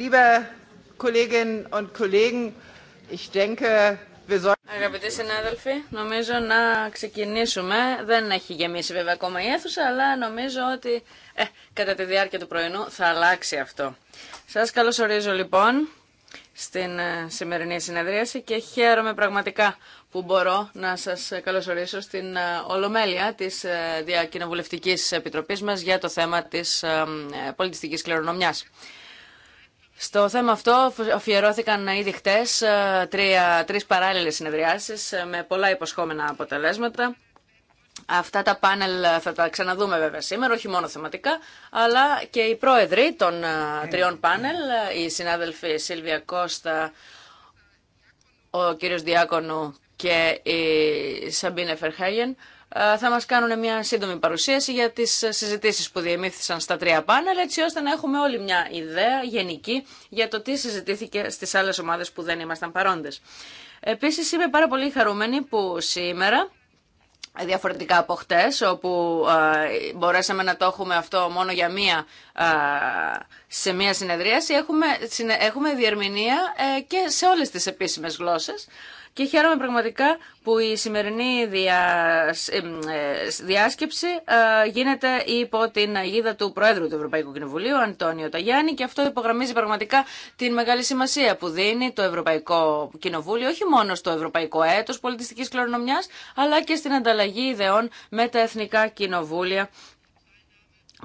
Liebe Kolleginnen und Kollegen, Αγαπητοί συνάδελφοι, νομίζω να ξεκινήσουμε. Δεν έχει γεμίσει βέβαια ακόμα η αίθουσα, αλλά νομίζω ότι ε, κατά τη διάρκεια του πρωινού θα αλλάξει αυτό. Σας καλωσορίζω λοιπόν στην ε, σημερινή συνεδρίαση και χαίρομαι πραγματικά που μπορώ να σας καλωσορίσω στην ε, Ολομέλεια της Διακοινοβουλευτικής Επιτροπής μας για το θέμα της πολιτιστικής κληρονομιάς. Στο θέμα αυτό αφιερώθηκαν ήδη χτε ε, τρει παράλληλε συνεδριάσει ε, με πολλά υποσχόμενα αποτελέσματα. Αυτά τα πάνελ ε, θα τα ξαναδούμε βέβαια σήμερα, όχι μόνο θεματικά, αλλά και οι πρόεδροι των τριών πάνελ, η συνάδελφοι Σίλβια Κώστα, ο κύριος Διάκονου και η Σαμπίνε Φερχάγεν, ε, θα μας κάνουν μια σύντομη παρουσίαση για τις συζητήσεις που διεμήθησαν στα τρία πάνελ, έτσι ώστε να έχουμε όλη μια ιδέα γενική για το τι συζητήθηκε στις άλλες ομάδες που δεν ήμασταν παρόντες. Επίσης είμαι πάρα πολύ χαρούμενη που σήμερα διαφορετικά από χτες, όπου ε, μπορέσαμε να το έχουμε αυτό μόνο για μία, ε, σε μία συνεδρίαση, έχουμε, έχουμε διερμηνία και σε όλες τις επίσημες γλώσσες και χαίρομαι πραγματικά που η σημερινή ε, ε, διάσκεψη ε, γίνεται υπό την αγίδα του Προέδρου του Ευρωπαϊκού Κοινοβουλίου, Αντώνιο Ταγιάννη, και αυτό υπογραμμίζει πραγματικά την μεγάλη σημασία που δίνει το Ευρωπαϊκό Κοινοβούλιο, όχι μόνο στο Ευρωπαϊκό Έτο πολιτιστική Κληρονομιάς, αλλά και στην ανταλλαγή ιδεών με τα Εθνικά Κοινοβούλια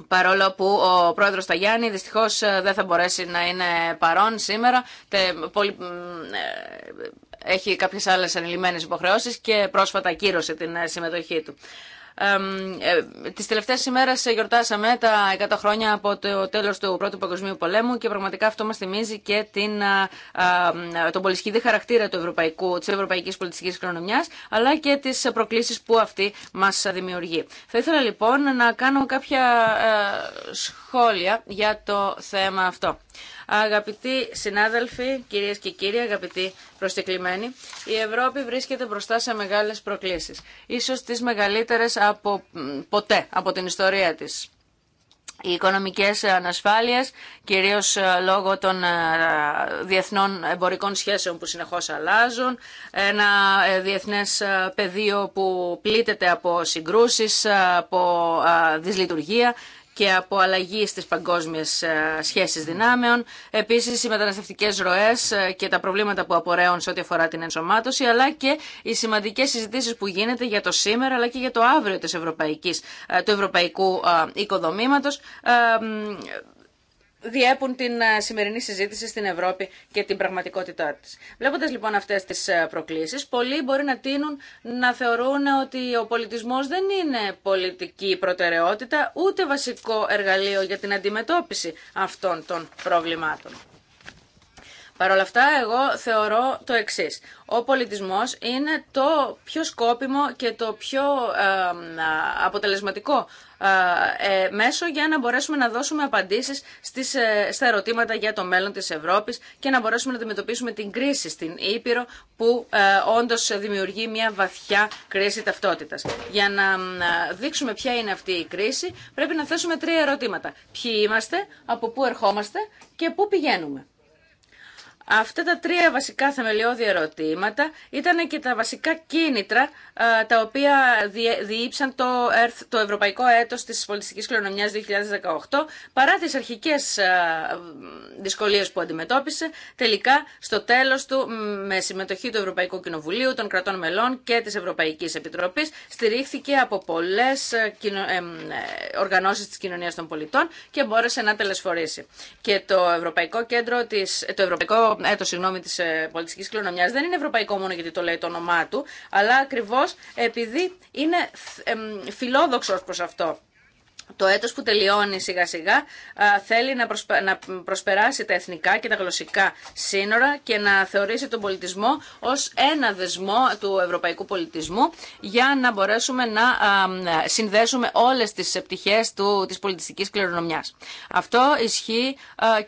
Παρόλο που ο πρόεδρο Ταγιάννη δυστυχώ δεν θα μπορέσει να είναι παρόν σήμερα έχει κάποιε άλλε ανηλυμένε υποχρεώσει και πρόσφατα κύρωσε την ε, συμμετοχή του. Ε, τις τελευταίες ημέρες γιορτάσαμε τα 100 χρόνια από το τέλος του Πρώτου Παγκοσμίου Πολέμου και πραγματικά αυτό μας θυμίζει και την, ε, ε, τον πολυσχηδή χαρακτήρα του ευρωπαϊκού, της ευρωπαϊκής πολιτιστικής κληρονομιάς αλλά και τις προκλήσεις που αυτή μας δημιουργεί. Θα ήθελα λοιπόν να κάνω κάποια σχόλια για το θέμα αυτό. Αγαπητοί συνάδελφοι, κυρίες και κύριοι, αγαπητοί προσκεκλημένοι, η Ευρώπη βρίσκεται μπροστά σε μεγάλες προκλήσεις, ίσως τις μεγαλύτερες από ποτέ, από την ιστορία της. Οι οικονομικές ανασφάλειες, κυρίως ε, λόγω των ε, διεθνών εμπορικών σχέσεων που συνεχώς αλλάζουν, ένα ε, διεθνές πεδίο που πλήττεται από συγκρούσεις, από δυσλειτουργία και από αλλαγή στι παγκόσμιες ε, σχέσεις δυνάμεων, επίση, οι μεταναστευτικέ ροές ε, και τα προβλήματα που απορρέουν σε ό,τι αφορά την ενσωμάτωση, αλλά και οι σημαντικές συζητήσεις που γίνεται για το σήμερα αλλά και για το αύριο της ευρωπαϊκής, ε, του ευρωπαϊκού οικοδομήματος, διέπουν την ε, σημερινή συζήτηση στην Ευρώπη και την πραγματικότητά τη. Βλέποντα λοιπόν αυτέ τις ε, προκλήσεις, πολλοί μπορεί να τίνουν να θεωρούν ότι ο πολιτισμός δεν είναι πολιτική προτεραιότητα, ούτε βασικό εργαλείο για την αντιμετώπιση αυτών των προβλημάτων. Παρ' όλα αυτά, εγώ θεωρώ το εξή. Ο πολιτισμό είναι το πιο σκόπιμο και το πιο αποτελεσματικό ε, ε, μέσο για να μπορέσουμε να δώσουμε απαντήσει ε, στα ερωτήματα για το μέλλον της Ευρώπη και να μπορέσουμε να αντιμετωπίσουμε την κρίση στην Ήπειρο που ε, όντως δημιουργεί μια βαθιά κρίση ταυτότητα. Για να δείξουμε ποια είναι αυτή η κρίση πρέπει να θέσουμε τρία ερωτήματα. Ποιοι είμαστε, από πού ερχόμαστε και πού πηγαίνουμε. Αυτά τα τρία βασικά θεμελιώδη ερωτήματα ήταν και τα βασικά κίνητρα ε, τα οποία διήψαν το, το Ευρωπαϊκό Έτος της Πολιτιστικής Κληρονομιάς 2018 παρά τις αρχικές ε, δυσκολίες που αντιμετώπισε τελικά στο τέλος του με συμμετοχή του Ευρωπαϊκού Κοινοβουλίου, των κρατών μελών και της Ευρωπαϊκής Επιτροπής στηρίχθηκε από πολλές ε, οργανώσεις της κοινωνίας των πολιτών και μπόρεσε να τελεσφορήσει. Και το Ευρωπαϊκό Κέντρο της, το Ευρωπαϊκό ε, έτος της ε, πολιτιστικής κληρονομιάς δεν είναι ευρωπαϊκό μόνο γιατί το λέει το όνομά του, αλλά ακριβώς επειδή είναι φιλόδοξος προς αυτό. Το έτος που τελειώνει σιγά σιγά θέλει να, προσπεράσει τα εθνικά και τα γλωσσικά σύνορα και να θεωρήσει τον πολιτισμό ως ένα δεσμό του ευρωπαϊκού πολιτισμού για να μπορέσουμε να συνδέσουμε όλες τις επιτυχίες του... της πολιτιστικής κληρονομιάς. Αυτό ισχύει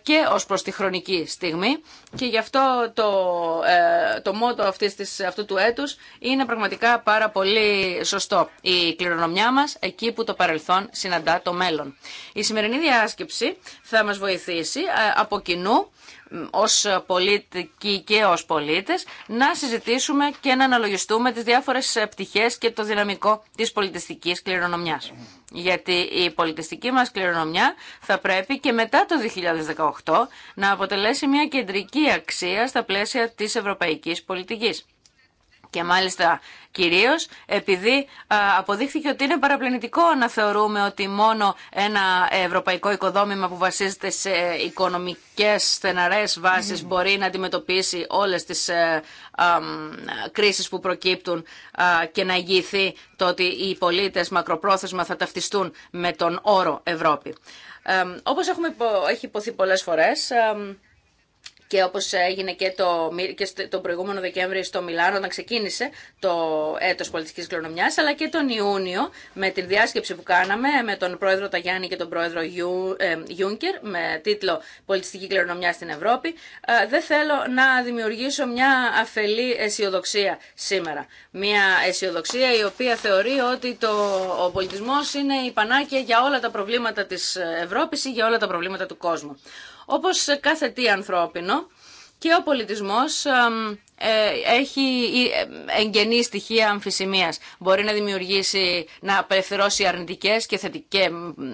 και ως προς τη χρονική στιγμή και γι' αυτό ε, το, μότο αυτής της, αυτού του έτους είναι πραγματικά πάρα πολύ σωστό. Η κληρονομιά μας εκεί που το παρελθόν συναντά το μέλλον. Η σημερινή διάσκεψη θα μας βοηθήσει ε, από κοινού ως πολιτικοί και ως πολίτες να συζητήσουμε και να αναλογιστούμε τις διάφορες ε, πτυχές και το δυναμικό της πολιτιστικής κληρονομιάς. Γιατί η πολιτιστική μας κληρονομιά θα πρέπει και μετά το 2018 να αποτελέσει μια κεντρική αξία στα πλαίσια της ευρωπαϊκής πολιτικής και μάλιστα κυρίως επειδή αποδείχθηκε ότι είναι παραπλανητικό να θεωρούμε ότι μόνο ένα ευρωπαϊκό οικοδόμημα που βασίζεται σε οικονομικές στεναρές βάσεις μπορεί να αντιμετωπίσει όλες τις ε, κρίσεις που προκύπτουν και να εγγυηθεί το ότι οι πολίτες μακροπρόθεσμα θα ταυτιστούν με τον όρο Ευρώπη. Όπως έχουμε, έχει υποθεί πολλές φορές, και όπως έγινε και, το, τον προηγούμενο Δεκέμβρη στο Μιλάνο όταν ξεκίνησε το έτος πολιτικής κληρονομιάς αλλά και τον Ιούνιο με την διάσκεψη που κάναμε με τον πρόεδρο Ταγιάννη και τον πρόεδρο Ιού, ε, Γιούνκερ με τίτλο «Πολιτιστική κληρονομιά στην Ευρώπη». Ε, δεν θέλω να δημιουργήσω μια αφελή αισιοδοξία σήμερα. Μια αισιοδοξία η οποία θεωρεί ότι το, ο πολιτισμός είναι η πανάκια για όλα τα προβλήματα της Ευρώπης ή για όλα τα προβλήματα του κόσμου όπως κάθε τι ανθρώπινο και ο πολιτισμός ε, έχει ε, εγγενή στοιχεία αμφισημίας. Μπορεί να δημιουργήσει, να απελευθερώσει αρνητικές και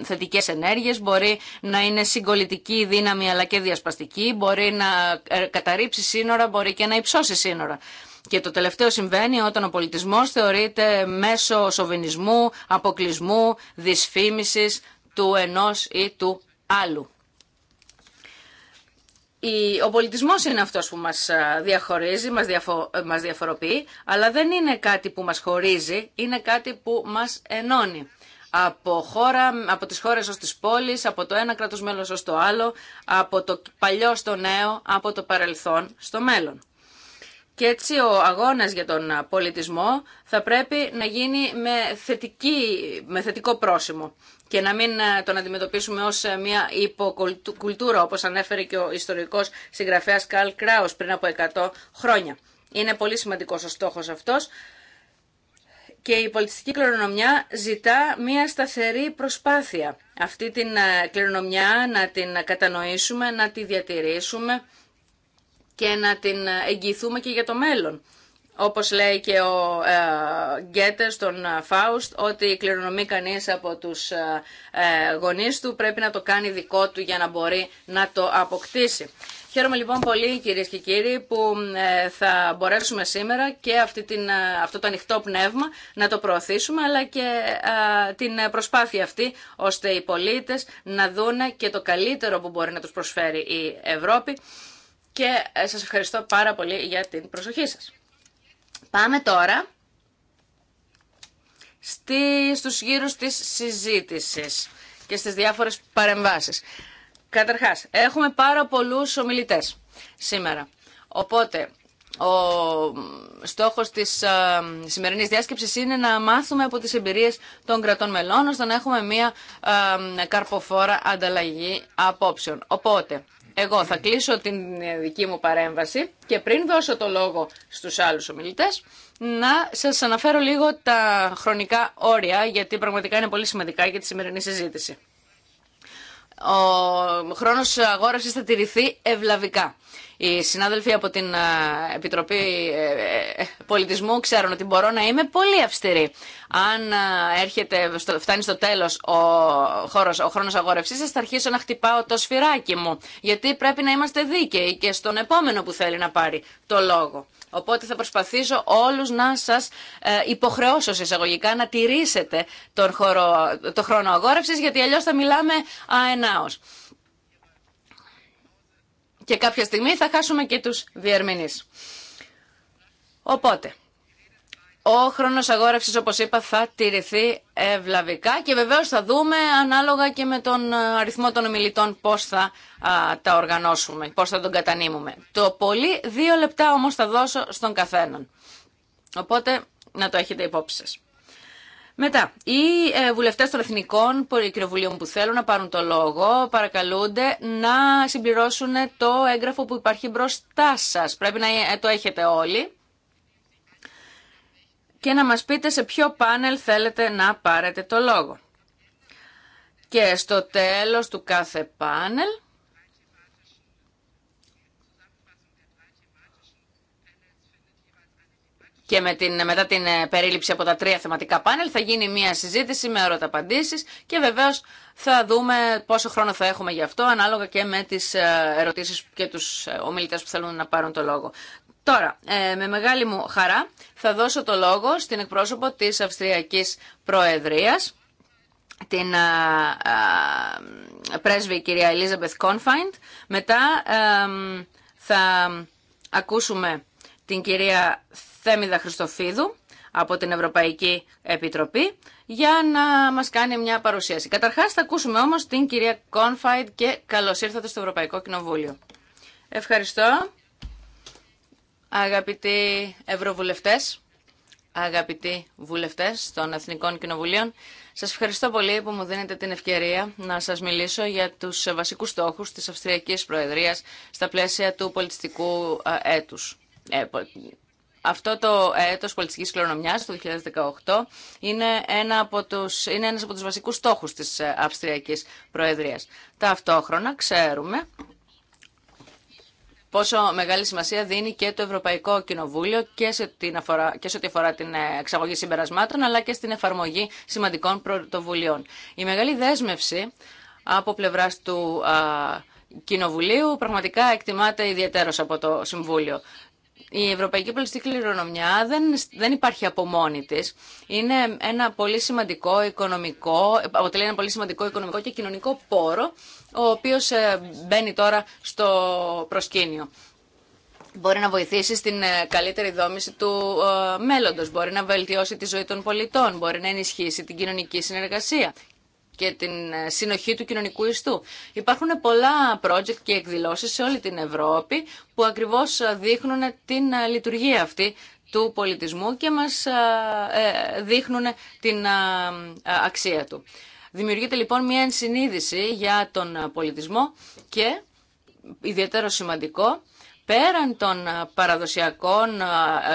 θετικές ενέργειες, μπορεί να είναι συγκολητική δύναμη αλλά και διασπαστική, μπορεί να ε, καταρρύψει σύνορα, μπορεί και να υψώσει σύνορα. Και το τελευταίο συμβαίνει όταν ο πολιτισμός θεωρείται μέσω σοβινισμού, αποκλεισμού, δυσφήμισης του ενός ή του άλλου ο πολιτισμός είναι αυτός που μας διαχωρίζει, ε, μας, διαφοροποιεί, αλλά δεν είναι κάτι που μας χωρίζει, είναι κάτι που μας ενώνει. Από, χώρα, από τις χώρες ως τις πόλεις, από το ένα κράτος μέλος ως το άλλο, από το παλιό στο νέο, από το παρελθόν στο μέλλον. Και έτσι ο αγώνας για τον πολιτισμό θα πρέπει να γίνει με, θετική, με θετικό πρόσημο και να μην ε, τον αντιμετωπίσουμε ως ε, μια υποκουλτούρα, όπως ανέφερε και ο ιστορικός συγγραφέας Καλ Κράους πριν από 100 χρόνια. Είναι πολύ σημαντικός ο στόχος αυτός και η πολιτιστική κληρονομιά ζητά μια σταθερή προσπάθεια. Αυτή την ε, κληρονομιά να την κατανοήσουμε, να τη διατηρήσουμε, και να την εγγυηθούμε και για το μέλλον. Όπως λέει και ο ε, Γκέτε στον ε, Φάουστ, ότι κληρονομεί κανείς από τους ε, ε, γονείς του πρέπει να το κάνει δικό του για να μπορεί να το αποκτήσει. Χαίρομαι λοιπόν πολύ κυρίες και κύριοι που ε, θα μπορέσουμε σήμερα και αυτή την, αυτό το ανοιχτό πνεύμα να το προωθήσουμε αλλά και την προσπάθεια αυτή ώστε οι πολίτες να δούνε και το καλύτερο που μπορεί να τους προσφέρει η Ευρώπη και ε, σας ευχαριστώ πάρα πολύ για την προσοχή σας. Πάμε τώρα στη, στους γύρους της συζήτησης και στις διάφορες παρεμβάσεις. Καταρχάς, έχουμε πάρα πολλούς ομιλητές σήμερα. Οπότε, ο στόχος της α, ε, σημερινής διάσκεψης είναι να μάθουμε από τις εμπειρίες των κρατών μελών ώστε να έχουμε μια ε, καρποφόρα ανταλλαγή απόψεων. Οπότε, εγώ θα κλείσω την ε, δική μου παρέμβαση και πριν δώσω το λόγο στους άλλους ομιλητές να σας αναφέρω λίγο τα χρονικά όρια γιατί πραγματικά είναι πολύ σημαντικά για τη σημερινή συζήτηση ο χρόνος αγόρασης θα τηρηθεί ευλαβικά. Οι συνάδελφοι από την ε, Επιτροπή ε, ε, Πολιτισμού ξέρουν ότι μπορώ να είμαι πολύ αυστηρή. Αν έρχεται, φτάνει στο τέλος ο, χώρος, ο χρόνος αγόρευσής σας, θα αρχίσω να χτυπάω το σφυράκι μου. Γιατί πρέπει να είμαστε δίκαιοι και στον επόμενο που θέλει να πάρει το λόγο. Οπότε θα προσπαθήσω όλους να σας ε, υποχρεώσω σε εισαγωγικά να τηρήσετε τον χώρο, το χρόνο αγόρευσης γιατί αλλιώς θα μιλάμε αενάως. Και κάποια στιγμή θα χάσουμε και τους διερμηνείς. Οπότε, ο χρόνο αγόρευσης, όπως είπα, θα τηρηθεί ευλαβικά και βεβαίω θα δούμε ανάλογα και με τον ε, αριθμό των ομιλητών πώς θα τα οργανώσουμε, πώς θα τον κατανείμουμε. Το πολύ δύο λεπτά όμως θα δώσω στον καθέναν. Οπότε να το έχετε υπόψη σα. Μετά, οι ε, βουλευτές των Εθνικών Κοινοβουλίων που θέλουν να πάρουν το λόγο παρακαλούνται να συμπληρώσουν το έγγραφο που υπάρχει μπροστά σας. Πρέπει να ε, το έχετε όλοι και να μας πείτε σε ποιο πάνελ θέλετε να πάρετε το λόγο. Και στο τέλος του κάθε πάνελ και με την, μετά την ε, περίληψη από τα τρία θεματικά πάνελ θα γίνει μια συζήτηση με ερωταπαντήσεις και βεβαίως θα δούμε πόσο χρόνο θα έχουμε γι' αυτό ανάλογα και με τις ε, ερωτήσεις και τους ε, ομιλητές που θέλουν να πάρουν το λόγο. Τώρα, ε, με μεγάλη μου χαρά θα δώσω το λόγο στην εκπρόσωπο της Αυστριακής Προεδρίας, την ε, ε, πρέσβη κυρία Elizabeth Κόνφαϊντ. Μετά θα ακούσουμε την κυρία Θέμιδα Χριστοφίδου από την Ευρωπαϊκή Επιτροπή για να μας κάνει μια παρουσίαση. Καταρχάς θα ακούσουμε όμως την κυρία Κόνφαϊντ και καλώς ήρθατε στο Ευρωπαϊκό Κοινοβούλιο. Ευχαριστώ. Αγαπητοί Ευρωβουλευτές, αγαπητοί βουλευτές των Εθνικών Κοινοβουλίων, σας ευχαριστώ πολύ που μου δίνετε την ευκαιρία να σας μιλήσω για τους βασικούς στόχους της Αυστριακής Προεδρίας στα πλαίσια του πολιτιστικού έτους. Ε, αυτό το έτος πολιτιστικής κληρονομιάς, το 2018, είναι, ένα από τους, είναι ένας από τους βασικούς στόχους της ε, Αυστριακής Προεδρίας. Ταυτόχρονα ξέρουμε πόσο μεγάλη σημασία δίνει και το Ευρωπαϊκό Κοινοβούλιο και σε, την αφορά, και σε ό,τι αφορά την ε, εξαγωγή συμπερασμάτων, αλλά και στην εφαρμογή σημαντικών πρωτοβουλειών. Η μεγάλη δέσμευση από πλευρά του Κοινοβουλίου πραγματικά εκτιμάται ιδιαίτερω από το Συμβούλιο η Ευρωπαϊκή Πολιτική Κληρονομιά δεν, δεν υπάρχει από μόνη τη. Είναι ένα πολύ σημαντικό οικονομικό, αποτελεί ένα πολύ σημαντικό οικονομικό και κοινωνικό πόρο, ο οποίο ε, μπαίνει τώρα στο προσκήνιο. Μπορεί να βοηθήσει στην ε, καλύτερη δόμηση του ε, μέλλοντος, μπορεί να βελτιώσει τη ζωή των πολιτών, μπορεί να ενισχύσει την κοινωνική συνεργασία και την ε, συνοχή του κοινωνικού ιστού. Υπάρχουν πολλά project και εκδηλώσεις σε όλη την Ευρώπη που ακριβώς ε, δείχνουν την ε, λειτουργία αυτή του πολιτισμού και μας δείχνουν την αξία του. Δημιουργείται λοιπόν μια ενσυνείδηση για τον πολιτισμό και ιδιαίτερο σημαντικό, πέραν των παραδοσιακών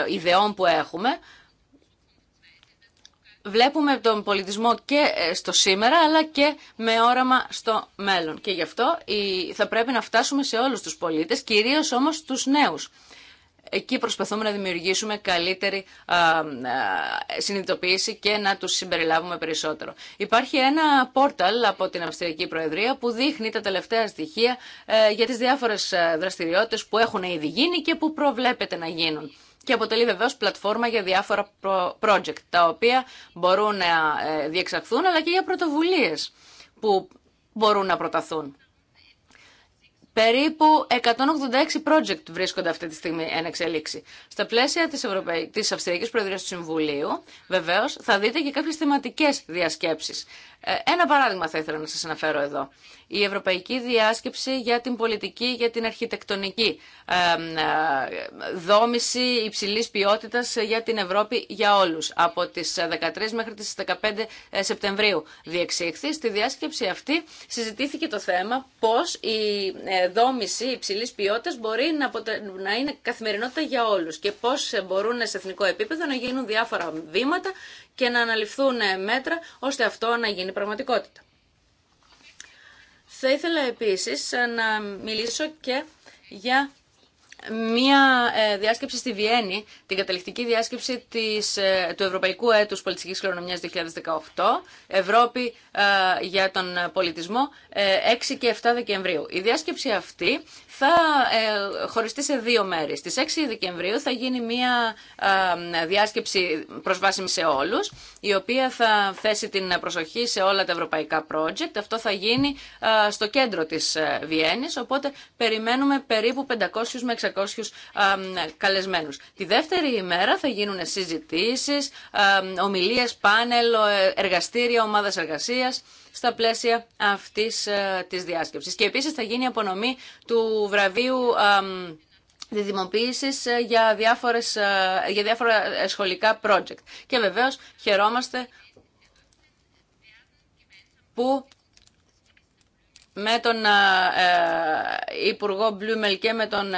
ιδεών που έχουμε, βλέπουμε τον πολιτισμό και ε, στο σήμερα αλλά και με όραμα στο μέλλον. Και γι' αυτό θα πρέπει να φτάσουμε σε όλους τους πολίτες, κυρίως όμως τους νέους. Εκεί προσπαθούμε να δημιουργήσουμε καλύτερη συνειδητοποίηση και να τους συμπεριλάβουμε περισσότερο. Υπάρχει ένα πόρταλ από την Αυστριακή Προεδρία που δείχνει τα τελευταία στοιχεία ε, για τις διάφορες ε, δραστηριότητες που έχουν ήδη γίνει και που προβλέπεται να γίνουν και αποτελεί βεβαίως πλατφόρμα για διάφορα project, τα οποία μπορούν να ε, διεξαχθούν, αλλά και για πρωτοβουλίες που μπορούν να προταθούν. Περίπου 186 project βρίσκονται αυτή τη στιγμή εν εξελίξη. Στα πλαίσια της, Ευρωπαϊ... της Αυστριακής Προεδρίας του Συμβουλίου, βεβαίως, θα δείτε και κάποιες θεματικές διασκέψεις. Ε, ένα παράδειγμα θα ήθελα να σας αναφέρω εδώ. Η Ευρωπαϊκή Διάσκεψη για την πολιτική, για την αρχιτεκτονική ε, δόμηση υψηλής ποιότητας για την Ευρώπη για όλους. Από τις 13 ε, μέχρι τις 15 Σεπτεμβρίου διεξήχθη. Στη διάσκεψη αυτή συζητήθηκε το θέμα πώς η δόμηση υψηλής ποιότητας μπορεί να, να είναι καθημερινότητα για όλους και πώς μπορούν σε εθνικό επίπεδο να γίνουν διάφορα βήματα και να αναλυφθούν μέτρα ώστε αυτό να γίνει πραγματικότητα. Θα ήθελα επίσης να μιλήσω και για μία ε, διάσκεψη στη Βιέννη, την καταληκτική διάσκεψη της, ε, του Ευρωπαϊκού Έτους Πολιτιστικής Κληρονομιάς 2018, Ευρώπη ε, για τον πολιτισμό, 6 και 7 Δεκεμβρίου. Η διάσκεψη αυτή θα ε, χωριστεί σε δύο μέρη. Στις 6 Δεκεμβρίου θα γίνει μια διάσκεψη προσβάσιμη σε όλους, η οποία θα θέσει την προσοχή σε όλα τα ευρωπαϊκά project. Αυτό θα γίνει στο κέντρο της ε, Βιέννης, οπότε περιμένουμε περίπου 500 με 600 καλεσμένους. Τη δεύτερη ημέρα θα γίνουν συζητήσεις, ομιλίες, πάνελ, ε, εργαστήρια, ομάδας εργασίας στα πλαίσια αυτής ε, της διάσκεψης. Και επίσης θα γίνει απονομή του βραβείου διδημοποίησης ε, για, διάφορες, ε, για διάφορα σχολικά project. Και βεβαίως χαιρόμαστε που με τον Υπουργό Μπλούμελ και με τον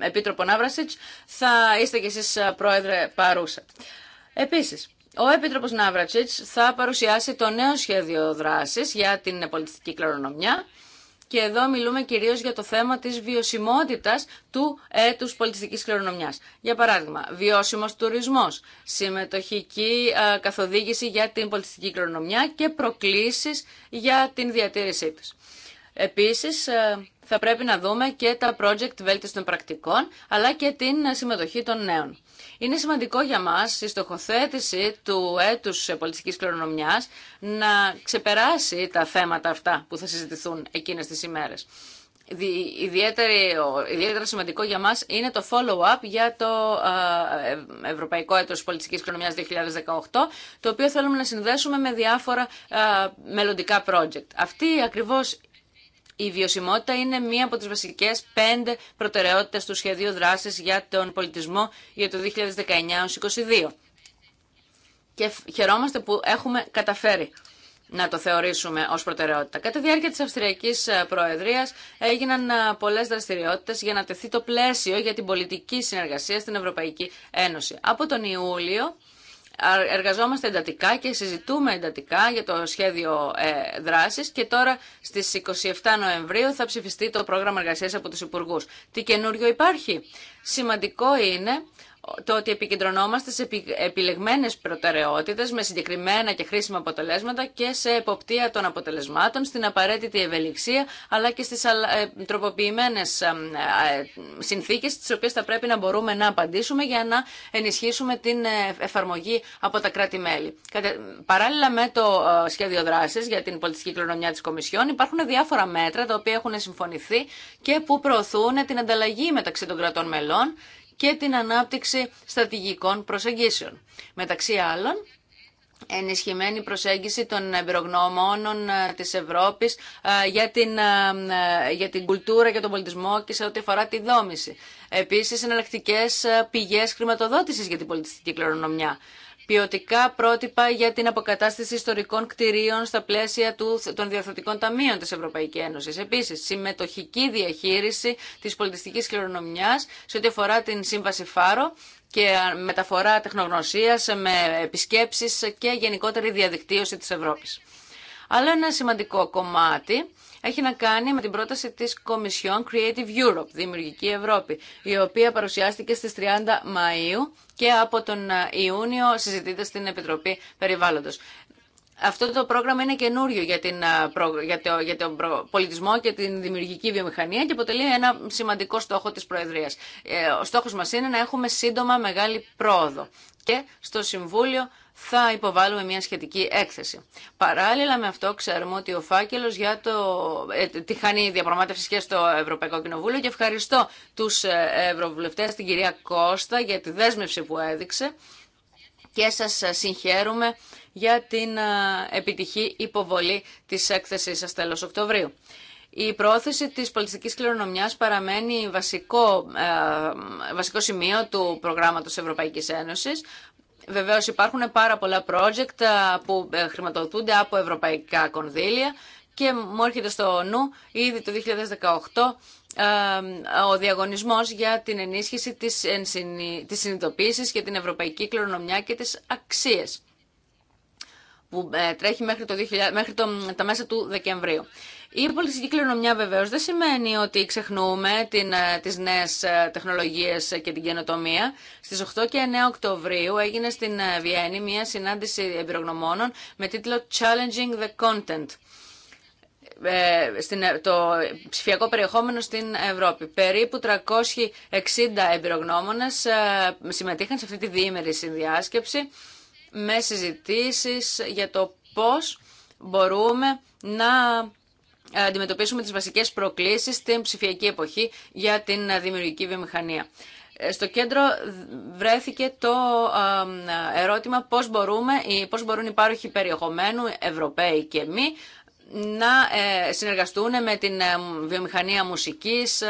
Επίτροπο Ναύρασιτς θα είστε κι εσείς πρόεδρε παρούσα. Επίσης, ο Επίτροπος Ναύρατσιτς θα παρουσιάσει το νέο σχέδιο δράσης για την πολιτιστική κληρονομιά και εδώ μιλούμε κυρίως για το θέμα της βιωσιμότητας του έτους πολιτιστικής κληρονομιάς. Για παράδειγμα, βιώσιμος τουρισμός, συμμετοχική καθοδήγηση για την πολιτιστική κληρονομιά και προκλήσεις για την διατήρησή της. Επίσης, θα πρέπει να δούμε και τα project των πρακτικών, αλλά και την συμμετοχή των νέων. Είναι σημαντικό για μας η στοχοθέτηση του έτους πολιτικής κληρονομιάς να ξεπεράσει τα θέματα αυτά που θα συζητηθούν εκείνες τις ημέρες. Ιδιαίτερα σημαντικό για μας είναι το follow-up για το ε, Ευρωπαϊκό Έτος Πολιτικής Κληρονομιάς 2018, το οποίο θέλουμε να συνδέσουμε με διάφορα μελλοντικά project. Αυτή ακριβώς η βιωσιμότητα είναι μία από τις βασικές πέντε προτεραιότητες του σχεδίου δράσης για τον πολιτισμό για το 2019-2022. Και χαιρόμαστε που έχουμε καταφέρει να το θεωρήσουμε ως προτεραιότητα. Κατά διάρκεια της Αυστριακής ε, Προεδρίας έγιναν ε, πολλές δραστηριότητες για να τεθεί το πλαίσιο για την πολιτική συνεργασία στην Ευρωπαϊκή Ένωση. Από τον Ιούλιο εργαζόμαστε εντατικά και συζητούμε εντατικά για το σχέδιο ε, δράσης και τώρα στις 27 Νοεμβρίου θα ψηφιστεί το πρόγραμμα εργασίας από τους Υπουργούς. Τι καινούριο υπάρχει. Σημαντικό είναι το ότι επικεντρωνόμαστε σε επιλεγμένες προτεραιότητες με συγκεκριμένα και χρήσιμα αποτελέσματα και σε εποπτεία των αποτελεσμάτων, στην απαραίτητη ευελιξία, αλλά και στις ε, τροποποιημένες ε, ε, συνθήκες τις οποίες θα πρέπει να μπορούμε να απαντήσουμε για να ενισχύσουμε την εφαρμογή από τα κράτη-μέλη. Παράλληλα με το σχέδιο δράσης για την πολιτική κληρονομιά της Κομισιόν υπάρχουν διάφορα μέτρα τα οποία έχουν συμφωνηθεί και που προωθούν την ανταλλαγή μεταξύ των κρατών μελών και την ανάπτυξη στρατηγικών προσεγγίσεων. Μεταξύ άλλων, ενισχυμένη προσέγγιση των εμπειρογνωμόνων ε, της Ευρώπης ε, για την, ε, για την κουλτούρα και τον πολιτισμό και σε ό,τι αφορά τη δόμηση. Επίσης, εναλλακτικέ πηγές χρηματοδότησης για την πολιτιστική κληρονομιά ποιοτικά πρότυπα για την αποκατάσταση ιστορικών κτηρίων στα πλαίσια του, των διορθωτικών ταμείων της Ευρωπαϊκής Ένωσης. Επίσης, συμμετοχική διαχείριση της πολιτιστικής κληρονομιάς σε ό,τι αφορά την Σύμβαση Φάρο και μεταφορά τεχνογνωσίας με επισκέψεις και γενικότερη διαδικτύωση της Ευρώπη Αλλά ένα σημαντικό κομμάτι έχει να κάνει με την πρόταση της Κομισιόν Creative Europe, Δημιουργική Ευρώπη, η οποία παρουσιάστηκε στις 30 Μαΐου και από τον ε, Ιούνιο συζητείται στην Επιτροπή Περιβάλλοντος. Αυτό το πρόγραμμα είναι καινούριο για, την, ε, για, το, για τον πολιτισμό και την δημιουργική βιομηχανία και αποτελεί ένα σημαντικό στόχο της Προεδρίας. Ε, ο στόχος μας είναι να έχουμε σύντομα μεγάλη πρόοδο. Και στο Συμβούλιο θα υποβάλουμε μια σχετική έκθεση. Παράλληλα με αυτό ξέρουμε ότι ο φάκελο για το ε, τυχάνει διαπραγμάτευση και στο Ευρωπαϊκό Κοινοβούλιο και ευχαριστώ τους ε, ευρωβουλευτές, την κυρία Κώστα για τη δέσμευση που έδειξε και σας συγχαίρουμε για την ε, επιτυχή υποβολή της έκθεσης σα τέλο Οκτωβρίου. Η πρόθεση της πολιτικής κληρονομιάς παραμένει βασικό, ε, βασικό σημείο του προγράμματος Ευρωπαϊκής Ένωσης. Βεβαίως υπάρχουν πάρα πολλά project ε, που ε, χρηματοδοτούνται από ευρωπαϊκά κονδύλια και μου έρχεται στο νου ήδη το 2018 ε, ο διαγωνισμός για την ενίσχυση της, συνειδητοποίηση συνειδητοποίησης και την ευρωπαϊκή κληρονομιά και τις αξίες που τρέχει μέχρι, το 2000, μέχρι το, τα μέσα του Δεκεμβρίου. Η πολιτική κληρονομιά βεβαίω δεν σημαίνει ότι ξεχνούμε την, ε, τις νέες ε, τεχνολογίες και την καινοτομία. Στις 8 και 9 Οκτωβρίου έγινε στην ε, Βιέννη μια συνάντηση εμπειρογνωμόνων με τίτλο Challenging the Content στην, το ψηφιακό περιεχόμενο στην Ευρώπη. Περίπου 360 εμπειρογνώμονες συμμετείχαν σε αυτή τη διήμερη συνδιάσκεψη με συζητήσεις για το πώς μπορούμε να αντιμετωπίσουμε τις βασικές προκλήσεις στην ψηφιακή εποχή για την δημιουργική βιομηχανία. Ε, στο κέντρο βρέθηκε το ερώτημα πώς, μπορούμε, πώς μπορούν οι πάροχοι περιεχομένου, Ευρωπαίοι και μη, να ε, συνεργαστούν με την ε, βιομηχανία μουσικής,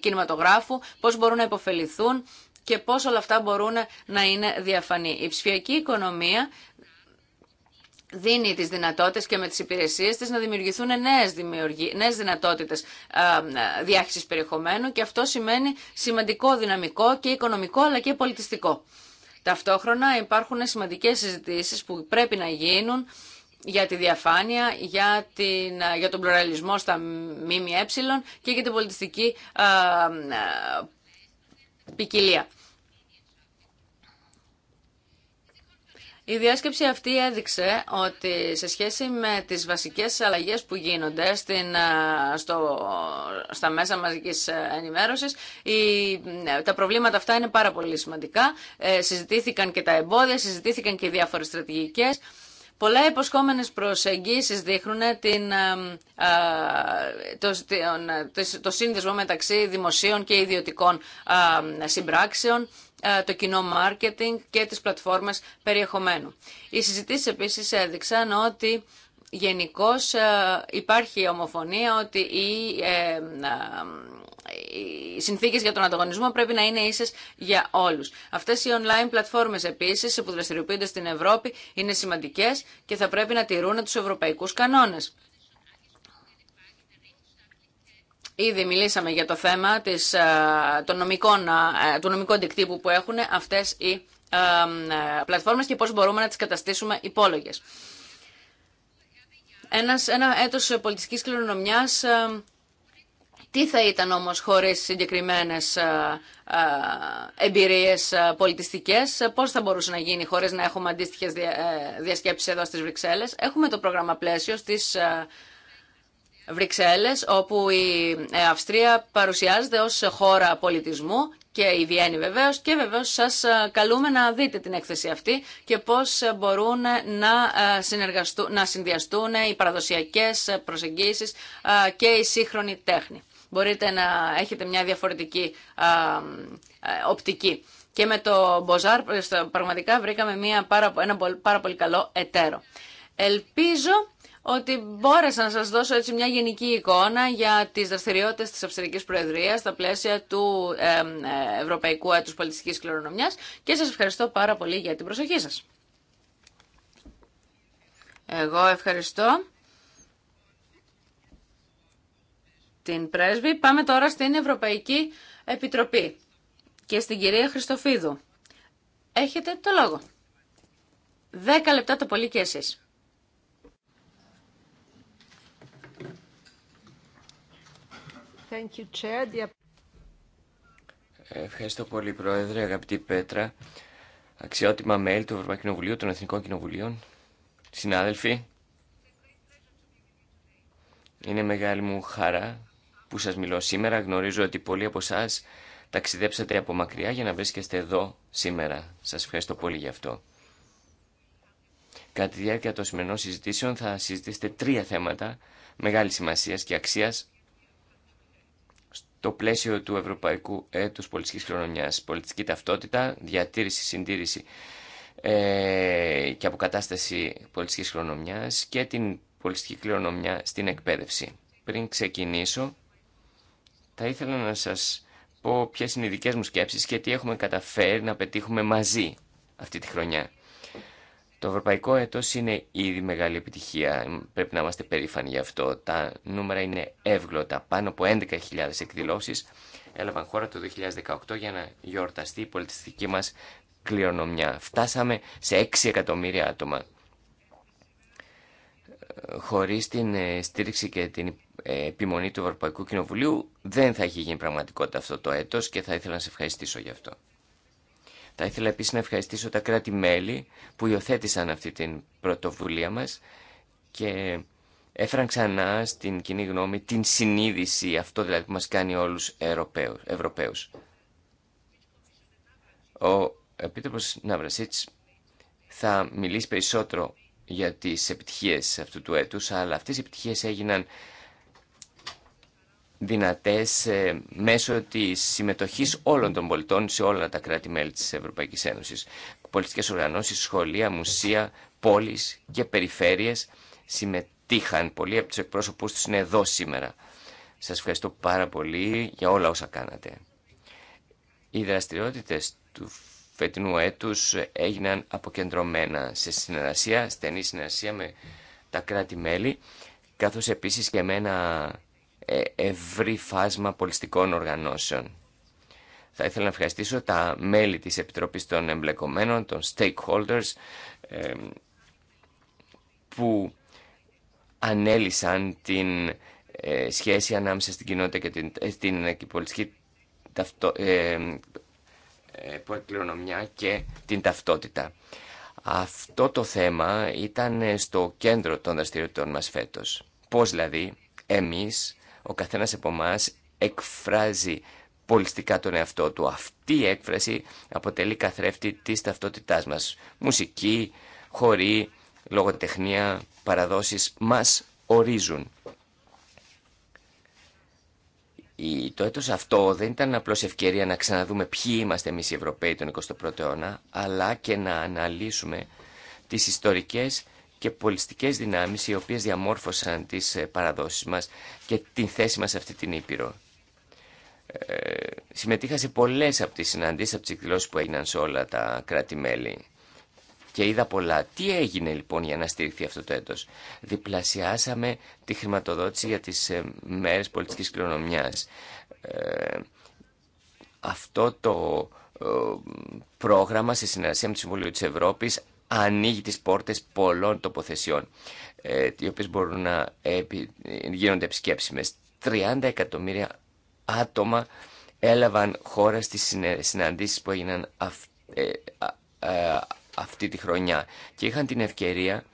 κινηματογράφου, πώς μπορούν να υποφεληθούν και πώς όλα αυτά μπορούν να είναι διαφανή. Η ψηφιακή οικονομία δίνει τις δυνατότητες και με τις υπηρεσίες της να δημιουργηθούν νέες, δημιουργι... νέες δυνατότητες διάχυσης περιεχομένου και αυτό σημαίνει σημαντικό δυναμικό και οικονομικό αλλά και πολιτιστικό. Ταυτόχρονα υπάρχουν σημαντικές συζητήσεις που πρέπει να γίνουν για τη διαφάνεια, για, την, για τον πλουραλισμό στα ΜΜΕ και για την πολιτιστική ποικιλία. Η διάσκεψη αυτή έδειξε ότι σε σχέση με τις βασικές αλλαγές που γίνονται στην, στο, στα μέσα μαζικής ενημέρωσης, η, τα προβλήματα αυτά είναι πάρα πολύ σημαντικά. Ε, συζητήθηκαν και τα εμπόδια, συζητήθηκαν και οι διάφορες στρατηγικές. Πολλά υποσχόμενες προσεγγίσεις δείχνουν την, το, το, το σύνδεσμο μεταξύ δημοσίων και ιδιωτικών συμπράξεων. Ε, το κοινό μάρκετινγκ και τις πλατφόρμες περιεχομένου. Οι συζητήσεις επίσης έδειξαν ότι Γενικώ ε, υπάρχει ομοφωνία ότι οι, ε, οι συνθήκες για τον ανταγωνισμό πρέπει να είναι ίσες για όλους. Αυτές οι online πλατφόρμες επίσης που δραστηριοποιούνται στην Ευρώπη είναι σημαντικές και θα πρέπει να τηρούν τους ευρωπαϊκούς κανόνες. Ήδη μιλήσαμε για το θέμα της, ε, των νομικών, ε, του νομικού αντικτύπου που έχουν αυτές οι ε, πλατφόρμες και πώς μπορούμε να τις καταστήσουμε υπόλογες. Ένας, ένα έτος πολιτικής κληρονομιάς, τι θα ήταν όμως χωρίς συγκεκριμένες εμπειρίες πολιτιστικές, πώς θα μπορούσε να γίνει χωρίς να έχουμε αντίστοιχες διασκέψεις εδώ στις Βρυξέλλες. Έχουμε το πρόγραμμα πλαίσιο στις Βρυξέλλες, όπου η ε, Αυστρία παρουσιάζεται ως χώρα πολιτισμού και η Βιέννη βεβαίως και βεβαίως σας ε, καλούμε να δείτε την έκθεση αυτή και πώς μπορούν να, ε, συνεργαστούν, να συνδυαστούν οι παραδοσιακές προσεγγίσεις και η σύγχρονη τέχνη. Μπορείτε να έχετε μια διαφορετική οπτική. Και με το Μποζάρ πραγματικά βρήκαμε μια πάρα, ένα πάρα πολύ καλό εταίρο. Ελπίζω ότι μπόρεσα να σας δώσω έτσι μια γενική εικόνα για τις δραστηριότητες της Αυστριακής Προεδρίας στα πλαίσια του ε, Ευρωπαϊκού Έτους Πολιτιστικής Κληρονομιάς και σας ευχαριστώ πάρα πολύ για την προσοχή σας. Εγώ ευχαριστώ την πρέσβη. Πάμε τώρα στην Ευρωπαϊκή Επιτροπή και στην κυρία Χριστοφίδου. Έχετε το λόγο. Δέκα λεπτά το πολύ και εσείς. Ευχαριστώ πολύ, Πρόεδρε, αγαπητή Πέτρα, αξιότιμα μέλη του Ευρωπαϊκού Κοινοβουλίου, των Εθνικών Κοινοβουλίων, συνάδελφοι. Είναι μεγάλη μου χαρά που σας μιλώ σήμερα. Γνωρίζω ότι πολλοί από εσά ταξιδέψατε από μακριά για να βρίσκεστε εδώ σήμερα. Σας ευχαριστώ πολύ γι' αυτό. Κατά τη διάρκεια των σημερινών συζητήσεων θα συζητήσετε τρία θέματα μεγάλη σημασία και αξίας το πλαίσιο του Ευρωπαϊκού Έτους Πολιτικής Χρονομιάς, Πολιτική ταυτότητα, διατήρηση, συντήρηση ε, και αποκατάσταση πολιτικής χρονομιάς και την πολιτική κληρονομιά στην εκπαίδευση. Πριν ξεκινήσω, θα ήθελα να σας πω ποιες είναι οι δικές μου σκέψεις και τι έχουμε καταφέρει να πετύχουμε μαζί αυτή τη χρονιά. Το ευρωπαϊκό έτος είναι ήδη μεγάλη επιτυχία, πρέπει να είμαστε περήφανοι γι' αυτό. Τα νούμερα είναι εύγλωτα, πάνω από 11.000 εκδηλώσεις έλαβαν χώρα το 2018 για να γιορταστεί η πολιτιστική μας κληρονομιά. Φτάσαμε σε 6 εκατομμύρια άτομα. Ε, χωρίς την ε, στήριξη και την ε, επιμονή του Ευρωπαϊκού Κοινοβουλίου δεν θα έχει γίνει πραγματικότητα αυτό το έτος και θα ήθελα να σε ευχαριστήσω γι' αυτό. Θα ήθελα επίση να ευχαριστήσω τα κράτη-μέλη που υιοθέτησαν αυτή την πρωτοβουλία μας και έφεραν ξανά στην κοινή γνώμη την συνείδηση αυτό δηλαδή που μας κάνει όλους Ευρωπαίους. Ο Επίτροπος Ναυρασίτς θα μιλήσει περισσότερο για τις επιτυχίες αυτού του έτους, αλλά αυτές οι επιτυχίες έγιναν δυνατές ε, μέσω της συμμετοχής όλων των πολιτών σε όλα τα κράτη-μέλη της Ευρωπαϊκής Ένωσης. Πολιτικές οργανώσεις, σχολεία, μουσεία, πόλεις και περιφέρειες συμμετείχαν. Πολλοί από τους εκπρόσωπούς τους είναι εδώ σήμερα. Σας ευχαριστώ πάρα πολύ για όλα όσα κάνατε. Οι δραστηριότητες του φετινού έτους έγιναν αποκεντρωμένα σε συνεργασία, στενή συνεργασία με τα κράτη-μέλη, καθώς επίσης και με ένα ε, ευρύ φάσμα πολιστικών οργανώσεων. Θα ήθελα να ευχαριστήσω τα μέλη της Επιτροπής των Εμπλεκομένων, των stakeholders, ε, που ανέλησαν την ε, σχέση ανάμεσα στην κοινότητα και την, στην πολιτική ταυτο, ε, ε, και την ταυτότητα. Αυτό το θέμα ήταν στο κέντρο των δραστηριοτήτων μας φέτος. Πώς δηλαδή εμείς ο καθένας από εμά εκφράζει πολιστικά τον εαυτό του. Αυτή η έκφραση αποτελεί καθρέφτη της ταυτότητάς μας. Μουσική, χορή, λογοτεχνία, παραδόσεις μας ορίζουν. Το έτος αυτό δεν ήταν απλώς ευκαιρία να ξαναδούμε ποιοι είμαστε εμείς οι Ευρωπαίοι τον 21ο αιώνα, αλλά και να αναλύσουμε τις ιστορικές και πολιστικές δυνάμεις οι οποίες διαμόρφωσαν τις ε, παραδόσεις μας και την θέση μας σε αυτή την Ήπειρο. Ε, συμμετείχα σε πολλές από τις συναντήσεις, από τις εκδηλώσεις που έγιναν σε όλα τα κράτη-μέλη και είδα πολλά. Τι έγινε λοιπόν για να στηριχθεί αυτό το έτος. Διπλασιάσαμε τη χρηματοδότηση για τις ε, μέρες πολιτικής κληρονομιάς. Ε, αυτό το πρόγραμμα σε συνεργασία με το Συμβούλιο της Ευρώπης ανοίγει τις πόρτες πολλών τοποθεσιών, ε, οι οποίες μπορούν να γίνονται επισκέψιμες. 30 εκατομμύρια άτομα έλαβαν χώρα στις συναντήσεις που έγιναν ε, ε, αυτή τη χρονιά και είχαν την ευκαιρία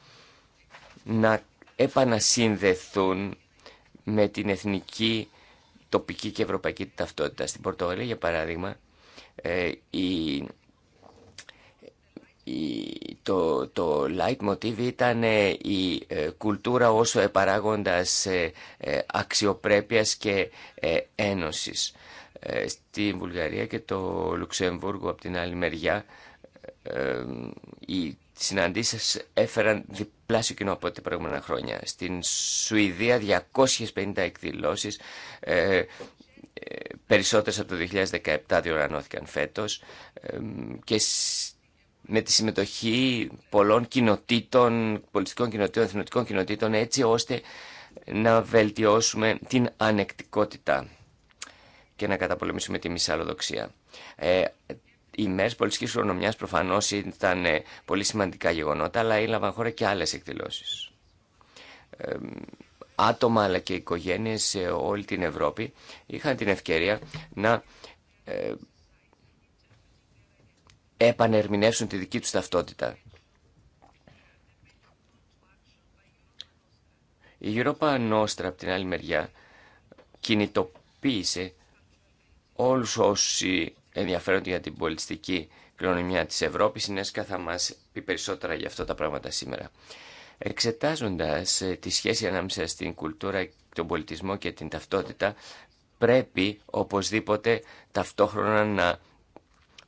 να επανασύνδεθούν με την εθνική, τοπική και ευρωπαϊκή ταυτότητα. Στην Πορτογαλία, για παράδειγμα, η το, το motive ήταν ε, η ε, κουλτούρα όσο παράγοντας ε, αξιοπρέπειας και ένωσης. Στη Βουλγαρία και το Λουξεμβούργο από την άλλη μεριά οι συναντήσεις έφεραν διπλάσιο κοινό από τα προηγούμενα χρόνια. Στην Σουηδία 250 εκδηλώσεις, περισσότερες από το 2017 διοργανώθηκαν φέτος και με τη συμμετοχή πολλών κοινοτήτων, πολιτικών κοινοτήτων, εθνοτικών κοινοτήτων, έτσι ώστε να βελτιώσουμε την ανεκτικότητα και να καταπολεμήσουμε τη μυσαλλοδοξία. Ε, οι μέρες πολιτικής χρονομιάς προφανώς ήταν ε, πολύ σημαντικά γεγονότα, αλλά έλαβαν χώρα και άλλες εκδηλώσεις. Ε, άτομα αλλά και οικογένειες σε όλη την Ευρώπη είχαν την ευκαιρία να ε, επανερμηνεύσουν τη δική τους ταυτότητα. Η Europa Nostra, από την άλλη μεριά, κινητοποίησε όλους όσοι ενδιαφέρονται για την πολιτιστική κληρονομιά της Ευρώπης. Η Νέσκα θα μας πει περισσότερα για αυτά τα πράγματα σήμερα. Εξετάζοντας ε, τη σχέση ανάμεσα στην κουλτούρα, τον πολιτισμό και την ταυτότητα, πρέπει οπωσδήποτε ταυτόχρονα να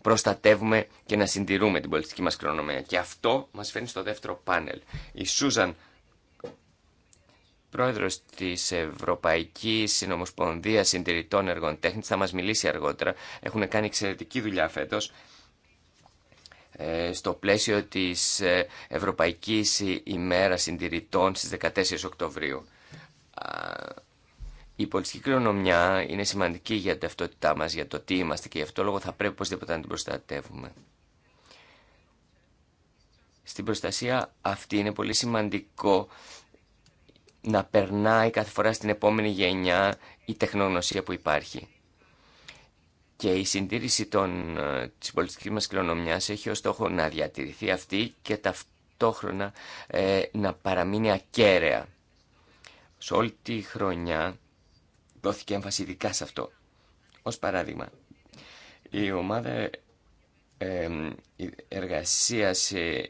προστατεύουμε και να συντηρούμε την πολιτική μας κληρονομία. Και αυτό μας φέρνει στο δεύτερο πάνελ. Η Σούζαν, πρόεδρος της Ευρωπαϊκής Συνομοσπονδίας Συντηρητών Εργών θα μας μιλήσει αργότερα. Έχουν κάνει εξαιρετική δουλειά φέτος ε, στο πλαίσιο της ε, Ευρωπαϊκής ημέρας συντηρητών στις 14 Οκτωβρίου. Η πολιτική κληρονομιά είναι σημαντική για την ταυτότητά μας, για το τι είμαστε και γι' αυτό λόγο θα πρέπει οπωσδήποτε να την προστατεύουμε. Στην προστασία αυτή είναι πολύ σημαντικό να περνάει κάθε φορά στην επόμενη γενιά η τεχνογνωσία που υπάρχει. Και η συντήρηση των, ε, της πολιτικής μας κληρονομιάς έχει ως στόχο να διατηρηθεί αυτή και ταυτόχρονα ε, να παραμείνει ακέραια. Σε όλη τη χρονιά δόθηκε έμφαση ειδικά σε αυτό. Ως παράδειγμα, η ομάδα εργασίας ε,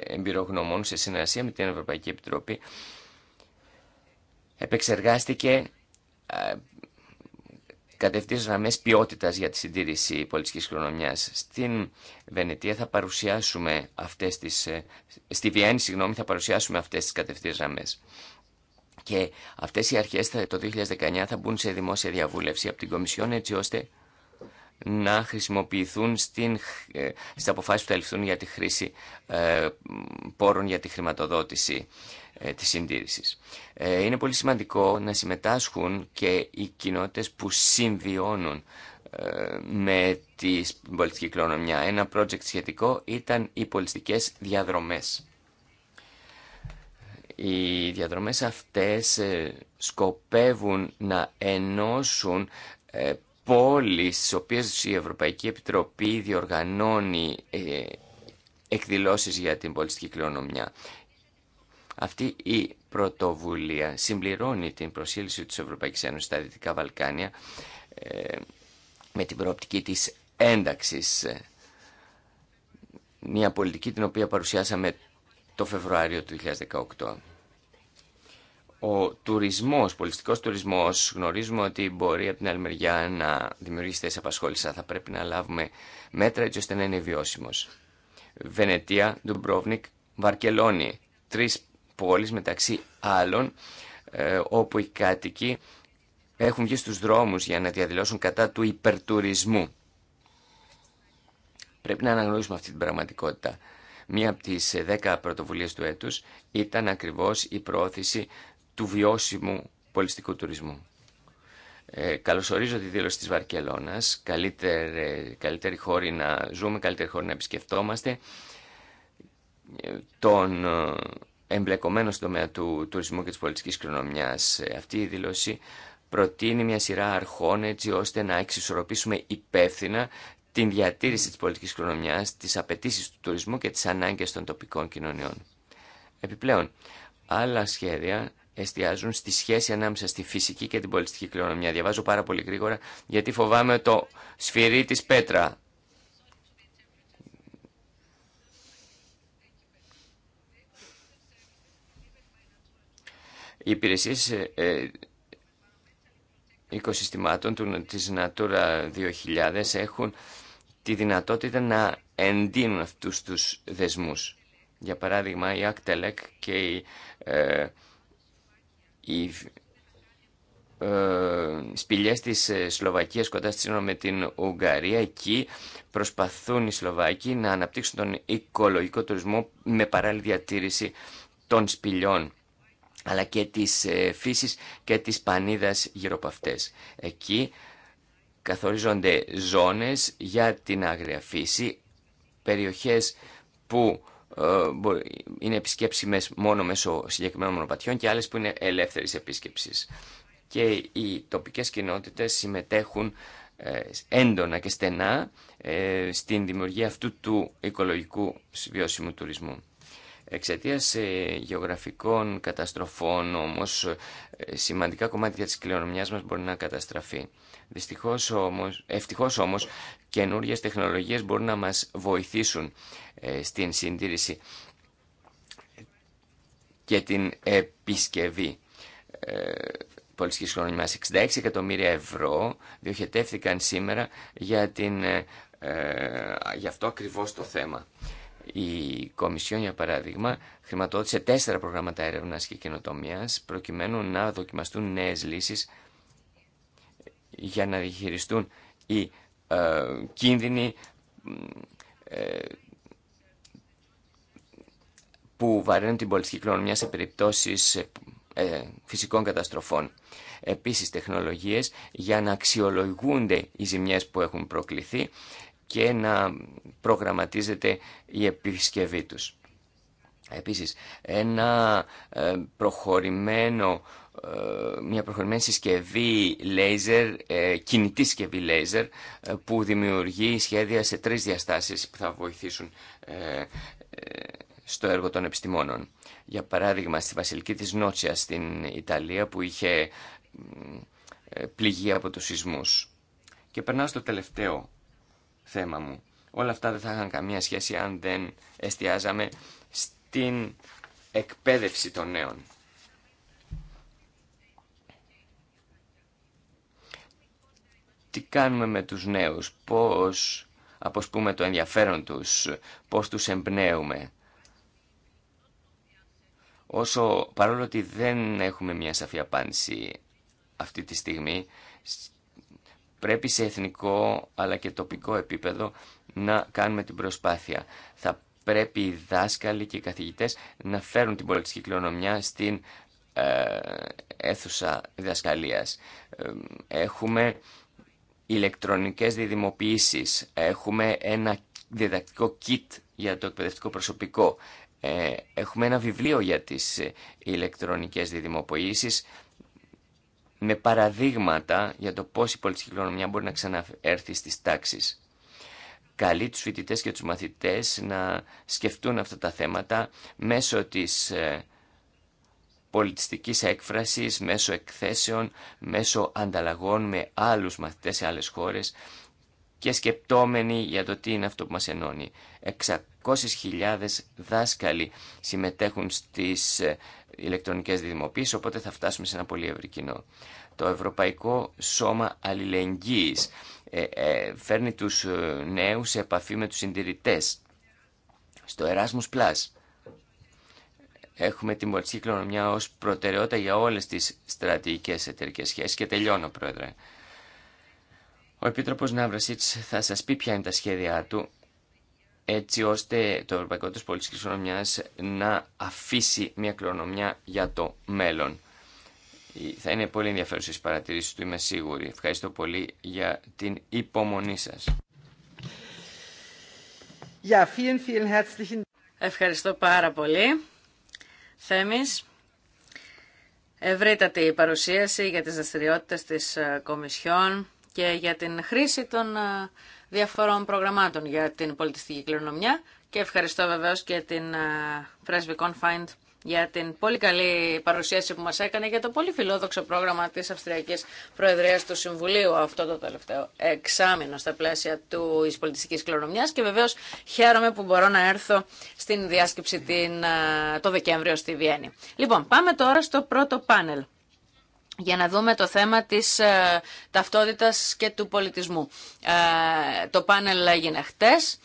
εμπειρογνωμών σε συνεργασία με την Ευρωπαϊκή Επιτροπή επεξεργάστηκε ε, κατευθύνσεις γραμμές ποιότητας για τη συντήρηση πολιτικής κληρονομιάς. Στην Βενετία θα παρουσιάσουμε αυτές τις... Ε, στη Βιέννη, συγγνώμη, θα παρουσιάσουμε αυτές τις κατευθύνσεις γραμμές. Και αυτές οι αρχέ το 2019 θα μπουν σε δημόσια διαβούλευση από την Κομισιόν έτσι ώστε να χρησιμοποιηθούν στην, ε, στις αποφάσεις που θα ληφθούν για τη χρήση ε, πόρων για τη χρηματοδότηση ε, της συντήρησης. Ε, είναι πολύ σημαντικό να συμμετάσχουν και οι κοινότητες που συμβιώνουν με την πολιτική κληρονομιά. Ένα project σχετικό ήταν οι πολιστικές διαδρομές. Οι διαδρομές αυτές ε, σκοπεύουν να ενώσουν ε, πόλεις στις οποίες η Ευρωπαϊκή Επιτροπή διοργανώνει ε, εκδηλώσεις για την πολιτική κληρονομιά. Αυτή η πρωτοβουλία συμπληρώνει την προσήλυση της Ευρωπαϊκής Ένωσης στα Δυτικά Βαλκάνια με την προοπτική της ένταξης. Μια πολιτική την οποία παρουσιάσαμε το Φεβρουάριο του 2018 ο τουρισμός, πολιτιστικός τουρισμός, γνωρίζουμε ότι μπορεί από την άλλη μεριά να δημιουργήσει θέσεις απασχόλησης, αλλά θα πρέπει να λάβουμε μέτρα έτσι ώστε να είναι βιώσιμος. Βενετία, Ντουμπρόβνικ, Βαρκελόνη, τρεις πόλεις μεταξύ άλλων, ε, όπου οι κάτοικοι έχουν βγει στους δρόμους για να διαδηλώσουν κατά του υπερτουρισμού. Πρέπει να αναγνωρίσουμε αυτή την πραγματικότητα. Μία από τις ε, δέκα πρωτοβουλίες του έτους ήταν ακριβώς η πρόθεση του βιώσιμου πολιστικού τουρισμού. Ε, καλωσορίζω τη δήλωση της Βαρκελώνας, καλύτερη, καλύτερη χώρη να ζούμε, καλύτερη χώρη να επισκεφτόμαστε, ε, τον ε, εμπλεκομένο στον τομέα του τουρισμού και της πολιτικής κληρονομιάς. Ε, αυτή η δήλωση προτείνει μια σειρά αρχών έτσι ώστε να εξισορροπήσουμε υπεύθυνα την διατήρηση της πολιτικής κληρονομιάς, τις απαιτήσει του τουρισμού και τις ανάγκες των τοπικών κοινωνιών. Επιπλέον, άλλα σχέδια εστιάζουν στη σχέση ανάμεσα στη φυσική και την πολιτιστική κληρονομιά. Διαβάζω πάρα πολύ γρήγορα γιατί φοβάμαι το σφυρί της πέτρα. Οι υπηρεσίες ε, ε, οικοσυστημάτων του, της Natura 2000 έχουν τη δυνατότητα να εντείνουν αυτούς τους δεσμούς. Για παράδειγμα, η Actelec και η ε, οι ε, σπηλιές της ε, Σλοβακίας κοντά στη σύνορα με την Ουγγαρία. Εκεί προσπαθούν οι Σλοβάκοι να αναπτύξουν τον οικολογικό τουρισμό με παράλληλη διατήρηση των σπηλιών αλλά και της ε, φύσης και της πανίδας γύρω από αυτές. Εκεί καθορίζονται ζώνες για την άγρια φύση, περιοχές που ε, είναι επισκέψιμες μόνο μέσω συγκεκριμένων μονοπατιών και άλλες που είναι ελεύθερης επίσκεψης. Και οι τοπικές κοινότητες συμμετέχουν ε, έντονα και στενά ε, στην δημιουργία αυτού του οικολογικού βιώσιμου τουρισμού. Εξαιτίας ε, γεωγραφικών καταστροφών όμως ε, σημαντικά κομμάτια της κληρονομιάς μας μπορεί να καταστραφεί. Δυστυχώς όμως, ευτυχώς όμως καινούργιες τεχνολογίες μπορούν να μας βοηθήσουν ε, στην συντήρηση και την επισκευή πολιτικής χρονιά. 66 εκατομμύρια ευρώ διοχετεύθηκαν σήμερα για, την, για αυτό ακριβώς το θέμα. Η Κομισιόν, για παράδειγμα, χρηματοδότησε τέσσερα προγράμματα έρευνα και καινοτομία προκειμένου να δοκιμαστούν νέε λύσει για να διαχειριστούν οι ε, κίνδυνοι ε, που βαραίνουν την πολιτική κληρονομιά σε περιπτώσεις ε, φυσικών καταστροφών. Επίσης τεχνολογίες για να αξιολογούνται οι ζημιές που έχουν προκληθεί και να προγραμματίζεται η επισκευή τους. Επίσης, ένα ε, προχωρημένο, ε, μια προχωρημένη συσκευή λέιζερ, ε, κινητή συσκευή λέιζερ, που δημιουργεί σχέδια σε τρεις διαστάσεις που θα βοηθήσουν στο έργο των επιστημόνων. Για παράδειγμα, στη Βασιλική της Νότσια στην Ιταλία, που είχε πληγεί από τους σεισμούς. Και περνάω στο τελευταίο θέμα μου. Όλα αυτά δεν θα είχαν καμία σχέση αν δεν εστιάζαμε στην εκπαίδευση των νέων. Τι κάνουμε με τους νέους, πώς αποσπούμε το ενδιαφέρον τους, πώς τους εμπνέουμε. Όσο παρόλο ότι δεν έχουμε μια σαφή απάντηση αυτή τη στιγμή πρέπει σε εθνικό αλλά και τοπικό επίπεδο να κάνουμε την προσπάθεια. Θα πρέπει οι δάσκαλοι και οι καθηγητές να φέρουν την πολιτική κληρονομιά στην ε, αίθουσα διδασκαλίας. Ε, έχουμε ηλεκτρονικές διδημοποιήσεις, έχουμε ένα διδακτικό kit για το εκπαιδευτικό προσωπικό, ε, έχουμε ένα βιβλίο για τις ε, ηλεκτρονικές διδημοποιήσεις, με παραδείγματα για το πώς η πολιτική κληρονομιά μπορεί να ξαναέρθει στις τάξεις. Καλεί τους φοιτητέ και του μαθητέ να σκεφτούν αυτά τα θέματα μέσω της ε, πολιτιστικής έκφρασης, μέσω εκθέσεων, μέσω ανταλλαγών με άλλους μαθητές σε άλλες χώρες και σκεπτόμενοι για το τι είναι αυτό που μας ενώνει. 600.000 δάσκαλοι συμμετέχουν στις ε, ηλεκτρονικές δημοποίησεις, οπότε θα φτάσουμε σε ένα πολύ ευρύ κοινό. Το Ευρωπαϊκό Σώμα Αλληλεγγύης ε, ε, φέρνει τους νέους σε επαφή με τους συντηρητές. Στο Erasmus Plus έχουμε την πολιτική κληρονομιά ως προτεραιότητα για όλες τις στρατηγικές εταιρικές σχέσεις και τελειώνω πρόεδρε. Ο Επίτροπος Ναύρασιτ θα σα πει ποια είναι τα σχέδιά του, έτσι ώστε το Ευρωπαϊκό τη Πολιτική Κληρονομιάς να αφήσει μια κληρονομιά για το μέλλον. Θα είναι πολύ ενδιαφέρον στις παρατηρήσεις του, είμαι σίγουρη. Ευχαριστώ πολύ για την υπομονή σας. Ja, vielen, vielen herzlichen... Ευχαριστώ πάρα πολύ. Θέμης, ευρύτατη παρουσίαση για τις δραστηριότητε της ε, Κομισιόν και για την χρήση των ε, διαφορών προγραμμάτων για την πολιτιστική κληρονομιά και ευχαριστώ βεβαίως και την ε, Πρέσβη Confind για την πολύ καλή παρουσίαση που μας έκανε για το πολύ φιλόδοξο πρόγραμμα της Αυστριακής Προεδρίας του Συμβουλίου αυτό το τελευταίο εξάμεινο στα πλαίσια του πολιτιστικής κληρονομιάς και βεβαίως χαίρομαι που μπορώ να έρθω στην διάσκεψη την, ε, το Δεκέμβριο στη Βιέννη. Λοιπόν, πάμε τώρα στο πρώτο πάνελ για να δούμε το θέμα της ε, ταυτότητας και του πολιτισμού. Ε, το πάνελ έγινε χτες,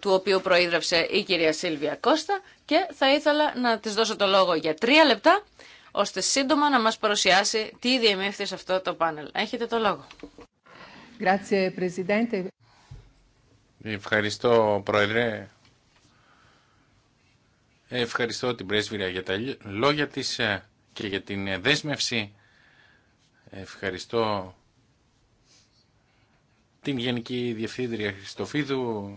του οποίου προείδρευσε η κυρία Σίλβια Κώστα και θα ήθελα να της δώσω το λόγο για τρία λεπτά, ώστε σύντομα να μας παρουσιάσει τι διεμήφθη αυτό το πάνελ. Έχετε το λόγο. Ευχαριστώ, Πρόεδρε. Ευχαριστώ την Πρέσβυρα για τα λόγια της ε, και για την δέσμευση Ευχαριστώ την Γενική Διευθύντρια Χριστοφίδου,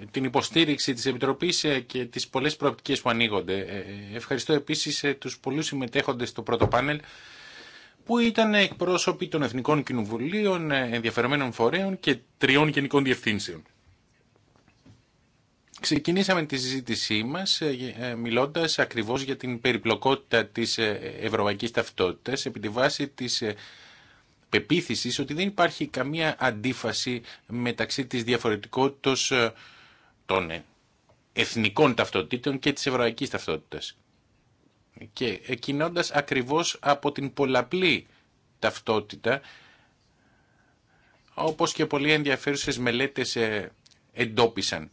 ε, την υποστήριξη της Επιτροπής ε, και τις πολλές προοπτικές που ανοίγονται. Ε, ευχαριστώ επίσης τους πολλούς συμμετέχοντες στο πρώτο πάνελ που ήταν εκπρόσωποι των Εθνικών Κοινοβουλίων, ενδιαφερομένων φορέων και τριών γενικών διευθύνσεων. Ξεκινήσαμε τη συζήτησή μας ε, ε, μιλώντας ακριβώς για την περιπλοκότητα της ε, ευρωπαϊκής ταυτότητας επί τη βάση της πεποίθησης ότι δεν υπάρχει καμία αντίφαση μεταξύ της διαφορετικότητας των εθνικών ταυτοτήτων και της ευρωπαϊκής ταυτότητας. Και κινώντας ακριβώς από την πολλαπλή ταυτότητα, όπως και πολλοί ενδιαφέρουσες μελέτες εντόπισαν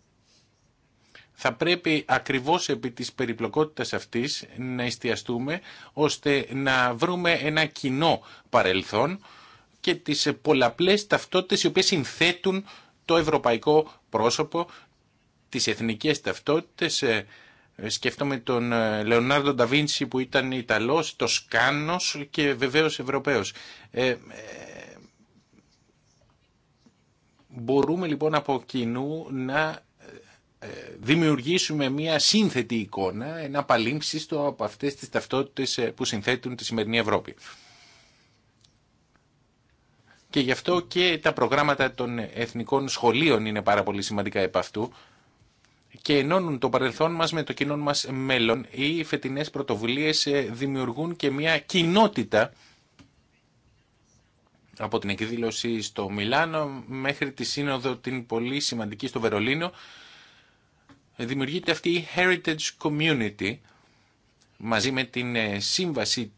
θα πρέπει ακριβώς επί της περιπλοκότητας αυτής να εστιαστούμε ώστε να βρούμε ένα κοινό παρελθόν και τις πολλαπλές ταυτότητες οι οποίες συνθέτουν το ευρωπαϊκό πρόσωπο, τις εθνικές ταυτότητες. Ε, σκέφτομαι τον ε, Λεωνάρντο Νταβίντσι που ήταν Ιταλός, το Σκάνος και βεβαίως Ευρωπαίος. Ε, μπορούμε λοιπόν από κοινού να δημιουργήσουμε μια σύνθετη εικόνα, ένα παλίμψιστο από αυτές τις ταυτότητες ε, που συνθέτουν τη σημερινή Ευρώπη. Και γι' αυτό και τα προγράμματα των εθνικών σχολείων είναι πάρα πολύ σημαντικά επ' αυτού και ενώνουν το παρελθόν μας με το κοινό μας μέλλον. Οι φετινές πρωτοβουλίες ε, δημιουργούν και μια κοινότητα από την εκδήλωση στο Μιλάνο μέχρι τη σύνοδο την πολύ σημαντική στο Βερολίνο δημιουργείται αυτή η Heritage Community μαζί με την ε, σύμβαση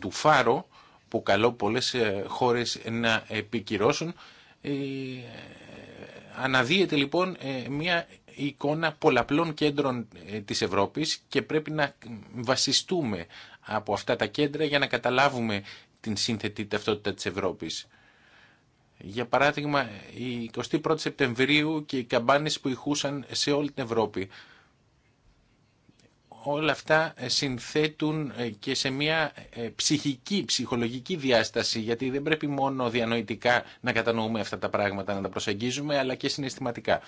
του Φάρο που καλό πολλές ε, χώρες να επικυρώσουν. Ε, αναδύεται λοιπόν μια εικόνα πολλαπλών κέντρων της Ευρώπης και πρέπει να βασιστούμε από αυτά τα κέντρα για να καταλάβουμε την σύνθετη ταυτότητα της Ευρώπης. Για παράδειγμα, η 21η Σεπτεμβρίου και οι καμπάνες που ηχούσαν σε όλη την Ευρώπη. Όλα αυτά ε, συνθέτουν ε, και σε μια ε, ψυχική, ψυχολογική διάσταση, γιατί δεν πρέπει μόνο διανοητικά να κατανοούμε αυτά τα πράγματα, να τα προσεγγίζουμε, αλλά και συναισθηματικά.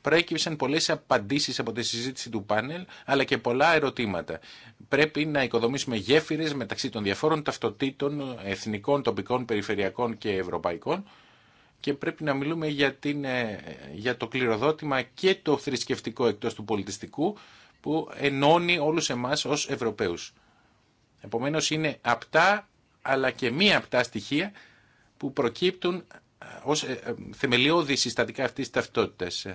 Προέκυψαν πολλές απαντήσεις από τη συζήτηση του πάνελ, αλλά και πολλά ερωτήματα. Πρέπει να οικοδομήσουμε γέφυρες μεταξύ των διαφόρων ταυτοτήτων, εθνικών, τοπικών, περιφερειακών και ευρωπαϊκών και πρέπει να μιλούμε για, την, ε, για το κληροδότημα και το θρησκευτικό εκτός του πολιτιστικού που ενώνει όλους εμάς ως Ευρωπαίους. Επομένως είναι απτά αλλά και μία απτά στοιχεία που προκύπτουν ε, ως ε, θεμελιώδη συστατικά αυτής της ταυτότητας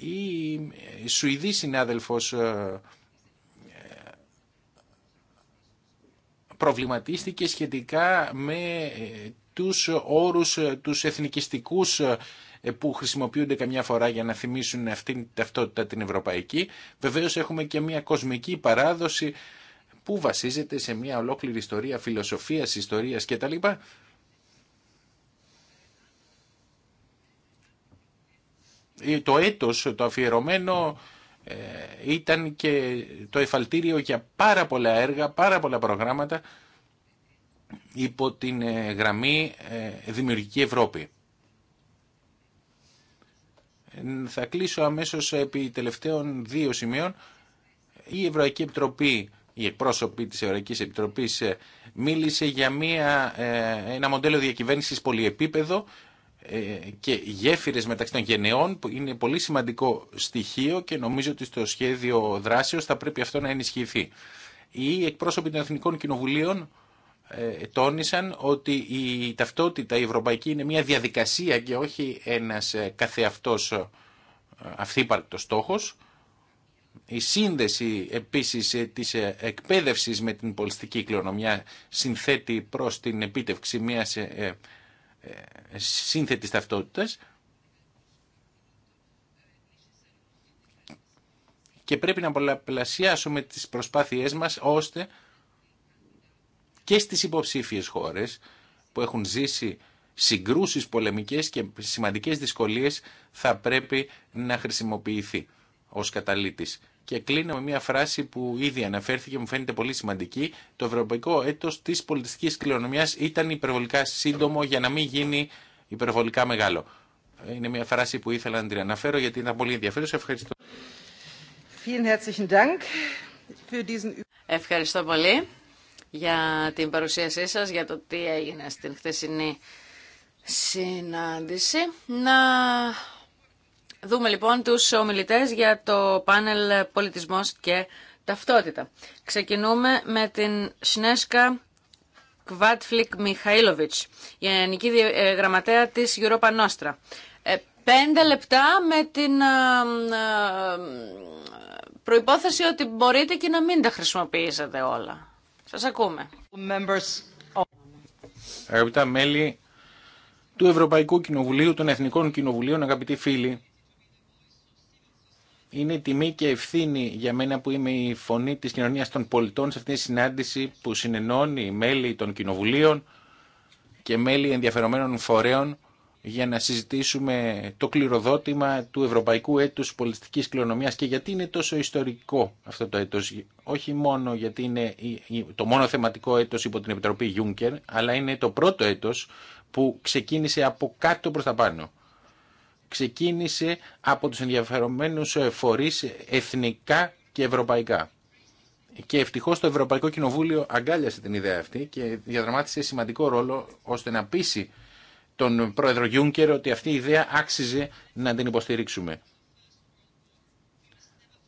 η Σουηδή συνάδελφος ε, προβληματίστηκε σχετικά με ε, τους όρους, ε, τους εθνικιστικούς που χρησιμοποιούνται καμιά φορά για να θυμίσουν αυτήν την ταυτότητα την ευρωπαϊκή. Βεβαίως έχουμε και μια κοσμική παράδοση που βασίζεται σε μια ολόκληρη ιστορία φιλοσοφίας, ιστορίας κτλ. Ε, το έτος το αφιερωμένο ε, ήταν και το εφαλτήριο για πάρα πολλά έργα, πάρα πολλά προγράμματα υπό την ε, γραμμή Δημιουργική Ευρώπη. Θα κλείσω αμέσως επί τελευταίων δύο σημείων. Η Ευρωπαϊκή Επιτροπή, η εκπρόσωπη της Ευρωπαϊκής Επιτροπής μίλησε για μια, ένα μοντέλο διακυβέρνησης πολυεπίπεδο ε, και γέφυρες μεταξύ των γενεών που είναι πολύ σημαντικό στοιχείο και νομίζω ότι στο σχέδιο δράσεως θα πρέπει αυτό να ενισχυθεί. Οι εκπρόσωποι των Εθνικών Κοινοβουλίων ε, τόνισαν ότι η ταυτότητα ευρωπαϊκή είναι μια διαδικασία και όχι ένας ε, καθεαυτός αυθύπαρκτος στόχος. Η σύνδεση επίσης της εκπαίδευσης με την πολιστική κληρονομιά συνθέτει προς την επίτευξη μιας ε, σύνθετης ταυτότητας και πρέπει να πολλαπλασιάσουμε τις προσπάθειές μας ώστε και στις υποψήφιες χώρες που έχουν ζήσει συγκρούσεις πολεμικές και σημαντικές δυσκολίες θα πρέπει να χρησιμοποιηθεί ως καταλήτης και κλείνω με μια φράση που ήδη αναφέρθηκε, μου φαίνεται πολύ σημαντική. Το ευρωπαϊκό έτος της πολιτιστικής κληρονομιάς ήταν υπερβολικά σύντομο για να μην γίνει υπερβολικά μεγάλο. Είναι μια φράση που ήθελα να την αναφέρω γιατί ήταν πολύ ενδιαφέρουσα. Ευχαριστώ. Ευχαριστώ πολύ για την παρουσίασή σας, για το τι έγινε στην χθεσινή συνάντηση. Να δούμε λοιπόν τους ομιλητές για το πάνελ πολιτισμός και ταυτότητα. Ξεκινούμε με την Σνέσκα Κβάτφλικ Μιχαήλοβιτς, γενική ε, γραμματέα της Europa Nostra. Ε, πέντε λεπτά με την ε, προϋπόθεση ότι μπορείτε και να μην τα χρησιμοποιήσετε όλα. Σας ακούμε. Αγαπητά μέλη του Ευρωπαϊκού Κοινοβουλίου, των Εθνικών Κοινοβουλίων, αγαπητοί φίλοι, είναι τιμή και ευθύνη για μένα που είμαι η φωνή της κοινωνίας των πολιτών σε αυτήν τη συνάντηση που συνενώνει μέλη των κοινοβουλίων και μέλη ενδιαφερομένων φορέων για να συζητήσουμε το κληροδότημα του Ευρωπαϊκού Έτους Πολιτιστικής Κληρονομιάς και γιατί είναι τόσο ιστορικό αυτό το έτος. Όχι μόνο γιατί είναι το μόνο θεματικό έτος υπό την Επιτροπή Juncker, αλλά είναι το πρώτο έτος που ξεκίνησε από κάτω προς τα πάνω ξεκίνησε από τους ενδιαφερομένους φορείς εθνικά και ευρωπαϊκά. Και ευτυχώ το Ευρωπαϊκό Κοινοβούλιο αγκάλιασε την ιδέα αυτή και διαδραμάτισε σημαντικό ρόλο ώστε να πείσει τον πρόεδρο Γιούνκερ ότι αυτή η ιδέα άξιζε να την υποστηρίξουμε.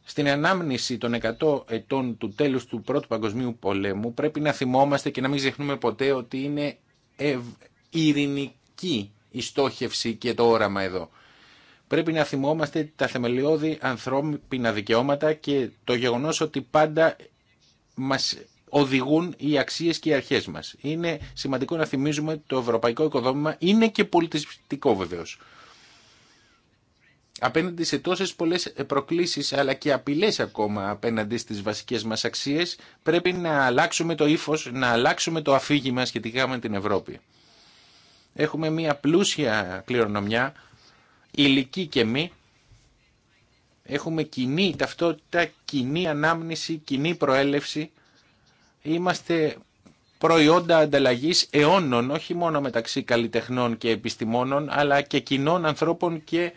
Στην ανάμνηση των 100 ετών του τέλους του Πρώτου Παγκοσμίου Πολέμου πρέπει να θυμόμαστε και να μην ξεχνούμε ποτέ ότι είναι ειρηνική η στόχευση και το όραμα εδώ. Πρέπει να θυμόμαστε τα θεμελιώδη ανθρώπινα δικαιώματα και το γεγονός ότι πάντα μας οδηγούν οι αξίες και οι αρχές μας. Είναι σημαντικό να θυμίζουμε το ευρωπαϊκό οικοδόμημα είναι και πολιτιστικό βεβαίως. Απέναντι σε τόσες πολλές προκλήσεις αλλά και απειλές ακόμα απέναντι στις βασικές μας αξίες πρέπει να αλλάξουμε το ύφος, να αλλάξουμε το αφήγημα σχετικά με την Ευρώπη. Έχουμε μια πλούσια κληρονομιά ηλική και μη, έχουμε κοινή ταυτότητα, κοινή ανάμνηση, κοινή προέλευση. Είμαστε προϊόντα ανταλλαγής αιώνων, όχι μόνο μεταξύ καλλιτεχνών και επιστημόνων, αλλά και κοινών ανθρώπων και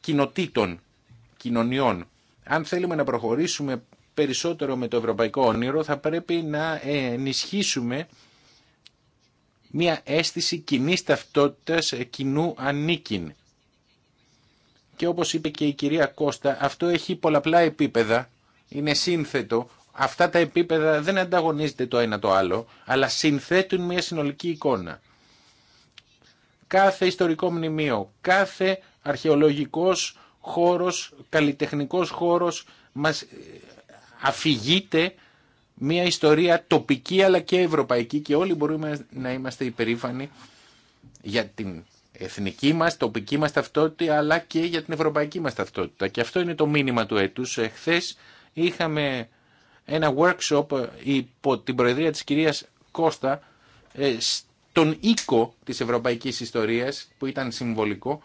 κοινοτήτων, κοινωνιών. Αν θέλουμε να προχωρήσουμε περισσότερο με το ευρωπαϊκό όνειρο, θα πρέπει να ενισχύσουμε μια αίσθηση κοινή ταυτότητας κοινού ανήκειν και όπως είπε και η κυρία Κώστα, αυτό έχει πολλαπλά επίπεδα, είναι σύνθετο. Αυτά τα επίπεδα δεν ανταγωνίζεται το ένα το άλλο, αλλά συνθέτουν μια συνολική εικόνα. Κάθε ιστορικό μνημείο, κάθε αρχαιολογικός χώρος, καλλιτεχνικός χώρος μας ε, αφηγείται μια ιστορία τοπική αλλά και ευρωπαϊκή και όλοι μπορούμε να είμαστε υπερήφανοι για την εθνική μας, τοπική μας ταυτότητα αλλά και για την ευρωπαϊκή μας ταυτότητα. Και αυτό είναι το μήνυμα του έτου. Εχθές είχαμε ένα workshop υπό την προεδρία της κυρίας Κώστα ε, στον οίκο της ευρωπαϊκής ιστορίας που ήταν συμβολικό.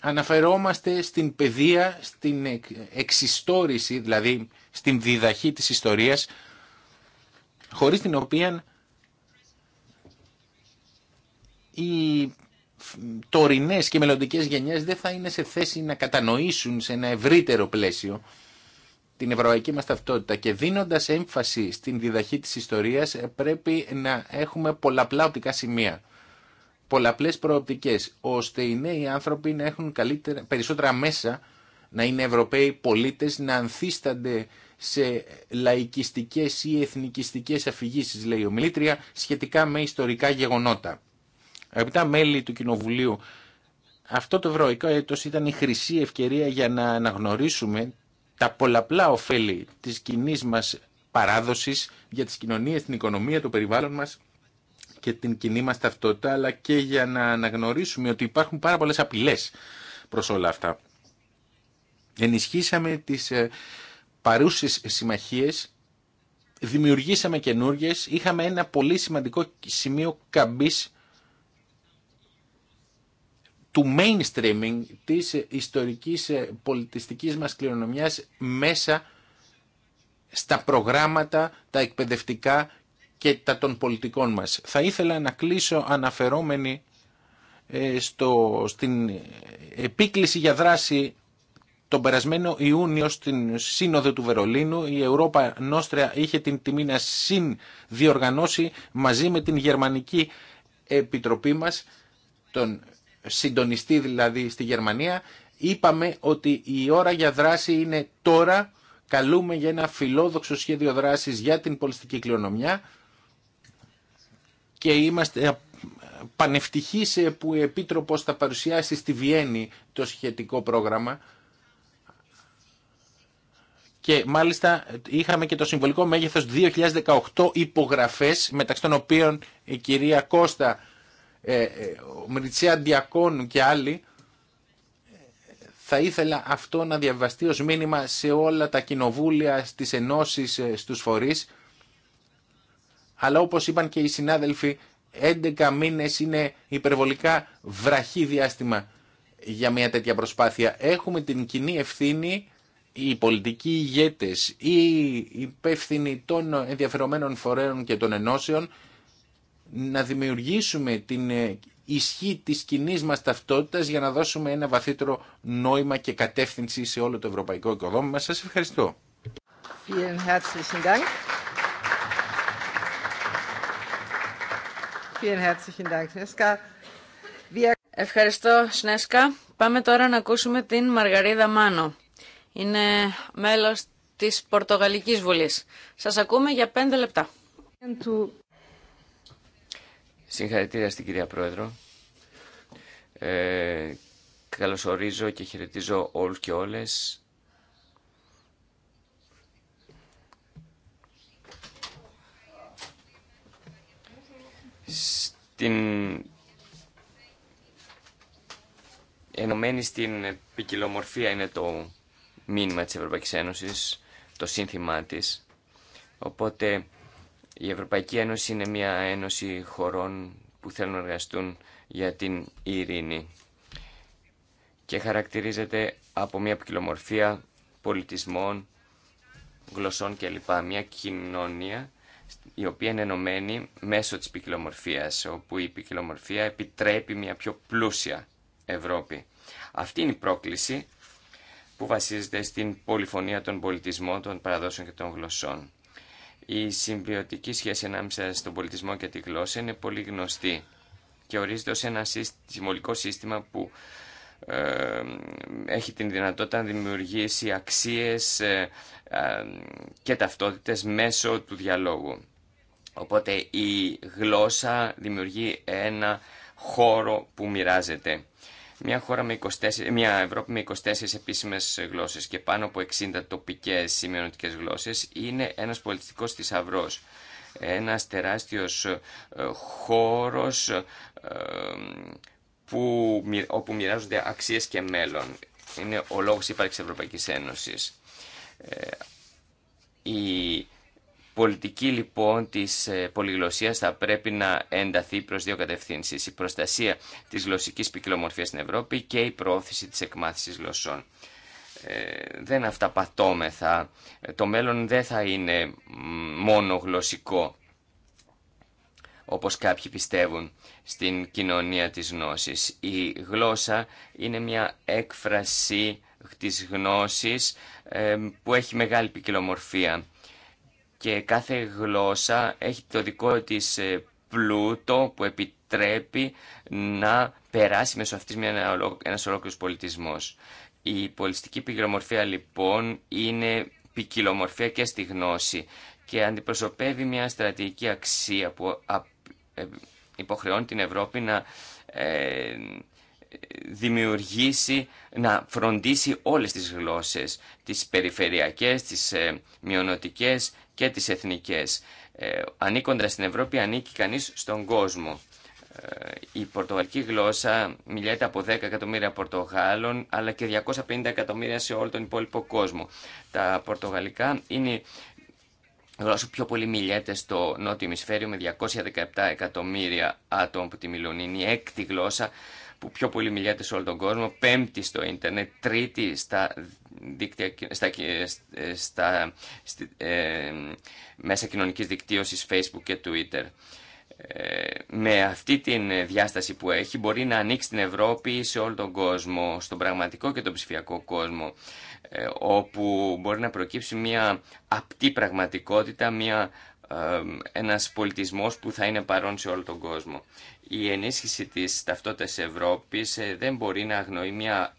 Αναφερόμαστε στην παιδεία, στην εξιστόρηση, δηλαδή στην διδαχή της ιστορίας, χωρίς την οποία οι τωρινέ και μελλοντικέ γενιές δεν θα είναι σε θέση να κατανοήσουν σε ένα ευρύτερο πλαίσιο την ευρωπαϊκή μας ταυτότητα και δίνοντας έμφαση στην διδαχή της ιστορίας πρέπει να έχουμε πολλαπλά οπτικά σημεία, πολλαπλές προοπτικές, ώστε οι νέοι άνθρωποι να έχουν καλύτερα, περισσότερα μέσα να είναι Ευρωπαίοι πολίτες, να ανθίστανται σε λαϊκιστικές ή εθνικιστικές αφηγήσεις, λέει ο Μιλήτρια, σχετικά με ιστορικά γεγονότα. Αγαπητά μέλη του Κοινοβουλίου, αυτό το ευρωϊκό έτος ήταν η χρυσή ευκαιρία για να αναγνωρίσουμε τα πολλαπλά ωφέλη της κοινή μας παράδοσης για τις κοινωνίες, την οικονομία, το περιβάλλον μας και την κοινή μας ταυτότητα, αλλά και για να αναγνωρίσουμε ότι υπάρχουν πάρα πολλές απειλές προς όλα αυτά. Ενισχύσαμε τις ε, παρούσες συμμαχίες, δημιουργήσαμε καινούργιες, είχαμε ένα πολύ σημαντικό σημείο καμπής του mainstreaming της ιστορικής ε, πολιτιστικής μας κληρονομιάς μέσα στα προγράμματα, τα εκπαιδευτικά και τα των πολιτικών μας. Θα ήθελα να κλείσω αναφερόμενη ε, στο, στην επίκληση για δράση τον περασμένο Ιούνιο στην Σύνοδο του Βερολίνου η Ευρώπα Νόστρια είχε την τιμή να συνδιοργανώσει μαζί με την Γερμανική Επιτροπή μας τον συντονιστή δηλαδή στη Γερμανία, είπαμε ότι η ώρα για δράση είναι τώρα. Καλούμε για ένα φιλόδοξο σχέδιο δράσης για την πολιτική κληρονομιά και είμαστε πανευτυχείς που η Επίτροπος θα παρουσιάσει στη Βιέννη το σχετικό πρόγραμμα. Και μάλιστα είχαμε και το συμβολικό μέγεθος 2018 υπογραφές, μεταξύ των οποίων η κυρία Κώστα ε, ε, ο Μριτσέα και άλλοι, θα ήθελα αυτό να διαβαστεί ως μήνυμα σε όλα τα κοινοβούλια, στις ενώσεις, ε, στους φορείς. Αλλά όπως είπαν και οι συνάδελφοι, 11 μήνες είναι υπερβολικά βραχή διάστημα για μια τέτοια προσπάθεια. Έχουμε την κοινή ευθύνη, οι πολιτικοί ηγέτες, οι υπεύθυνοι των ενδιαφερομένων φορέων και των ενώσεων, να δημιουργήσουμε την ε, ισχύ της κοινή μας ταυτότητας για να δώσουμε ένα βαθύτερο νόημα και κατεύθυνση σε όλο το ευρωπαϊκό οικοδόμημα. Σας ευχαριστώ. Ευχαριστώ, Σνέσκα. Πάμε τώρα να ακούσουμε την Μαργαρίδα Μάνο. Είναι μέλος της Πορτογαλικής Βουλής. Σας ακούμε για πέντε λεπτά. Συγχαρητήρια στην κυρία Πρόεδρο. Ε, καλωσορίζω και χαιρετίζω όλους και όλες. Στην... Ενωμένη στην ποικιλομορφία είναι το μήνυμα της Ευρωπαϊκής Ένωσης, το σύνθημά της. Οπότε η Ευρωπαϊκή Ένωση είναι μια ένωση χωρών που θέλουν να εργαστούν για την ειρήνη και χαρακτηρίζεται από μια ποικιλομορφία πολιτισμών, γλωσσών κλπ. Μια κοινωνία η οποία είναι ενωμένη μέσω της ποικιλομορφία, όπου η ποικιλομορφία επιτρέπει μια πιο πλούσια Ευρώπη. Αυτή είναι η πρόκληση που βασίζεται στην πολυφωνία των πολιτισμών, των παραδόσεων και των γλωσσών. Η συμβιωτική σχέση ανάμεσα στον πολιτισμό και τη γλώσσα είναι πολύ γνωστή και ορίζεται ως ένα συμβολικό σύστημα που ε, έχει την δυνατότητα να δημιουργήσει αξίες ε, ε, και ταυτότητες μέσω του διαλόγου. Οπότε η γλώσσα δημιουργεί ένα χώρο που μοιράζεται. Μια, χώρα με 24, μια Ευρώπη με 24 επίσημες γλώσσες και πάνω από 60 τοπικές σημειωτικές γλώσσες είναι ένας πολιτιστικός θησαυρό. Ένας τεράστιος ε, χώρος ε, που, όπου μοιράζονται αξίε και μέλλον. Είναι ο λόγος ύπαρξης Ευρωπαϊκής Ένωσης. Ε, η πολιτική λοιπόν της ε, πολυγλωσσίας θα πρέπει να ενταθεί προς δύο κατευθύνσεις. Η προστασία της γλωσσικής ποικιλομορφίας στην Ευρώπη και η πρόθεση της εκμάθησης γλωσσών. Ε, δεν αυταπατώμεθα. Ε, το μέλλον δεν θα είναι μόνο γλωσσικό όπως κάποιοι πιστεύουν στην κοινωνία της γνώσης. Η γλώσσα είναι μια έκφραση της γνώσης ε, που έχει μεγάλη ποικιλομορφία και κάθε γλώσσα έχει το δικό της ε, πλούτο που επιτρέπει να περάσει μέσω αυτής ένας ολόκληρος πολιτισμός. Η πολιστική πυγρομορφία λοιπόν είναι ποικιλομορφία και στη γνώση και αντιπροσωπεύει μια στρατηγική αξία που ε, υποχρεώνει την Ευρώπη να ε, δημιουργήσει, να φροντίσει όλες τις γλώσσες, τις περιφερειακές, τις ε, και τις εθνικές. Ε, ανήκοντας στην Ευρώπη ανήκει κανείς στον κόσμο. Ε, η πορτογαλική γλώσσα μιλιέται από 10 εκατομμύρια Πορτογάλων αλλά και 250 εκατομμύρια σε όλο τον υπόλοιπο κόσμο. Τα πορτογαλικά είναι γλώσσα πιο πολύ μιλιέται στο νότιο ημισφαίριο με 217 εκατομμύρια άτομα που τη μιλούν. Είναι η έκτη γλώσσα που πιο πολύ μιλιάται σε όλο τον κόσμο, πέμπτη στο ίντερνετ, τρίτη στα, δίκτυα, στα, ε, στα ε, μέσα κοινωνικής δικτύωσης Facebook και Twitter. Ε, με αυτή τη διάσταση που έχει μπορεί να ανοίξει την Ευρώπη σε όλο τον κόσμο, στον πραγματικό και τον ψηφιακό κόσμο, όπου μπορεί να προκύψει μια απτή πραγματικότητα, μια ένας πολιτισμός που θα είναι παρόν σε όλο τον κόσμο. Η ενίσχυση της ταυτότητας Ευρώπης ε, δεν μπορεί να αγνοεί μια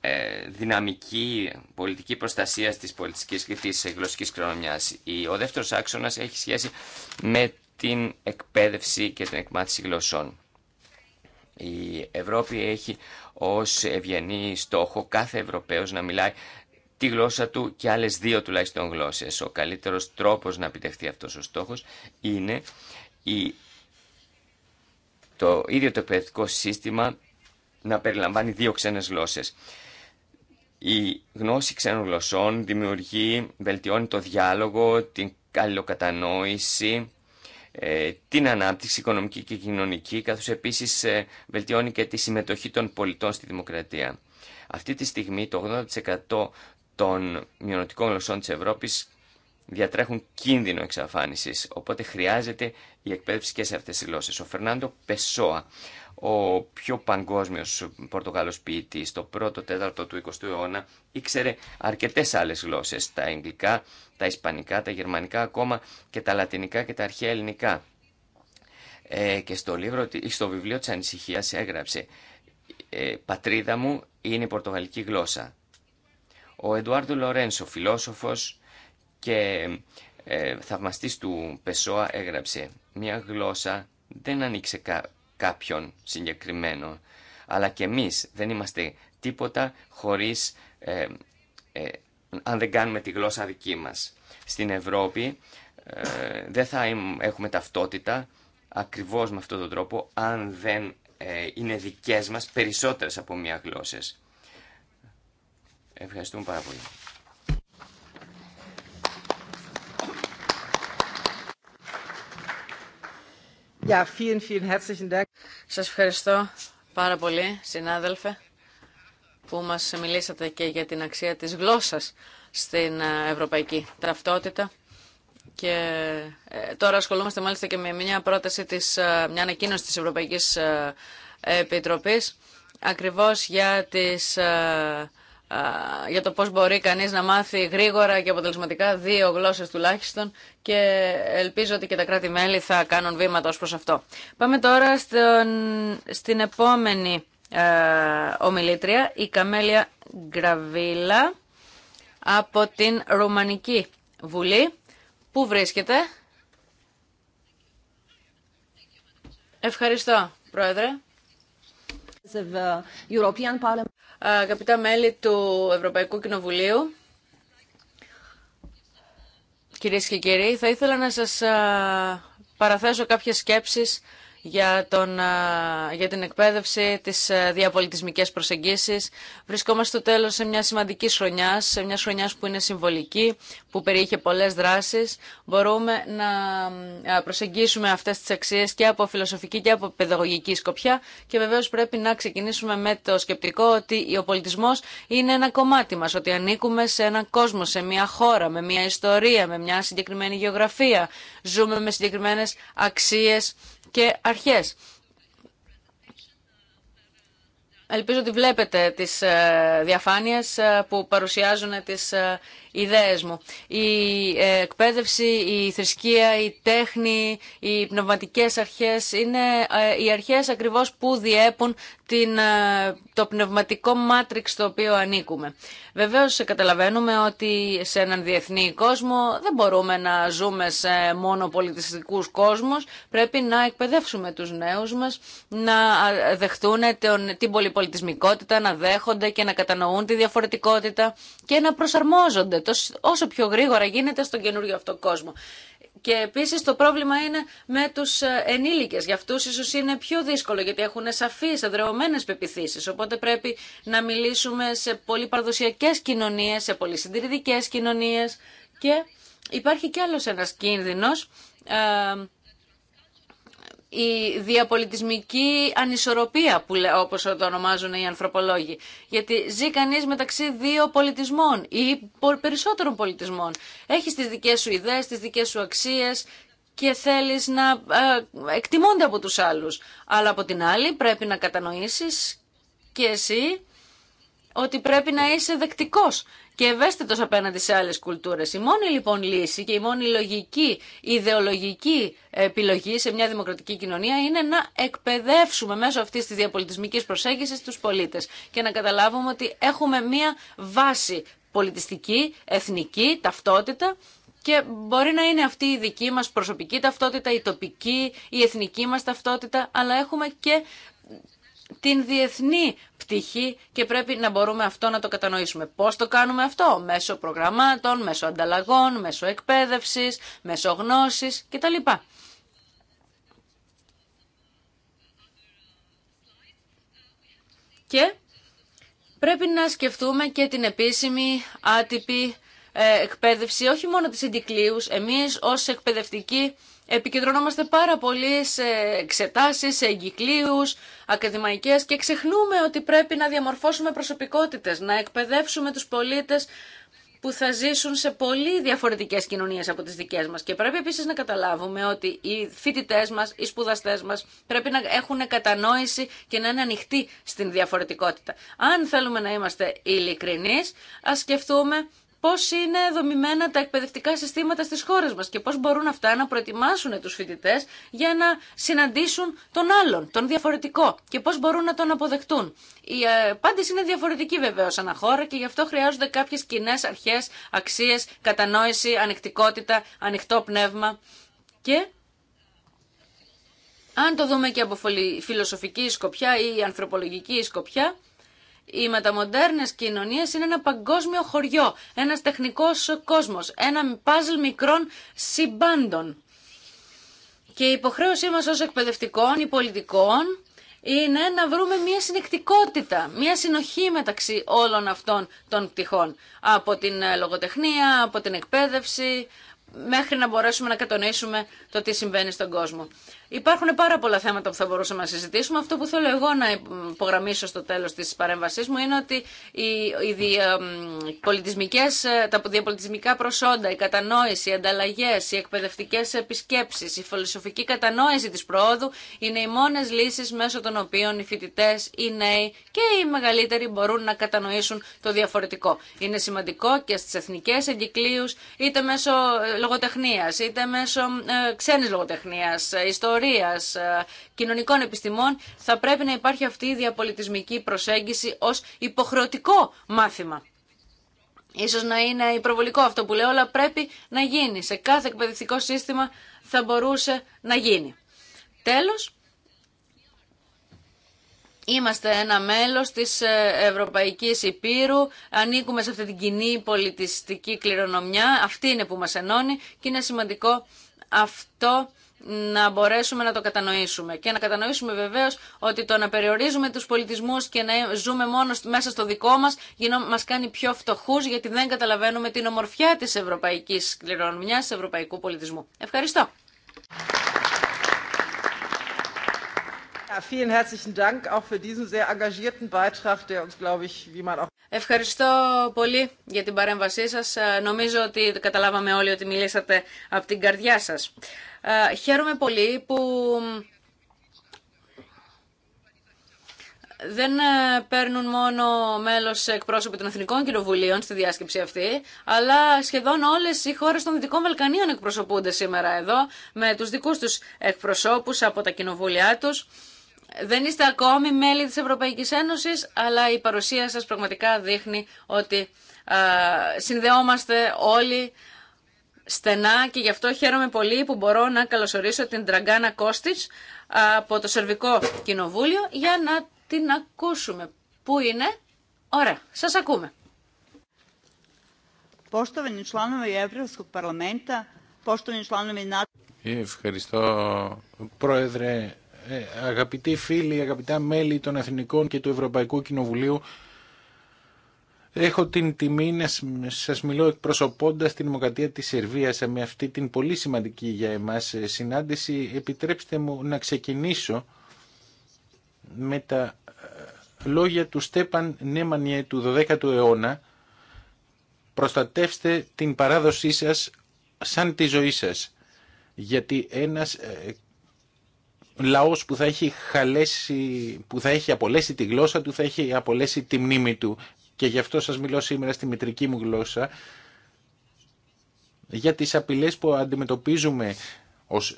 ε, δυναμική πολιτική προστασία της πολιτικής και της γλωσσικής κληρονομιάς. Ο δεύτερος άξονας έχει σχέση με την εκπαίδευση και την εκμάθηση γλωσσών. Η Ευρώπη έχει ως ευγενή στόχο κάθε Ευρωπαίος να μιλάει τη γλώσσα του και άλλες δύο τουλάχιστον γλώσσες. Ο καλύτερος τρόπος να επιτευχθεί αυτός ο στόχος είναι η το ίδιο το εκπαιδευτικό σύστημα να περιλαμβάνει δύο ξένες γλώσσες. Η γνώση ξένων γλωσσών δημιουργεί, βελτιώνει το διάλογο, την αλληλοκατανόηση, ε, την ανάπτυξη οικονομική και κοινωνική, καθώς επίσης ε, βελτιώνει και τη συμμετοχή των πολιτών στη δημοκρατία. Αυτή τη στιγμή το 80% των μειονοτικών γλωσσών της Ευρώπης διατρέχουν κίνδυνο εξαφάνισης, οπότε χρειάζεται η εκπαίδευση και σε αυτές τι γλώσσε. Ο Φερνάντο Πεσόα, ο πιο παγκόσμιο πορτογαλο ποιητή, το πρώτο τέταρτο του 20ου αιώνα, ήξερε αρκετέ άλλε γλώσσε. τα αγγλικά, τα ισπανικά, τα γερμανικά, ακόμα και τα λατινικά και τα αρχαία ελληνικά. Ε, και στο, λίβρο, στο βιβλίο τη ανησυχία, έγραψε ε, «Πατρίδα μου είναι η πορτογαλική γλώσσα». Ο Εντουάρντο Λορένσο, φιλόσοφος, και ε, θαυμαστής του Πεσόα έγραψε «Μια γλώσσα δεν ανοίξε κάποιον συγκεκριμένο, αλλά και εμείς δεν είμαστε τίποτα χωρίς, ε, ε, αν δεν κάνουμε τη γλώσσα δική μας. Στην Ευρώπη ε, δεν θα έχουμε ταυτότητα ακριβώς με αυτόν τον τρόπο, αν δεν είναι δικές μας περισσότερες από μία γλώσσες. Ευχαριστούμε πάρα πολύ. Σα Σας ευχαριστώ πάρα πολύ, συνάδελφε, που μας μιλήσατε και για την αξία της γλώσσας στην ε, ευρωπαϊκή ταυτότητα. Και ε, τώρα ασχολούμαστε μάλιστα και με μια πρόταση της, ε, μια ανακοίνωση της Ευρωπαϊκής Επιτροπής ακριβώς για τις για το πώς μπορεί κανείς να μάθει γρήγορα και αποτελεσματικά δύο γλώσσες τουλάχιστον και ελπίζω ότι και τα κράτη-μέλη θα κάνουν βήματα ως προς αυτό. Πάμε τώρα στον, στην επόμενη ε, ομιλήτρια, η Καμέλια Γκραβίλα από την Ρουμανική Βουλή. Πού βρίσκεται? Ευχαριστώ, Πρόεδρε. Uh, αγαπητά μέλη του Ευρωπαϊκού Κοινοβουλίου, κυρίες και κύριοι, θα ήθελα να σας παραθέσω κάποιες σκέψεις για, τον, για την εκπαίδευση, τις διαπολιτισμικές προσεγγίσεις. Βρισκόμαστε στο τέλος σε μια σημαντική χρονιά, σε μια χρονιά που είναι συμβολική, που περιείχε πολλές δράσεις. Μπορούμε να προσεγγίσουμε αυτές τις αξίες και από φιλοσοφική και από παιδαγωγική σκοπιά και βεβαίως πρέπει να ξεκινήσουμε με το σκεπτικό ότι ο πολιτισμός είναι ένα κομμάτι μας, ότι ανήκουμε σε έναν κόσμο, σε μια χώρα, με μια ιστορία, με μια συγκεκριμένη γεωγραφία. Ζούμε με συγκεκριμένε αξίες και αρχές. Ελπίζω ότι βλέπετε τις ε, διαφάνειες ε, που παρουσιάζουν τις ε, ιδέες μου. Η ε, εκπαίδευση, η θρησκεία, η τέχνη, οι πνευματικές αρχές είναι ε, οι αρχές ακριβώς που διέπουν την, ε, το πνευματικό μάτριξ στο οποίο ανήκουμε. Βεβαίως καταλαβαίνουμε ότι σε έναν διεθνή κόσμο δεν μπορούμε να ζούμε σε μόνο πολιτιστικούς κόσμους. Πρέπει να εκπαιδεύσουμε τους νέους μας να δεχτούν την πολυπολιτισμικότητα, να δέχονται και να κατανοούν τη διαφορετικότητα και να προσαρμόζονται όσο πιο γρήγορα γίνεται στον καινούριο αυτό κόσμο. Και επίση το πρόβλημα είναι με του ε, ενήλικε. Για αυτού ίσω είναι πιο δύσκολο γιατί έχουν σαφεί, εδρεωμένε πεπιθήσει. Οπότε πρέπει να μιλήσουμε σε πολύ παραδοσιακέ κοινωνίε, σε πολύ συντηρητικέ κοινωνίε. Και υπάρχει κι άλλο ένα κίνδυνο. Ε, η διαπολιτισμική ανισορροπία, που, όπως το ονομάζουν οι ανθρωπολόγοι. Γιατί ζει κανείς μεταξύ δύο πολιτισμών ή περισσότερων πολιτισμών. Έχεις τις δικές σου ιδέες, τις δικές σου αξίες και θέλεις να ε, εκτιμώνται από τους άλλους. Αλλά από την άλλη πρέπει να κατανοήσεις και εσύ ότι πρέπει να είσαι δεκτικός και ευαίσθητο απέναντι σε άλλες κουλτούρες. Η μόνη λοιπόν λύση και η μόνη λογική, ιδεολογική επιλογή σε μια δημοκρατική κοινωνία είναι να εκπαιδεύσουμε μέσω αυτή τη διαπολιτισμική προσέγγιση τους πολίτες και να καταλάβουμε ότι έχουμε μια βάση πολιτιστική, εθνική, ταυτότητα και μπορεί να είναι αυτή η δική μας προσωπική ταυτότητα, η τοπική, η εθνική μας ταυτότητα, αλλά έχουμε και την διεθνή πτυχή και πρέπει να μπορούμε αυτό να το κατανοήσουμε. Πώς το κάνουμε αυτό, μέσω προγραμμάτων, μέσω ανταλλαγών, μέσω εκπαίδευσης, μέσω γνώσης κτλ. Και πρέπει να σκεφτούμε και την επίσημη άτυπη ε, εκπαίδευση, όχι μόνο της εντυκλίους, εμείς ως εκπαιδευτικοί επικεντρωνόμαστε πάρα πολύ σε εξετάσεις, σε εγκυκλίους, ακαδημαϊκές και ξεχνούμε ότι πρέπει να διαμορφώσουμε προσωπικότητες, να εκπαιδεύσουμε τους πολίτες που θα ζήσουν σε πολύ διαφορετικές κοινωνίες από τις δικές μας. Και πρέπει επίσης να καταλάβουμε ότι οι φοιτητέ μας, οι σπουδαστέ μας πρέπει να έχουν κατανόηση και να είναι ανοιχτοί στην διαφορετικότητα. Αν θέλουμε να είμαστε ειλικρινεί, ας σκεφτούμε πώς είναι δομημένα τα εκπαιδευτικά συστήματα στις χώρες μας και πώς μπορούν αυτά να προετοιμάσουν τους φοιτητέ για να συναντήσουν τον άλλον, τον διαφορετικό και πώς μπορούν να τον αποδεχτούν. Η ε, απάντηση είναι διαφορετική βεβαίω ανά χώρα και γι' αυτό χρειάζονται κάποιες κοινέ αρχές, αξίες, κατανόηση, ανοιχτικότητα, ανοιχτό πνεύμα και αν το δούμε και από φιλοσοφική σκοπιά ή ανθρωπολογική σκοπιά, οι μεταμοντέρνε κοινωνίες είναι ένα παγκόσμιο χωριό, ένα τεχνικός κόσμος, ένα παζλ μικρών συμπάντων. Και η υποχρέωσή μας ως εκπαιδευτικών ή πολιτικών είναι να βρούμε μια συνεκτικότητα, μια συνοχή μεταξύ όλων αυτών των πτυχών. Από την ε, λογοτεχνία, από την εκπαίδευση, μέχρι να μπορέσουμε να κατονοήσουμε το τι συμβαίνει στον κόσμο. Υπάρχουν πάρα πολλά θέματα που θα μπορούσαμε να συζητήσουμε. Αυτό που θέλω εγώ να υπογραμμίσω στο τέλο τη παρέμβασή μου είναι ότι οι, οι πολιτισμικές, ε, τα διαπολιτισμικά προσόντα, η κατανόηση, οι ανταλλαγέ, οι εκπαιδευτικέ επισκέψει, η φιλοσοφική κατανόηση τη προόδου είναι οι μόνε λύσει μέσω των οποίων οι φοιτητέ, οι νέοι και οι μεγαλύτεροι μπορούν να κατανοήσουν το διαφορετικό. Είναι σημαντικό και στι εθνικέ εγκυκλίου, είτε μέσω λογοτεχνία, είτε μέσω ε, ε ξένη λογοτεχνία, ε, κοινωνικών επιστημών, θα πρέπει να υπάρχει αυτή η διαπολιτισμική προσέγγιση ως υποχρεωτικό μάθημα. Ίσως να είναι υπερβολικό αυτό που λέω, αλλά πρέπει να γίνει. Σε κάθε εκπαιδευτικό σύστημα θα μπορούσε να γίνει. Τέλος, Είμαστε ένα μέλος της ε, Ευρωπαϊκής Υπήρου, ανήκουμε σε αυτή την κοινή πολιτιστική κληρονομιά, αυτή είναι που μας ενώνει και είναι σημαντικό αυτό να μπορέσουμε να το κατανοήσουμε. Και να κατανοήσουμε βεβαίως ότι το να περιορίζουμε τους πολιτισμούς και να ζούμε μόνο μέσα στο δικό μας μα κάνει πιο φτωχού γιατί δεν καταλαβαίνουμε την ομορφιά τη ευρωπαϊκής κληρονομιάς, ευρωπαϊκού πολιτισμού. Ευχαριστώ. Ευχαριστώ πολύ για την παρέμβασή σας. Ε, νομίζω ότι καταλάβαμε όλοι ότι μιλήσατε από την καρδιά σας. Ε, χαίρομαι πολύ που δεν ε, παίρνουν μόνο μέλο εκπρόσωποι των Εθνικών Κοινοβουλίων στη διάσκεψη αυτή, αλλά σχεδόν όλε οι χώρε των Δυτικών Βαλκανίων εκπροσωπούνται σήμερα εδώ, με του δικού του εκπροσώπου από τα κοινοβούλια του δεν είστε ακόμη μέλη της Ευρωπαϊκής Ένωσης, αλλά η παρουσία σας πραγματικά δείχνει ότι συνδεόμαστε όλοι στενά και γι' αυτό χαίρομαι πολύ που μπορώ να καλωσορίσω την Τραγκάνα Κώστης από το Σερβικό Κοινοβούλιο για να την ακούσουμε. Πού είναι? Ωραία, σας ακούμε. Ευχαριστώ, Πρόεδρε ε, αγαπητοί φίλοι, αγαπητά μέλη των Εθνικών και του Ευρωπαϊκού Κοινοβουλίου, έχω την τιμή να σας μιλώ εκπροσωπώντας την Δημοκρατία της Σερβίας με αυτή την πολύ σημαντική για εμάς συνάντηση. Επιτρέψτε μου να ξεκινήσω με τα ε, λόγια του Στέπαν Νέμανιε του 12ου αιώνα «Προστατεύστε την παράδοσή σας σαν τη ζωή σας» γιατί ένας ε, λαός που θα έχει, χαλέσει, που θα έχει απολέσει τη γλώσσα του, θα έχει απολέσει τη μνήμη του. Και γι' αυτό σας μιλώ σήμερα στη μητρική μου γλώσσα, για τι απειλέ που αντιμετωπίζουμε ως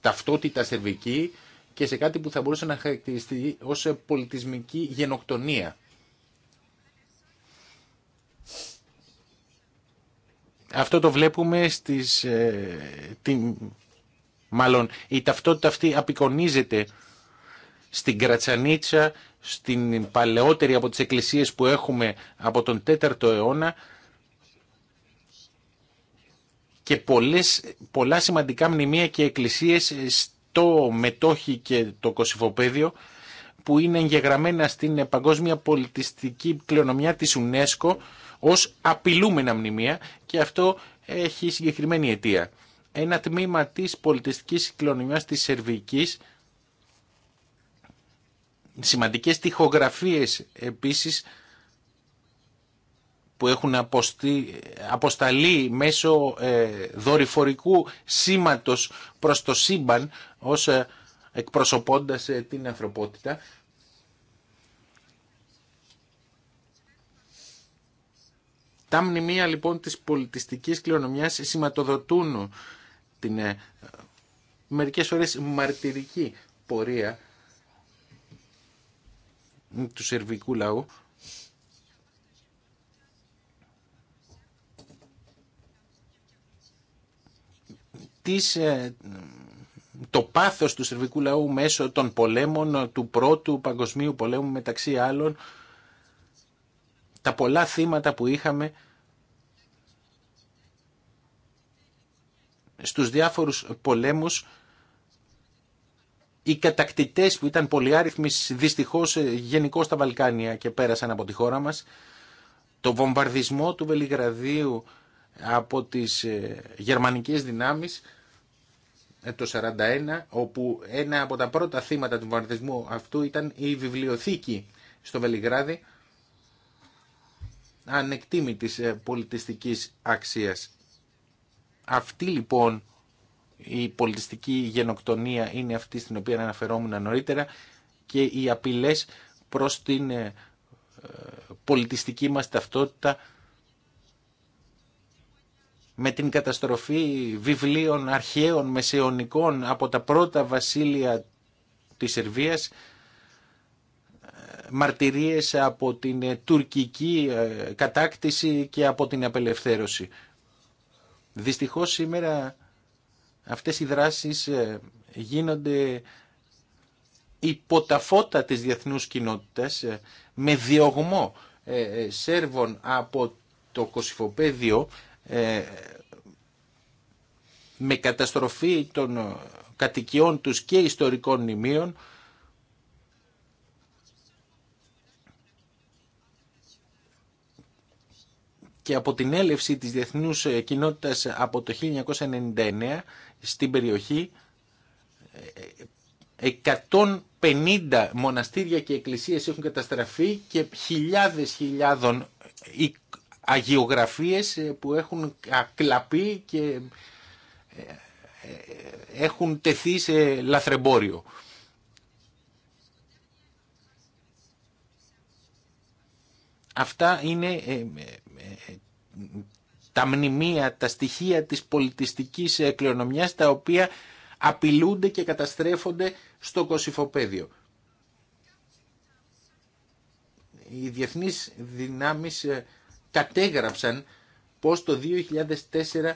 ταυτότητα σερβική και σε κάτι που θα μπορούσε να χαρακτηριστεί ως πολιτισμική γενοκτονία. Αυτό το βλέπουμε στις, ε, την, Μάλλον η ταυτότητα αυτή απεικονίζεται στην Κρατσανίτσα, στην παλαιότερη από τις εκκλησίες που έχουμε από τον 4ο αιώνα και πολλές, πολλά σημαντικά μνημεία και εκκλησίες στο μετόχι και το κοσυφοπέδιο που είναι εγγεγραμμένα στην παγκόσμια πολιτιστική κληρονομιά της UNESCO ως απειλούμενα μνημεία και αυτό έχει συγκεκριμένη αιτία ένα τμήμα της πολιτιστικής κληρονομιάς της Σερβικής σημαντικές τοιχογραφίες επίσης που έχουν αποσταλεί μέσω ε, δορυφορικού σήματος προς το σύμπαν ως ε, εκπροσωπώντας ε, την ανθρωπότητα. Τα μνημεία λοιπόν της πολιτιστικής κληρονομιάς σηματοδοτούν την ε, μερικές ώρες μαρτυρική πορεία του σερβικού λαού της, ε, το πάθος του σερβικού λαού μέσω των πολέμων του πρώτου παγκοσμίου πολέμου μεταξύ άλλων τα πολλά θύματα που είχαμε στους διάφορους πολέμους οι κατακτητές που ήταν πολυάριθμοι δυστυχώς ε, γενικώ στα Βαλκάνια και πέρασαν από τη χώρα μας, το βομβαρδισμό του Βελιγραδίου από τις ε, γερμανικές δυνάμεις ε, το 1941, όπου ένα από τα πρώτα θύματα του βομβαρδισμού αυτού ήταν η βιβλιοθήκη στο Βελιγράδι, ανεκτήμη της πολιτιστικής αξίας. Αυτή λοιπόν η πολιτιστική γενοκτονία είναι αυτή στην οποία αναφερόμουν νωρίτερα και οι απειλές προς την ε, πολιτιστική μας ταυτότητα με την καταστροφή βιβλίων αρχαίων μεσαιωνικών από τα πρώτα βασίλεια της Σερβίας ε, μαρτυρίες από την τουρκική ε, κατάκτηση και από την απελευθέρωση. Δυστυχώς σήμερα αυτές οι δράσεις ε, γίνονται υπό τα φώτα της διεθνούς κοινότητας ε, με διωγμό ε, Σέρβων από το κοσυφοπέδιο με καταστροφή των κατοικιών τους και ιστορικών νημείων και από την έλευση της διεθνούς ε, κοινότητας από το 1999 στην περιοχή 150 ε, ε, μοναστήρια και εκκλησίες έχουν καταστραφεί και χιλιάδες χιλιάδων αγιογραφίες που έχουν ακλαπεί και έχουν τεθεί σε λαθρεμπόριο. Αυτά είναι τα μνημεία, τα στοιχεία της πολιτιστικής κληρονομιάς τα οποία απειλούνται και καταστρέφονται στο κοσυφοπέδιο. Οι διεθνείς δυνάμεις ε, κατέγραψαν πως το 2004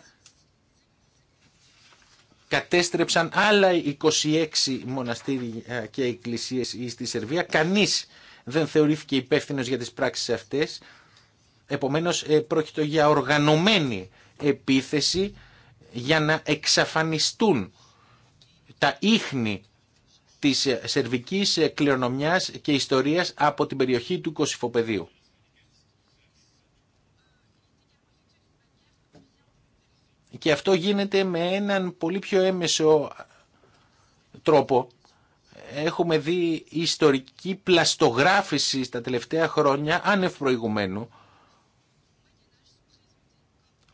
κατέστρεψαν άλλα 26 μοναστήρια ε, και εκκλησίες στη Σερβία. Κανείς δεν θεωρήθηκε υπεύθυνο για τις πράξεις αυτές. Επομένως ε, πρόκειται για οργανωμένη επίθεση για να εξαφανιστούν τα ίχνη της ε, σερβικής ε, κληρονομιάς και ιστορίας από την περιοχή του Κωσυφοπεδίου. Και αυτό γίνεται με έναν πολύ πιο έμεσο τρόπο. Έχουμε δει ιστορική πλαστογράφηση στα τελευταία χρόνια άνευ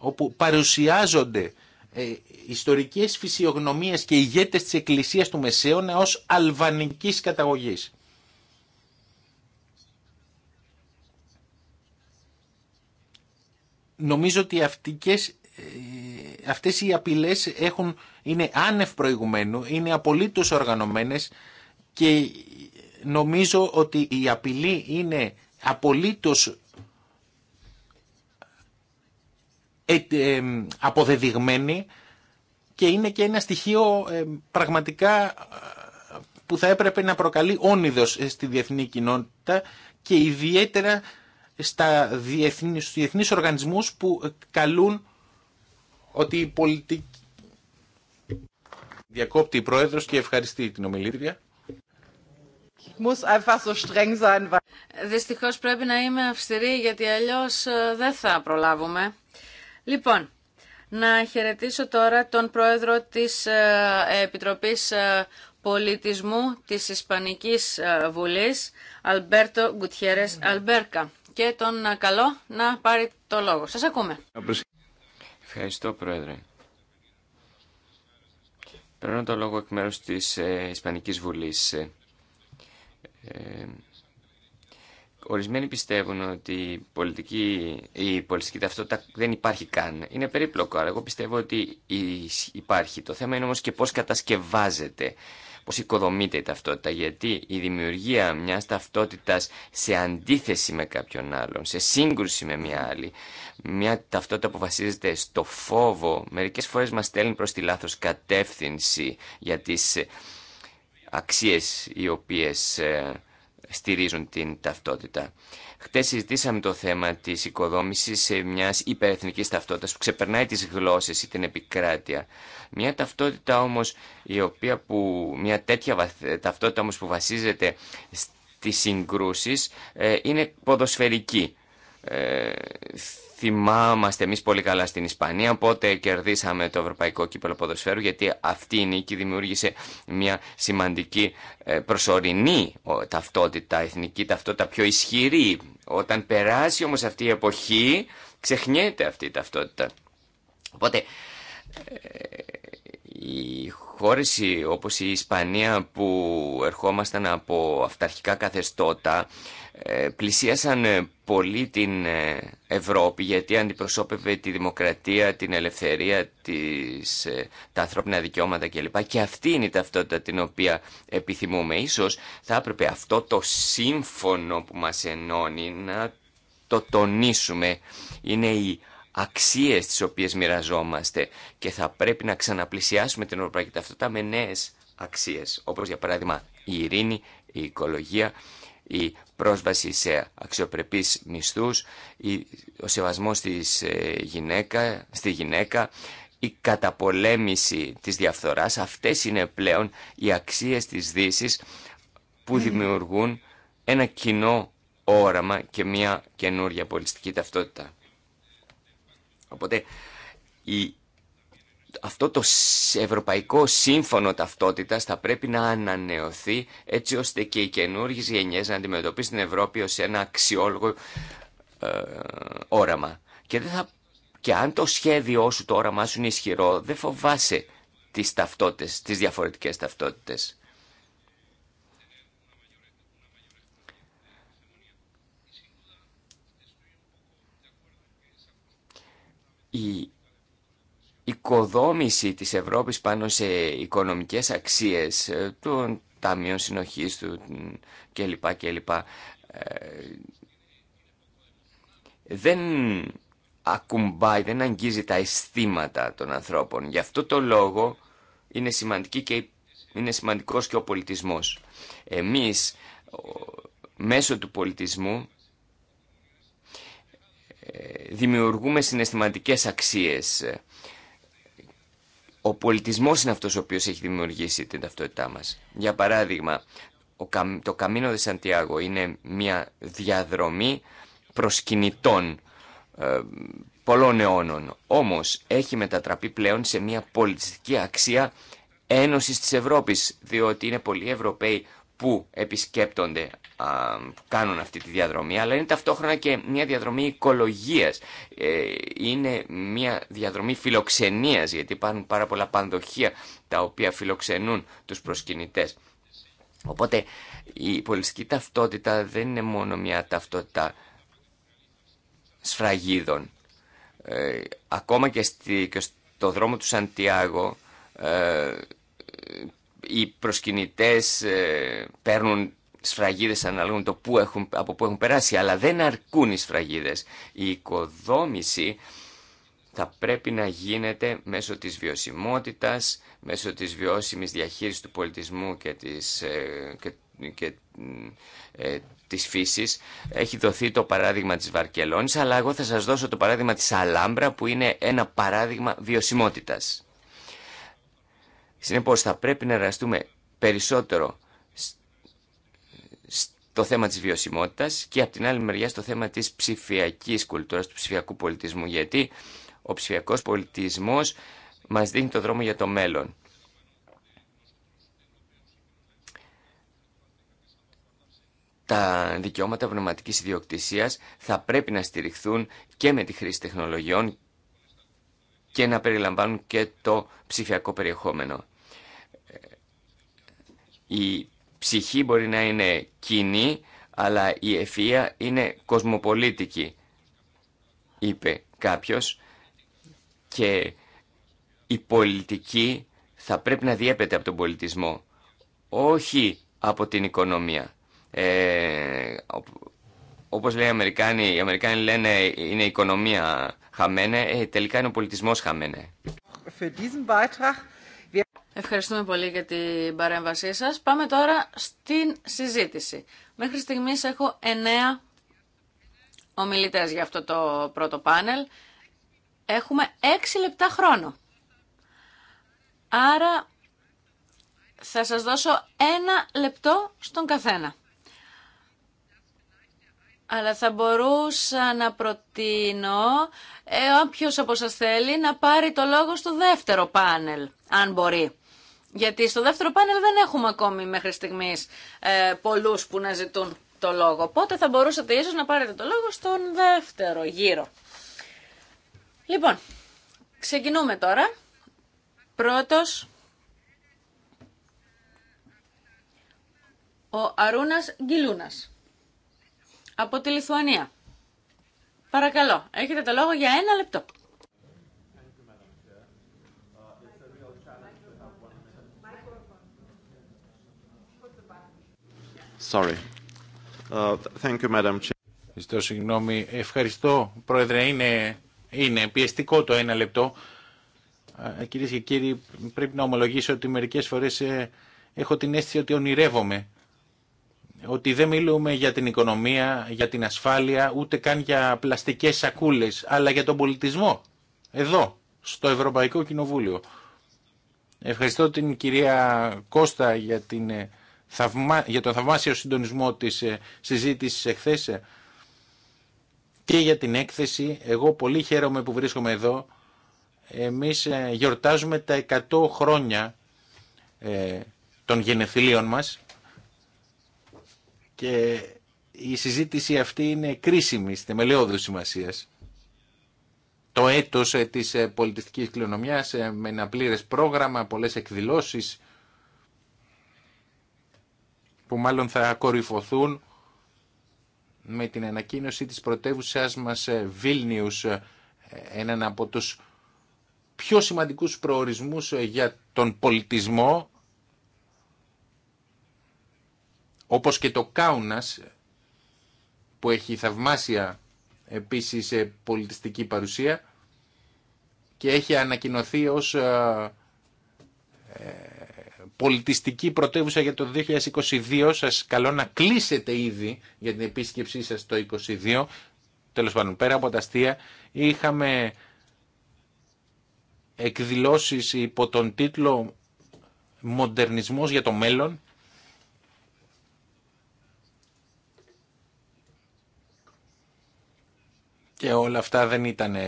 όπου παρουσιάζονται ε, ιστορικές φυσιογνωμίες και ηγέτες της Εκκλησίας του Μεσαίωνα ως αλβανικής καταγωγής. Νομίζω ότι αυτικές, ε, αυτές οι απειλές έχουν, είναι άνευ προηγουμένου, είναι απολύτως οργανωμένες και νομίζω ότι η απειλή είναι απολύτως Ε, ε, αποδεδειγμένη και είναι και ένα στοιχείο πραγματικά ε, που θα έπρεπε να προκαλεί όνειδος στη διεθνή κοινότητα και ιδιαίτερα στα διεθνή, στους διεθνείς οργανισμούς που καλούν ότι η πολιτική... Διακόπτει η Πρόεδρος και ευχαριστεί την ομιλήτρια. Δυστυχώς πρέπει να είμαι αυστηρή γιατί αλλιώς δεν θα προλάβουμε. Λοιπόν, να χαιρετήσω τώρα τον πρόεδρο της ε, Επιτροπής ε, Πολιτισμού της Ισπανικής ε, Βουλής, Αλμπέρτο Γκουτιέρες Αλμπέρκα. Και τον καλό να πάρει το λόγο. Σας ακούμε. Ευχαριστώ, Πρόεδρε. Παίρνω το λόγο εκ μέρους της Ισπανικής Βουλής. Ορισμένοι πιστεύουν ότι η πολιτική, η πολιτική ταυτότητα δεν υπάρχει καν. Είναι περίπλοκο, αλλά εγώ πιστεύω ότι υπάρχει. Το θέμα είναι όμως και πώς κατασκευάζεται, πώς οικοδομείται η ταυτότητα, γιατί η δημιουργία μιας ταυτότητας σε αντίθεση με κάποιον άλλον, σε σύγκρουση με μια άλλη, μια ταυτότητα που βασίζεται στο φόβο, μερικές φορές μας στέλνει προς τη λάθος κατεύθυνση για τις ε, αξίες οι οποίες ε, στηρίζουν την ταυτότητα. Χτε συζητήσαμε το θέμα της οικοδόμηση, μια υπερεθνικής ταυτότητα που ξεπερνάει τι γλώσσε η οποία που, μια τέτοια ταυτότητα όμω που βασίζεται στι συγκρούσει ε, είναι ποδοσφαιρική. Ε, Θυμάμαστε εμεί πολύ καλά στην Ισπανία πότε κερδίσαμε το Ευρωπαϊκό Κύπελο Ποδοσφαίρου γιατί αυτή η νίκη δημιούργησε μια σημαντική ε, προσωρινή ταυτότητα, εθνική ταυτότητα πιο ισχυρή. Όταν περάσει όμως αυτή η εποχή ξεχνιέται αυτή η ταυτότητα. Οπότε ε, ε, οι χώρες όπως η Ισπανία που ερχόμασταν από αυταρχικά καθεστώτα ε, πλησίασαν ε, πολύ την ε, Ευρώπη γιατί αντιπροσώπευε τη δημοκρατία, την ελευθερία, τις, τα ανθρώπινα δικαιώματα κλπ. Και αυτή είναι η ταυτότητα την οποία επιθυμούμε. Ίσως θα έπρεπε αυτό το σύμφωνο που μας ενώνει να το τονίσουμε. Είναι οι αξίες τις οποίες μοιραζόμαστε και θα πρέπει να ξαναπλησιάσουμε την ευρωπαϊκή ταυτότητα με νέες αξίες όπως για παράδειγμα η ειρήνη, η οικολογία, η πρόσβαση σε αξιοπρεπείς μισθούς, ο σεβασμός της ε, γυναίκα, στη γυναίκα, η καταπολέμηση της διαφθοράς. Αυτές είναι πλέον οι αξίες της δύση που δημιουργούν ένα κοινό όραμα και μια καινούργια πολιστική ταυτότητα. Οπότε η αυτό το ευρωπαϊκό σύμφωνο ταυτότητας θα πρέπει να ανανεωθεί έτσι ώστε και οι καινούργιες γενιές να αντιμετωπίσουν την Ευρώπη ως ένα αξιόλογο ε, όραμα. Και, δεν θα, και αν το σχέδιό σου, το όραμά σου είναι ισχυρό, δεν φοβάσαι τις ταυτότητες, τις διαφορετικές ταυτότητες οικοδόμηση της Ευρώπης πάνω σε οικονομικές αξίες ε, των ταμείων συνοχής του κλπ. κλπ. Ε, δεν ακουμπάει, δεν αγγίζει τα αισθήματα των ανθρώπων. Γι' αυτό το λόγο είναι, σημαντική και, είναι σημαντικός και ο πολιτισμός. Εμείς μέσω του πολιτισμού ε, δημιουργούμε συναισθηματικές αξίες ο πολιτισμός είναι αυτός ο οποίος έχει δημιουργήσει την ταυτότητά μας. Για παράδειγμα, το Καμίνο Δε Σαντιάγο είναι μια διαδρομή προσκυνητών ε, πολλών αιώνων. Όμως έχει μετατραπεί πλέον σε μια πολιτιστική αξία ένωσης της Ευρώπης, διότι είναι πολλοί Ευρωπαίοι που επισκέπτονται, που κάνουν αυτή τη διαδρομή, αλλά είναι ταυτόχρονα και μια διαδρομή οικολογίας. Ε, είναι μια διαδρομή φιλοξενίας, γιατί υπάρχουν πάρα πολλά πανδοχεία τα οποία φιλοξενούν τους προσκυνητές. Οπότε η πολιτική ταυτότητα δεν είναι μόνο μια ταυτότητα σφραγίδων. Ε, ακόμα και, στη, στο δρόμο του Σαντιάγο ε, οι προσκυνητές ε, παίρνουν σφραγίδες αναλόγω το που έχουν, από που έχουν περάσει, αλλά δεν αρκούν οι σφραγίδες. Η οικοδόμηση θα πρέπει να γίνεται μέσω της βιωσιμότητας, μέσω της βιώσιμης διαχείρισης του πολιτισμού και της, ε, και, και, ε, της φύσης. Έχει δοθεί το παράδειγμα της Βαρκελόνης, αλλά εγώ θα σας δώσω το παράδειγμα της Αλάμπρα, που είναι ένα παράδειγμα βιωσιμότητας. Συνεπώς θα πρέπει να εργαστούμε περισσότερο στο θέμα της βιωσιμότητας και από την άλλη μεριά στο θέμα της ψηφιακής κουλτούρας, του ψηφιακού πολιτισμού, γιατί ο ψηφιακός πολιτισμός μας δίνει το δρόμο για το μέλλον. τα δικαιώματα πνευματικής ιδιοκτησίας θα πρέπει να στηριχθούν και με τη χρήση τεχνολογιών και να περιλαμβάνουν και το ψηφιακό περιεχόμενο. Η ψυχή μπορεί να είναι κοινή, αλλά η ευφυΐα είναι κοσμοπολίτικη, είπε κάποιος. Και η πολιτική θα πρέπει να διέπεται από τον πολιτισμό, όχι από την οικονομία. Ε, όπως λέει οι Αμερικάνοι, οι Αμερικάνοι λένε είναι η οικονομία χαμένη, ε, τελικά είναι ο πολιτισμός χαμένε. Ευχαριστούμε πολύ για την παρέμβασή σας. Πάμε τώρα στην συζήτηση. Μέχρι στιγμής έχω εννέα ομιλητές για αυτό το πρώτο πάνελ. Έχουμε έξι λεπτά χρόνο. Άρα θα σας δώσω ένα λεπτό στον καθένα. Αλλά θα μπορούσα να προτείνω ε, όποιος από σας θέλει να πάρει το λόγο στο δεύτερο πάνελ, αν μπορεί. Γιατί στο δεύτερο πάνελ δεν έχουμε ακόμη μέχρι στιγμή ε, πολλού που να ζητούν το λόγο. Οπότε θα μπορούσατε ίσω να πάρετε το λόγο στον δεύτερο γύρο. Λοιπόν, ξεκινούμε τώρα. Πρώτος, ο Αρούνας Γκυλούνας, από τη Λιθουανία. Παρακαλώ, έχετε το λόγο για ένα λεπτό. Sorry. Uh, thank you, συγγνώμη. Ευχαριστώ, Πρόεδρε. Είναι, είναι πιεστικό το ένα λεπτό. Κυρίε και κύριοι, πρέπει να ομολογήσω ότι μερικέ φορέ ε, έχω την αίσθηση ότι ονειρεύομαι. Ότι δεν μιλούμε για την οικονομία, για την ασφάλεια, ούτε καν για πλαστικές σακούλες, αλλά για τον πολιτισμό. Εδώ, στο Ευρωπαϊκό Κοινοβούλιο. Ευχαριστώ την κυρία Κώστα για την ε, για τον θαυμάσιο συντονισμό της ε, συζήτησης εχθές ε, και για την έκθεση. Εγώ πολύ χαίρομαι που βρίσκομαι εδώ. Εμείς ε, γιορτάζουμε τα 100 χρόνια των γενεθλίων μας και η συζήτηση αυτή είναι κρίσιμη, θεμελιώδου σημασία. Το έτος της πολιτιστικής κληρονομιάς με ένα πλήρες πρόγραμμα, πολλές εκδηλώσεις, που μάλλον θα κορυφωθούν με την ανακοίνωση της πρωτεύουσας μας ε, Βίλνιους, ε, έναν από τους πιο σημαντικούς προορισμούς ε, για τον πολιτισμό, όπως και το Κάουνας, που έχει θαυμάσια επίσης πολιτιστική παρουσία και έχει ανακοινωθεί ως πολιτιστική πρωτεύουσα για το 2022. Σας καλώ να κλείσετε ήδη για την επίσκεψή σας το 2022. Τέλος πάντων, πέρα από τα αστεία, είχαμε εκδηλώσεις υπό τον τίτλο «Μοντερνισμός για το μέλλον». Και όλα αυτά δεν ήταν ε,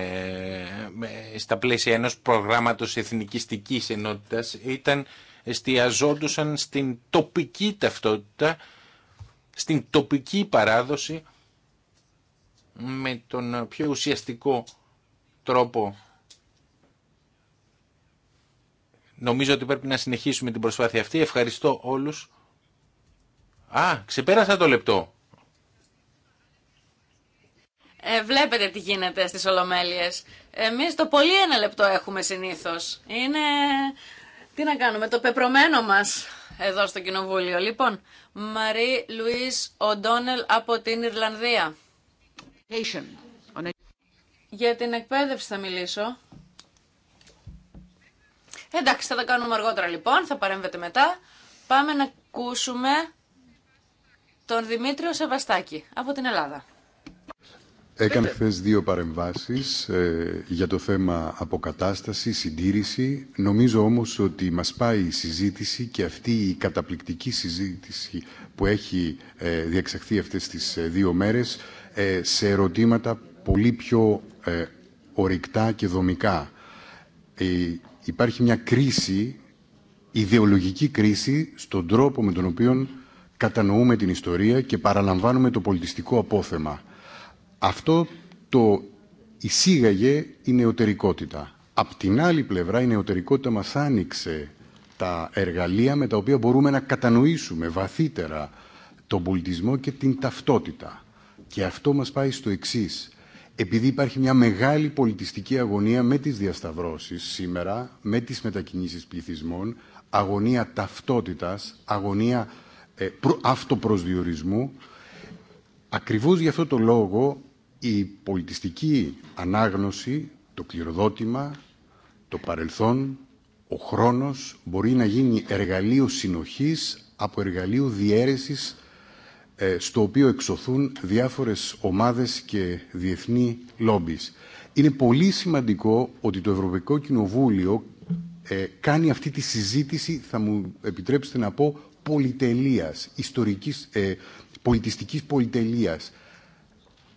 στα πλαίσια ενός προγράμματος εθνικιστικής ενότητας, ήταν εστιαζόντουσαν στην τοπική ταυτότητα, στην τοπική παράδοση με τον πιο ουσιαστικό τρόπο. Νομίζω ότι πρέπει να συνεχίσουμε την προσπάθεια αυτή. Ευχαριστώ όλους. Α, ξεπέρασα το λεπτό. Ε, βλέπετε τι γίνεται στις Ολομέλειες. Εμείς το πολύ ένα λεπτό έχουμε συνήθως. Είναι τι να κάνουμε, το πεπρωμένο μας εδώ στο Κοινοβούλιο. Λοιπόν, Μαρή Λουίς Οντόνελ από την Ιρλανδία. Για την εκπαίδευση θα μιλήσω. Εντάξει, θα τα κάνουμε αργότερα λοιπόν, θα παρέμβετε μετά. Πάμε να ακούσουμε τον Δημήτριο Σεβαστάκη από την Ελλάδα. Έκανε χθε δύο παρεμβάσεις ε, για το θέμα αποκατάσταση, συντήρηση. Νομίζω όμως ότι μας πάει η συζήτηση και αυτή η καταπληκτική συζήτηση που έχει ε, διεξαχθεί αυτές τις ε, δύο μέρες ε, σε ερωτήματα πολύ πιο ορυκτά και δομικά. Υπάρχει μια κρίση, ιδεολογική κρίση, στον τρόπο με τον οποίο κατανοούμε την ιστορία και παραλαμβάνουμε το πολιτιστικό απόθεμα. Αυτό το εισήγαγε η νεωτερικότητα. Απ' την άλλη πλευρά η νεωτερικότητα μας άνοιξε τα εργαλεία με τα οποία μπορούμε να κατανοήσουμε βαθύτερα τον πολιτισμό και την ταυτότητα. Και αυτό μας πάει στο εξή. Επειδή υπάρχει μια μεγάλη πολιτιστική αγωνία με τις διασταυρώσεις σήμερα, με τις μετακινήσεις πληθυσμών, αγωνία ταυτότητας, αγωνία ε, αυτοπροσδιορισμού, ακριβώς γι' αυτό το λόγο η πολιτιστική ανάγνωση, το κληροδότημα, το παρελθόν, ο χρόνος μπορεί να γίνει εργαλείο συνοχής από εργαλείο διαίρεσης ε, στο οποίο εξωθούν διάφορες ομάδες και διεθνή λόμπις. Είναι πολύ σημαντικό ότι το Ευρωπαϊκό Κοινοβούλιο ε, κάνει αυτή τη συζήτηση, θα μου επιτρέψετε να πω, πολυτελείας, ιστορικής, ε, πολιτιστικής πολυτελείας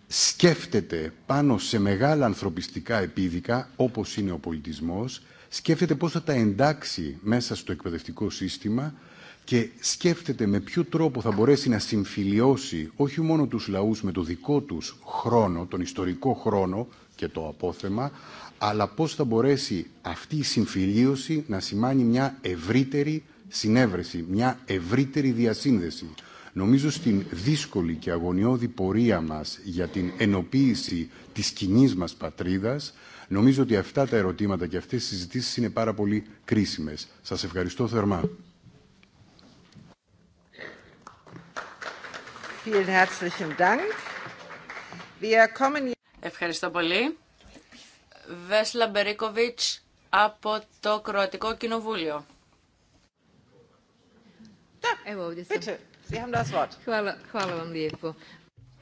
σκέφτεται πάνω σε μεγάλα ανθρωπιστικά επίδικα, όπως είναι ο πολιτισμός, σκέφτεται πώς θα τα εντάξει μέσα στο εκπαιδευτικό σύστημα και σκέφτεται με ποιο τρόπο θα μπορέσει να συμφιλιώσει όχι μόνο τους λαούς με το δικό τους χρόνο, τον ιστορικό χρόνο και το απόθεμα, αλλά πώς θα μπορέσει αυτή η συμφιλίωση να σημάνει μια ευρύτερη συνέβρεση, μια ευρύτερη διασύνδεση. Νομίζω στην δύσκολη και αγωνιώδη πορεία μας για την ενοποίηση της κοινή μας πατρίδας, νομίζω ότι αυτά τα ερωτήματα και αυτές οι συζητήσεις είναι πάρα πολύ κρίσιμες. Σας ευχαριστώ θερμά. Ευχαριστώ πολύ. Βέσλα Μπερίκοβιτς από το Κροατικό Κοινοβούλιο. Ε,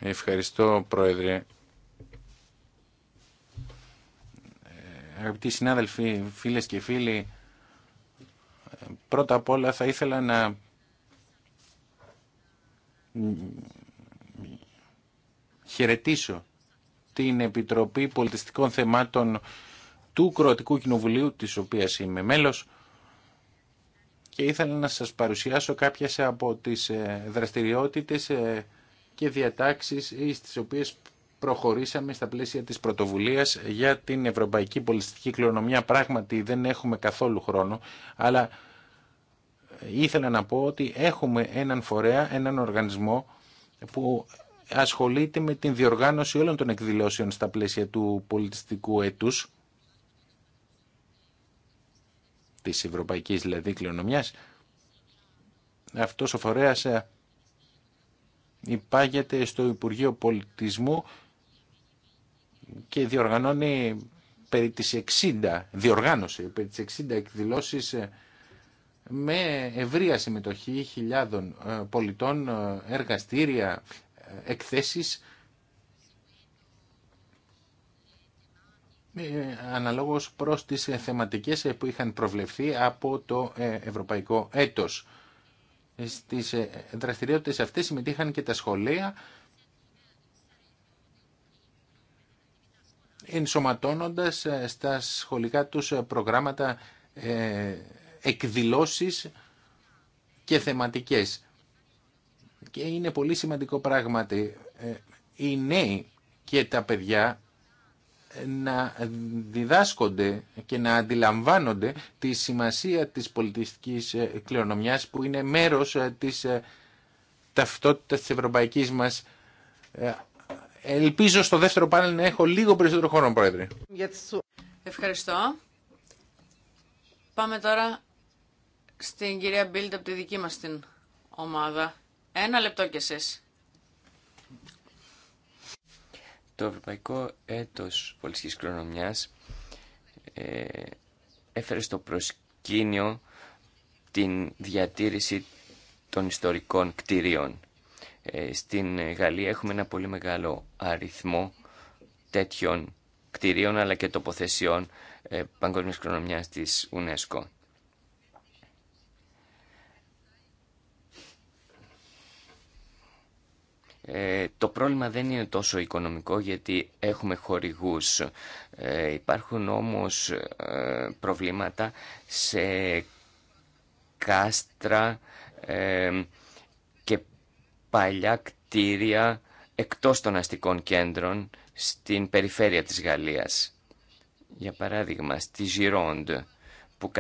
Ευχαριστώ, Πρόεδρε. Ε, αγαπητοί συνάδελφοι, φίλες και φίλοι, πρώτα απ' όλα θα ήθελα να χαιρετήσω την Επιτροπή Πολιτιστικών Θεμάτων του Κροατικού Κοινοβουλίου, της οποίας είμαι μέλος, και ήθελα να σας παρουσιάσω κάποιες από τις ε, δραστηριότητες ε, και διατάξεις στις οποίες προχωρήσαμε στα πλαίσια της πρωτοβουλίας για την ευρωπαϊκή πολιτιστική κληρονομιά. Πράγματι δεν έχουμε καθόλου χρόνο, αλλά ε, ήθελα να πω ότι έχουμε έναν φορέα, έναν οργανισμό που ασχολείται με την διοργάνωση όλων των εκδηλώσεων στα πλαίσια του πολιτιστικού έτους της ευρωπαϊκής δηλαδή κληρονομιάς, αυτός ο φορέας ε, υπάγεται στο Υπουργείο Πολιτισμού και διοργανώνει περί τις 60, διοργάνωσε περί τις 60 εκδηλώσεις ε, με ευρεία συμμετοχή χιλιάδων ε, πολιτών, εργαστήρια, εκθέσεις Ε, αναλόγως προς τις ε, θεματικές ε, που είχαν προβλεφθεί από το ευρωπαϊκό έτος. Στις δραστηριότητες αυτές συμμετείχαν και τα σχολεία, ενσωματώνοντας στα σχολικά τους προγράμματα εκδηλώσεις και θεματικές. Και είναι πολύ σημαντικό πράγματι οι νέοι και τα παιδιά να διδάσκονται και να αντιλαμβάνονται τη σημασία της πολιτιστικής ε, κληρονομιάς που είναι μέρος ε, της ε, ταυτότητας της ευρωπαϊκής μας. Ελπίζω στο δεύτερο πάνελ να έχω λίγο περισσότερο χρόνο, Πρόεδρε. Ευχαριστώ. Πάμε τώρα στην κυρία Μπίλτ από τη δική μας την ομάδα. Ένα λεπτό και εσείς. Το Ευρωπαϊκό Έτος Πολιτικής Κληρονομιάς ε, έφερε στο προσκήνιο την διατήρηση των ιστορικών κτηρίων. Ε, στην Γαλλία έχουμε ένα πολύ μεγάλο αριθμό τέτοιων κτηρίων αλλά και τοποθεσιών ε, παγκόσμιας κληρονομιάς της UNESCO. Ε, το πρόβλημα δεν είναι τόσο οικονομικό γιατί έχουμε χορηγούς. Ε, υπάρχουν όμως ε, προβλήματα σε κάστρα και παλιά κτίρια εκτός των αστικών κέντρων στην περιφέρεια της Γαλλίας. Για παράδειγμα, στη Γιρόντ, που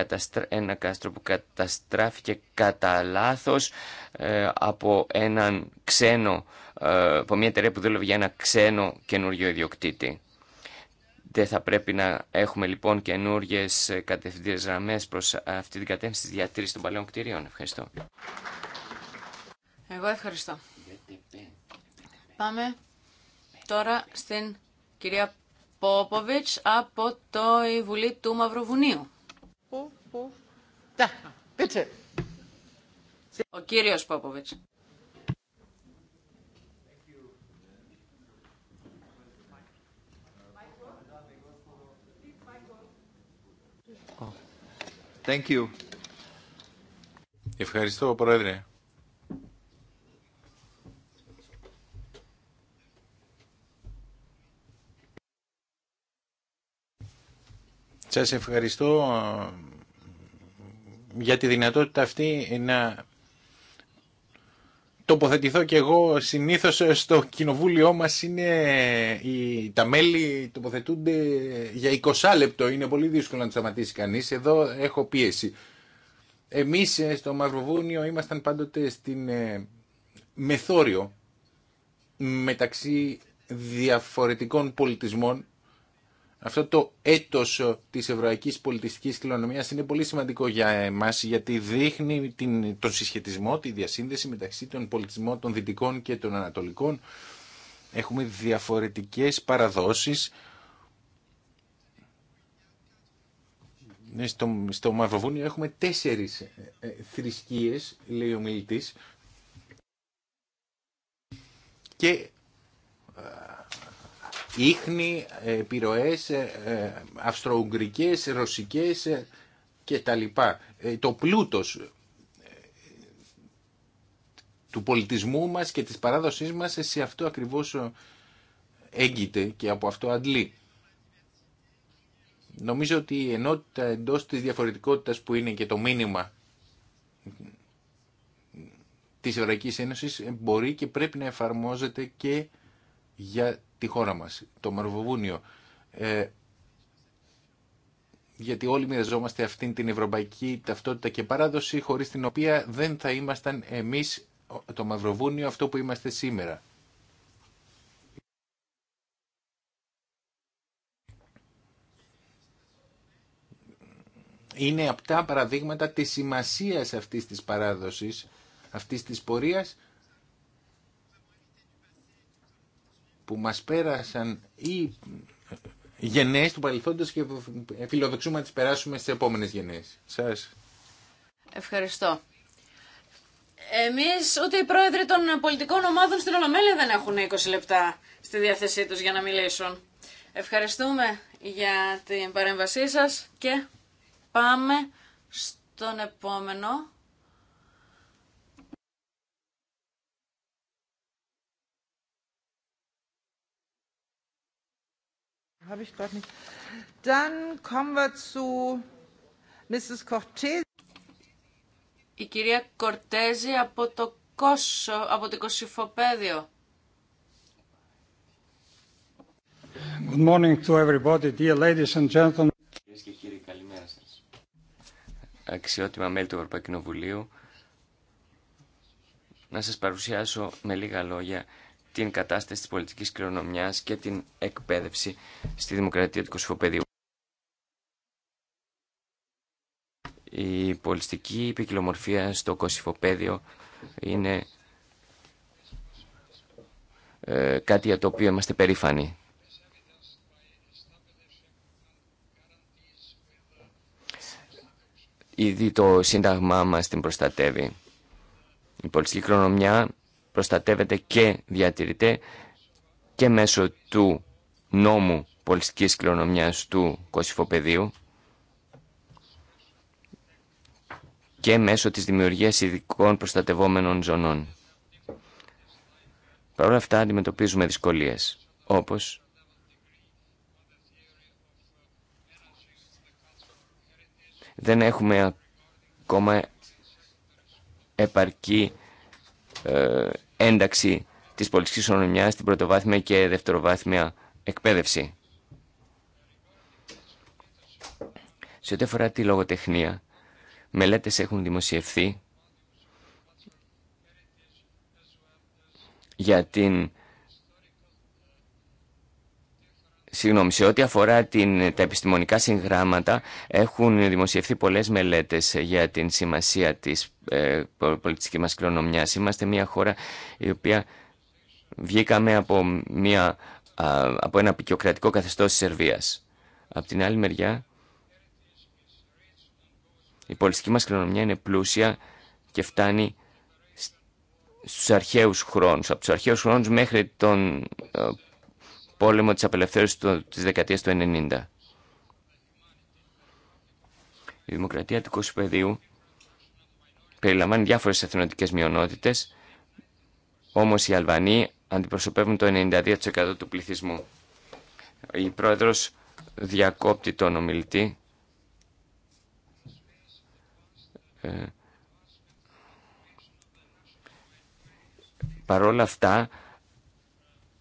ένα κάστρο που καταστράφηκε κατά λάθο από έναν ξένο ε, από μια εταιρεία που δούλευε για ένα ξένο καινούριο ιδιοκτήτη. Δεν θα πρέπει να έχουμε λοιπόν καινούριε κατευθυντήρε γραμμέ προ αυτή την κατεύθυνση τη διατήρηση των παλαιών κτηρίων. Ευχαριστώ. Εγώ ευχαριστώ. Πάμε τώρα στην κυρία Πόποβιτς από το Βουλή του Μαυροβουνίου. Ο κύριος Πόποβιτς. Thank you. Ευχαριστώ, Πρόεδρε. Σας ευχαριστώ ε, για τη δυνατότητα αυτή να τοποθετηθώ και εγώ συνήθως στο κοινοβούλιο μας είναι η τα μέλη τοποθετούνται για 20 λεπτό είναι πολύ δύσκολο να τους σταματήσει κανείς εδώ έχω πίεση εμείς ε, στο Μαυροβούνιο ήμασταν πάντοτε στην ε, μεθόριο μεταξύ διαφορετικών πολιτισμών αυτό το έτος ε, της ευρωπαϊκής πολιτιστικής κληρονομιάς είναι πολύ σημαντικό για εμάς γιατί δείχνει τον συσχετισμό, τη διασύνδεση μεταξύ των πολιτισμών των δυτικών και των ανατολικών. Έχουμε διαφορετικές παραδόσεις. Ναι, στο, στο Μαυροβούνιο έχουμε τέσσερις ε, ε θρησκείες, λέει ο μιλητής. Και ίχνη, ε, επιρροές ε, ε, αυστροουγγρικές, ρωσικές και τα λοιπά. Το πλούτος του πολιτισμού μας και της παράδοσής μας σε αυτό ακριβώς έγκυται και από αυτό αντλεί. Νομίζω ότι η ενότητα εντός της διαφορετικότητας που είναι και το μήνυμα της Ευρωπαϊκής Ένωσης μπορεί και πρέπει να εφαρμόζεται και για τη χώρα μας, το Μαρβοβούνιο. Ε, γιατί όλοι μοιραζόμαστε αυτήν την ευρωπαϊκή ταυτότητα και παράδοση χωρίς την οποία δεν θα ήμασταν εμείς το Μαυροβούνιο αυτό που είμαστε σήμερα. Είναι απτά παραδείγματα της σημασίας αυτής της παράδοσης, αυτής της πορείας που μας πέρασαν οι γενναίες του παρελθόντος και φιλοδοξούμε να τις περάσουμε στις επόμενες γενναίες. Σας. Ευχαριστώ. Εμείς ούτε οι πρόεδροι των πολιτικών ομάδων στην Ολομέλεια δεν έχουν 20 λεπτά στη διάθεσή τους για να μιλήσουν. Ευχαριστούμε για την παρέμβασή σας και πάμε στον επόμενο. Habe ich gerade nicht. Dann kommen wir zu Mrs. Cortez. Η κυρία Κορτέζη από το Κόσο, από το Κοσυφοπέδιο. Good morning to everybody, dear ladies and gentlemen. Κυρίες και κύριοι, καλημέρα σας. Αξιότιμα μέλη του Ευρωπαϊκού Κοινοβουλίου, να σας παρουσιάσω με λίγα λόγια την κατάσταση της πολιτικής κληρονομιάς και την εκπαίδευση στη δημοκρατία του Κωσυφοπεδίου. Η πολιστική ποικιλομορφία στο Κωσυφοπέδιο είναι ε, κάτι για το οποίο είμαστε περήφανοι. Ήδη το Σύνταγμά μας την προστατεύει. Η πολιτική κληρονομιά προστατεύεται και διατηρείται και μέσω του νόμου πολιτικής κληρονομιάς του Κωσυφοπεδίου και μέσω της δημιουργίας ειδικών προστατευόμενων ζωνών. Παρ' όλα αυτά αντιμετωπίζουμε δυσκολίες, όπως δεν έχουμε ακόμα επαρκή ε, ένταξη της πολιτικής οικονομία στην πρωτοβάθμια και δευτεροβάθμια εκπαίδευση. Σε ό,τι αφορά τη λογοτεχνία, μελέτες έχουν δημοσιευθεί για την Συγγνώμη, σε ό,τι αφορά τα επιστημονικά συγγράμματα έχουν δημοσιευθεί πολλές μελέτες για την σημασία της ε, πολιτιστικής μας Είμαστε μια χώρα η οποία βγήκαμε από, μια, από ένα πικιοκρατικό καθεστώς της Σερβίας. Από την άλλη μεριά η πολιτιστική μας κληρονομιά είναι πλούσια και φτάνει στους αρχαίους χρόνους, από τους αρχαίους χρόνους μέχρι τον ε, πόλεμο της απελευθέρωσης της δεκαετίας του 90. Η δημοκρατία του Παιδίου... περιλαμβάνει διάφορες εθνοτικές μειονότητες, όμως οι Αλβανοί αντιπροσωπεύουν το 92% του πληθυσμού. Η πρόεδρος διακόπτει τον ομιλητή. Ε, παρόλα αυτά,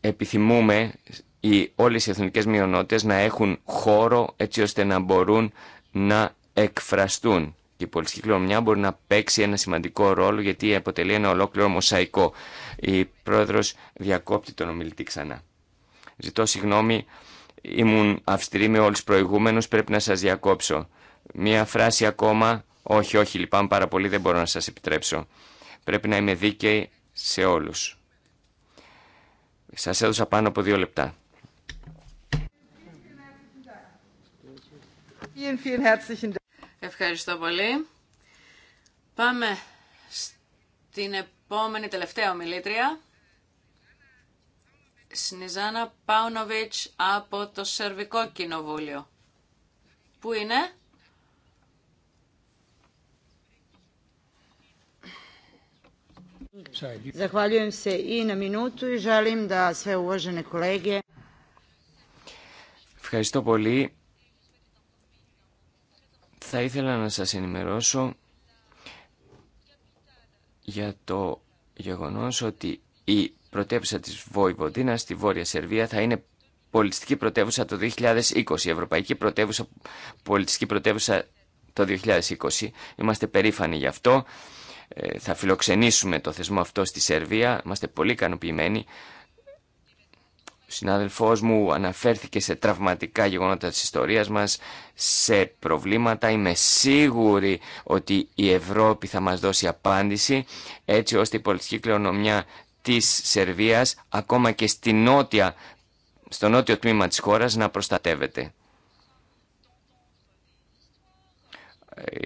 επιθυμούμε οι, όλες οι εθνικές μειονότητες να έχουν χώρο έτσι ώστε να μπορούν να εκφραστούν. Και η πολιτική κληρονομιά μπορεί να παίξει ένα σημαντικό ρόλο γιατί αποτελεί ένα ολόκληρο μοσαϊκό. Η πρόεδρος διακόπτει τον ομιλητή ξανά. Ζητώ συγγνώμη, ήμουν αυστηρή με όλους προηγούμενους, πρέπει να σας διακόψω. Μία φράση ακόμα, όχι, όχι, λυπάμαι πάρα πολύ, δεν μπορώ να σας επιτρέψω. Πρέπει να είμαι δίκαιη σε όλους. Σας έδωσα πάνω από δύο λεπτά. Ευχαριστώ πολύ. Πάμε στην επόμενη τελευταία ομιλήτρια. Σνιζάνα Πάουνοβιτς από το Σερβικό Κοινοβούλιο. Πού είναι? Zahvaljujem se i na minutu i želim da sve uvažene kolege... Ευχαριστώ πολύ. Θα ήθελα να σας ενημερώσω για το γεγονός ότι η πρωτεύουσα της Βοϊβοντίνας στη Βόρεια Σερβία θα είναι πολιτιστική πρωτεύουσα το 2020, η Ευρωπαϊκή πρωτεύουσα, πολιτιστική πρωτεύουσα το 2020. Είμαστε περήφανοι γι' αυτό. Ε, θα φιλοξενήσουμε το θεσμό αυτό στη Σερβία. Είμαστε πολύ ικανοποιημένοι. Ο συνάδελφός μου αναφέρθηκε σε τραυματικά γεγονότα της ιστορίας μας, σε προβλήματα. Είμαι σίγουρη ότι η Ευρώπη θα μας δώσει απάντηση, έτσι ώστε η πολιτική κληρονομιά της Σερβίας, ακόμα και στη νότια, στο νότιο τμήμα της χώρας, να προστατεύεται.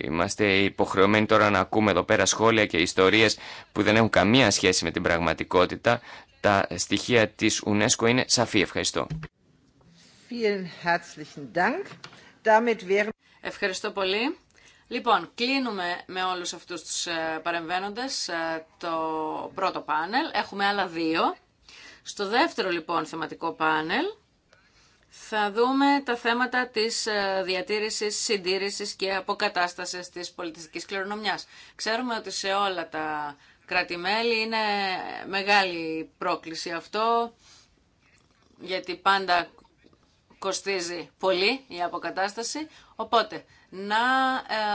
Είμαστε υποχρεωμένοι τώρα να ακούμε εδώ πέρα σχόλια και ιστορίες που δεν έχουν καμία σχέση με την πραγματικότητα. Τα στοιχεία της UNESCO είναι σαφή. Ευχαριστώ. Ευχαριστώ πολύ. Λοιπόν, κλείνουμε με όλους αυτούς τους ε, παρεμβαίνοντες ε, το πρώτο πάνελ. Έχουμε άλλα δύο. Στο δεύτερο λοιπόν θεματικό πάνελ θα δούμε τα θέματα της ε, διατήρησης, συντήρησης και αποκατάστασης της πολιτιστικής κληρονομιάς. Ξέρουμε ότι σε όλα τα κρατημέλη είναι μεγάλη πρόκληση αυτό, γιατί πάντα κοστίζει πολύ η αποκατάσταση. Οπότε να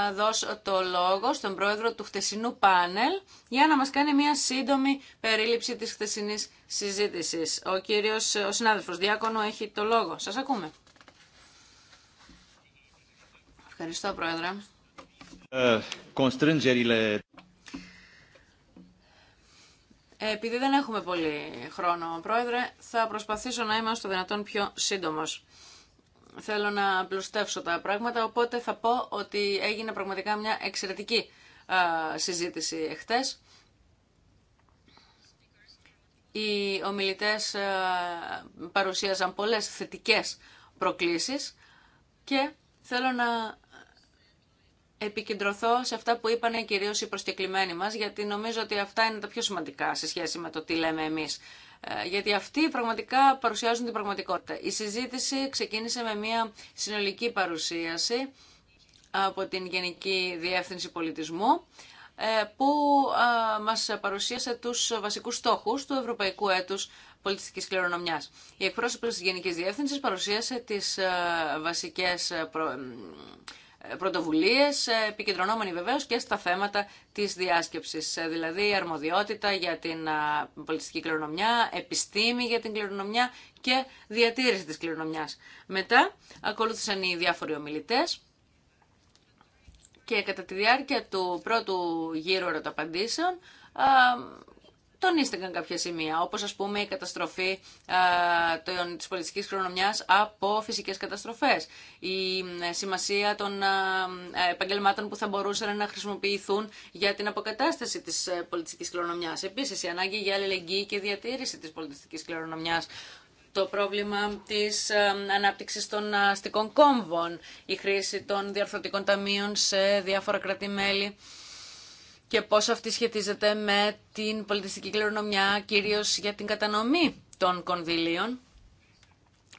ε, δώσω το λόγο στον πρόεδρο του χτεσινού πάνελ για να μας κάνει μια σύντομη περίληψη της χτεσινής συζήτησης. Ο κύριος, ο συνάδελφος Διάκονο έχει το λόγο. Σας ακούμε. Ευχαριστώ πρόεδρε. Ε, ε επειδή δεν έχουμε πολύ χρόνο, Πρόεδρε, θα προσπαθήσω να είμαι στο δυνατόν πιο σύντομος θέλω να πλουστεύσω τα πράγματα, οπότε θα πω ότι έγινε πραγματικά μια εξαιρετική συζήτηση εχθές. Οι ομιλητές παρουσίαζαν πολλές θετικές προκλήσεις και θέλω να επικεντρωθώ σε αυτά που είπαν κυρίως οι προσκεκλημένοι μας, γιατί νομίζω ότι αυτά είναι τα πιο σημαντικά σε σχέση με το τι λέμε εμείς. Ε, γιατί αυτοί πραγματικά παρουσιάζουν την πραγματικότητα. Η συζήτηση ξεκίνησε με μια συνολική παρουσίαση από την Γενική Διεύθυνση Πολιτισμού ε, που ε, μας παρουσίασε τους βασικούς στόχους του Ευρωπαϊκού Έτους Πολιτιστικής Κληρονομιάς. Η εκπρόσωπος της Γενικής Διεύθυνσης παρουσίασε τις βασικές πρωτοβουλίες, ε, επικεντρωνόμενοι βεβαίως και στα θέματα της διάσκεψης, ε, δηλαδή αρμοδιότητα για την πολιτιστική κληρονομιά, επιστήμη για την κληρονομιά και διατήρηση της κληρονομιά. Μετά ακολούθησαν οι διάφοροι ομιλητές και κατά τη διάρκεια του πρώτου γύρου ερωταπαντήσεων τονίστηκαν κάποια σημεία, όπως ας πούμε η καταστροφή των της πολιτικής χρονομιάς από φυσικές καταστροφές, η σημασία των επαγγελμάτων που θα μπορούσαν να χρησιμοποιηθούν για την αποκατάσταση της ε, πολιτιστικής κληρονομιάς. Επίσης, η ανάγκη για αλληλεγγύη και διατήρηση της πολιτιστικής κληρονομιάς το πρόβλημα της ε, ανάπτυξης των αστικών κόμβων, η χρήση των διαρθρωτικών ταμείων σε διάφορα κρατημέλη και πώς αυτή σχετίζεται με την πολιτιστική κληρονομιά, κυρίως για την κατανομή των κονδυλίων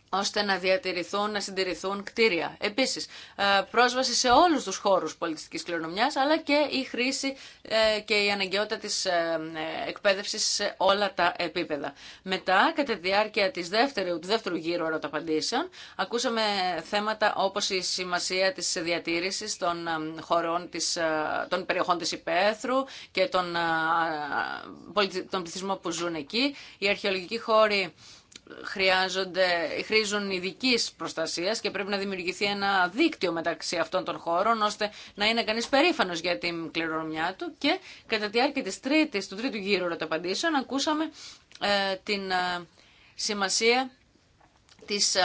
ώστε να διατηρηθούν, να συντηρηθούν κτίρια. Επίσης, ε, πρόσβαση σε όλους τους χώρους πολιτιστικής κληρονομιάς, αλλά και η χρήση ε, και η αναγκαιότητα της ε, εκπαίδευσης σε όλα τα επίπεδα. Μετά, κατά τη διάρκεια της δεύτερου, του δεύτερου γύρου ερωταπαντήσεων, ακούσαμε θέματα όπως η σημασία της διατήρησης των, χωρών των περιοχών της υπαίθρου και τον, τον πληθυσμό που ζουν εκεί, οι αρχαιολογικοί χώροι χρειάζονται, χρήζουν ειδική προστασία και πρέπει να δημιουργηθεί ένα δίκτυο μεταξύ αυτών των χώρων ώστε να είναι κανεί περήφανο για την κληρονομιά του. Και κατά τη διάρκεια της τρίτης, του τρίτου γύρου ρωταπαντήσεων ακούσαμε ε, την ε, σημασία της ε,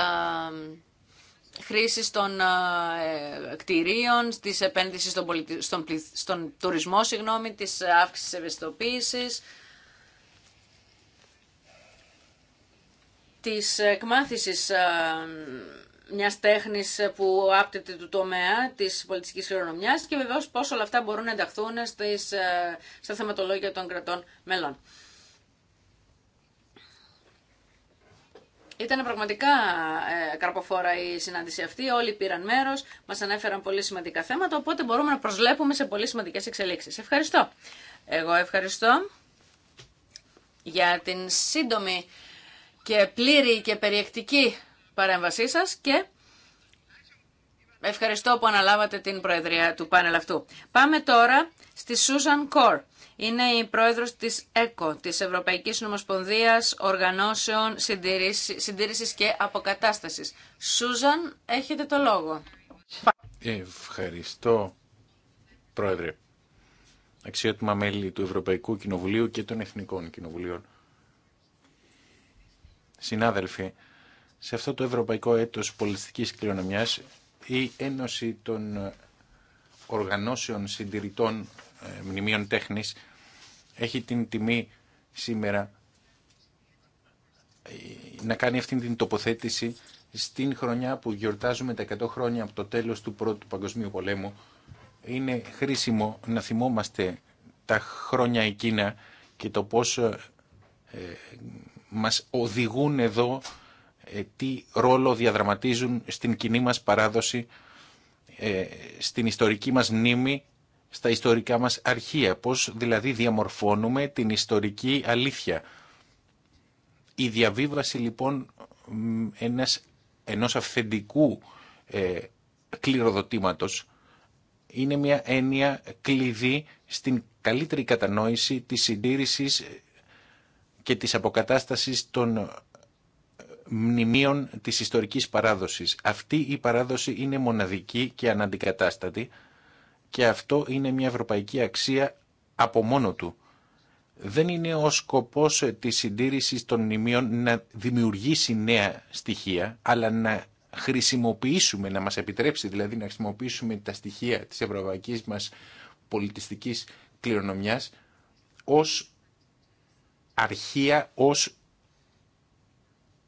χρήσης των ε, κτηρίων, της επένδυσης στον, τουρισμό, συγγνώμη, της ε, αύξησης ευαισθητοποίησης, της εκμάθησης ε, μιας τέχνης που άπτεται του τομέα της πολιτικής χειρονομιάς και βεβαίως πώ όλα αυτά μπορούν να ενταχθούν στις, ε, στα θεματολόγια των κρατών μελών. Ήταν πραγματικά ε, καρποφόρα η συνάντηση αυτή. Όλοι πήραν μέρο, μα ανέφεραν πολύ σημαντικά θέματα, οπότε μπορούμε να προσλέπουμε σε πολύ σημαντικέ εξελίξει. Ευχαριστώ. Εγώ ευχαριστώ για την σύντομη και πλήρη και περιεκτική παρέμβασή σας και ευχαριστώ που αναλάβατε την Προεδρία του πάνελ αυτού. Πάμε τώρα στη Σούζαν Κορ. Είναι η πρόεδρος της ΕΚΟ, της Ευρωπαϊκής Νομοσπονδίας Οργανώσεων Συντήρησης και Αποκατάστασης. Σούζαν, έχετε το λόγο. Ευχαριστώ, Πρόεδρε. Αξιότιμα μέλη του Ευρωπαϊκού Κοινοβουλίου και των Εθνικών Κοινοβουλίων συνάδελφοι, σε αυτό το ευρωπαϊκό έτος πολιτιστικής κληρονομιάς η Ένωση των Οργανώσεων Συντηρητών ε, Μνημείων Τέχνης έχει την τιμή σήμερα ε, να κάνει αυτή την τοποθέτηση στην χρονιά που γιορτάζουμε τα 100 χρόνια από το τέλος του Πρώτου Παγκοσμίου Πολέμου. Είναι χρήσιμο να θυμόμαστε τα χρόνια εκείνα και το πώς ε, μας οδηγούν εδώ ε, τι ρόλο διαδραματίζουν στην κοινή μας παράδοση, ε, στην ιστορική μας μνήμη, στα ιστορικά μας αρχεία. Πώς δηλαδή διαμορφώνουμε την ιστορική αλήθεια. Η διαβίβαση λοιπόν ένας, ενός αυθεντικού ε, κληροδοτήματος είναι μια έννοια κλειδί στην καλύτερη κατανόηση της συντήρησης και της αποκατάστασης των ε, μνημείων της ιστορικής παράδοσης. Αυτή η παράδοση είναι μοναδική και αναντικατάστατη και αυτό είναι μια ευρωπαϊκή αξία από μόνο του. Δεν είναι ο σκοπός ε, της συντήρησης των μνημείων να δημιουργήσει νέα στοιχεία, αλλά να χρησιμοποιήσουμε, να μας επιτρέψει δηλαδή να χρησιμοποιήσουμε τα στοιχεία της ευρωπαϊκής μας πολιτιστικής κληρονομιάς ως αρχεία ως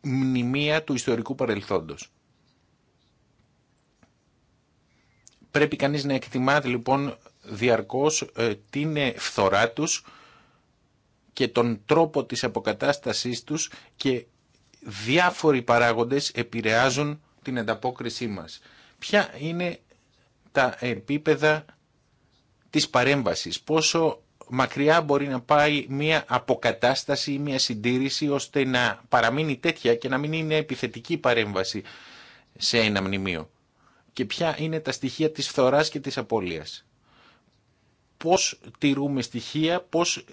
μνημεία του ιστορικού παρελθόντος. Πρέπει κανείς να εκτιμά λοιπόν διαρκώς ε, την φθορά τους και τον τρόπο της αποκατάστασής τους και διάφοροι παράγοντες επηρεάζουν την ανταπόκρισή μας. Ποια είναι τα επίπεδα της παρέμβασης, πόσο μακριά μπορεί να πάει μια αποκατάσταση ή μια συντήρηση ώστε να παραμείνει τέτοια και να μην είναι επιθετική παρέμβαση σε ένα μνημείο. Και ποια είναι τα στοιχεία της φθοράς και της απώλειας. Πώς τηρούμε στοιχεία, πώς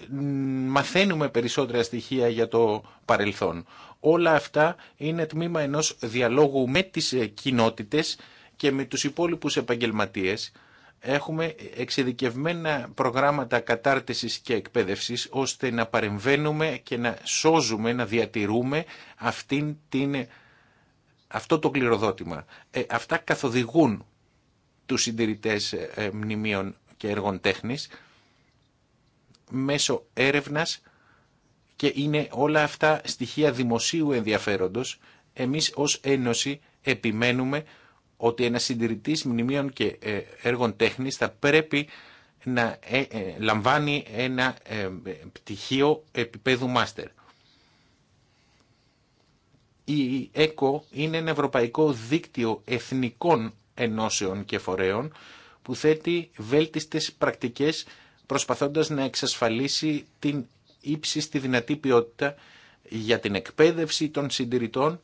μαθαίνουμε περισσότερα στοιχεία για το παρελθόν. Όλα αυτά είναι τμήμα ενός διαλόγου με τις κοινότητες και με τους υπόλοιπους επαγγελματίες έχουμε εξειδικευμένα προγράμματα κατάρτισης και εκπαίδευσης ώστε να παρεμβαίνουμε και να σώζουμε, να διατηρούμε αυτήν την, αυτό το κληροδότημα. Ε, αυτά καθοδηγούν τους συντηρητές ε, ε, μνημείων και έργων τέχνης μέσω έρευνας και είναι όλα αυτά στοιχεία δημοσίου ενδιαφέροντος. Εμείς ως Ένωση επιμένουμε ότι ένα συντηρητής μνημείων και ε, έργων τέχνης θα πρέπει να ε, ε, λαμβάνει ένα πτυχίο επίπεδου μάστερ. Η ΕΚΟ είναι ένα ευρωπαϊκό δίκτυο εθνικών ενώσεων και φορέων που θέτει βέλτιστες πρακτικές προσπαθώντας να εξασφαλίσει την ύψιστη δυνατή ποιότητα για την εκπαίδευση των συντηρητών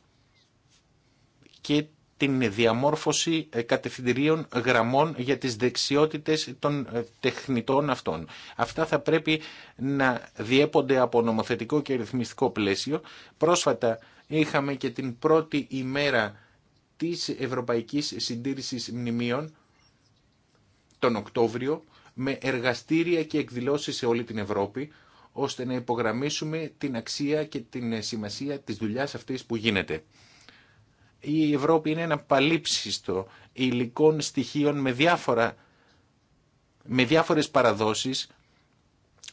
και την διαμόρφωση ε, κατευθυντηρίων γραμμών για τις δεξιότητες των ε, τεχνητών αυτών. Αυτά θα πρέπει να διέπονται από νομοθετικό και ρυθμιστικό πλαίσιο. Πρόσφατα είχαμε και την πρώτη ημέρα της Ευρωπαϊκής Συντήρησης Μνημείων τον Οκτώβριο με εργαστήρια και εκδηλώσεις σε όλη την Ευρώπη ώστε να υπογραμμίσουμε την αξία και την σημασία της δουλειάς αυτής που γίνεται η Ευρώπη είναι ένα παλίψιστο υλικών στοιχείων με, διάφορα, με διάφορες παραδόσεις.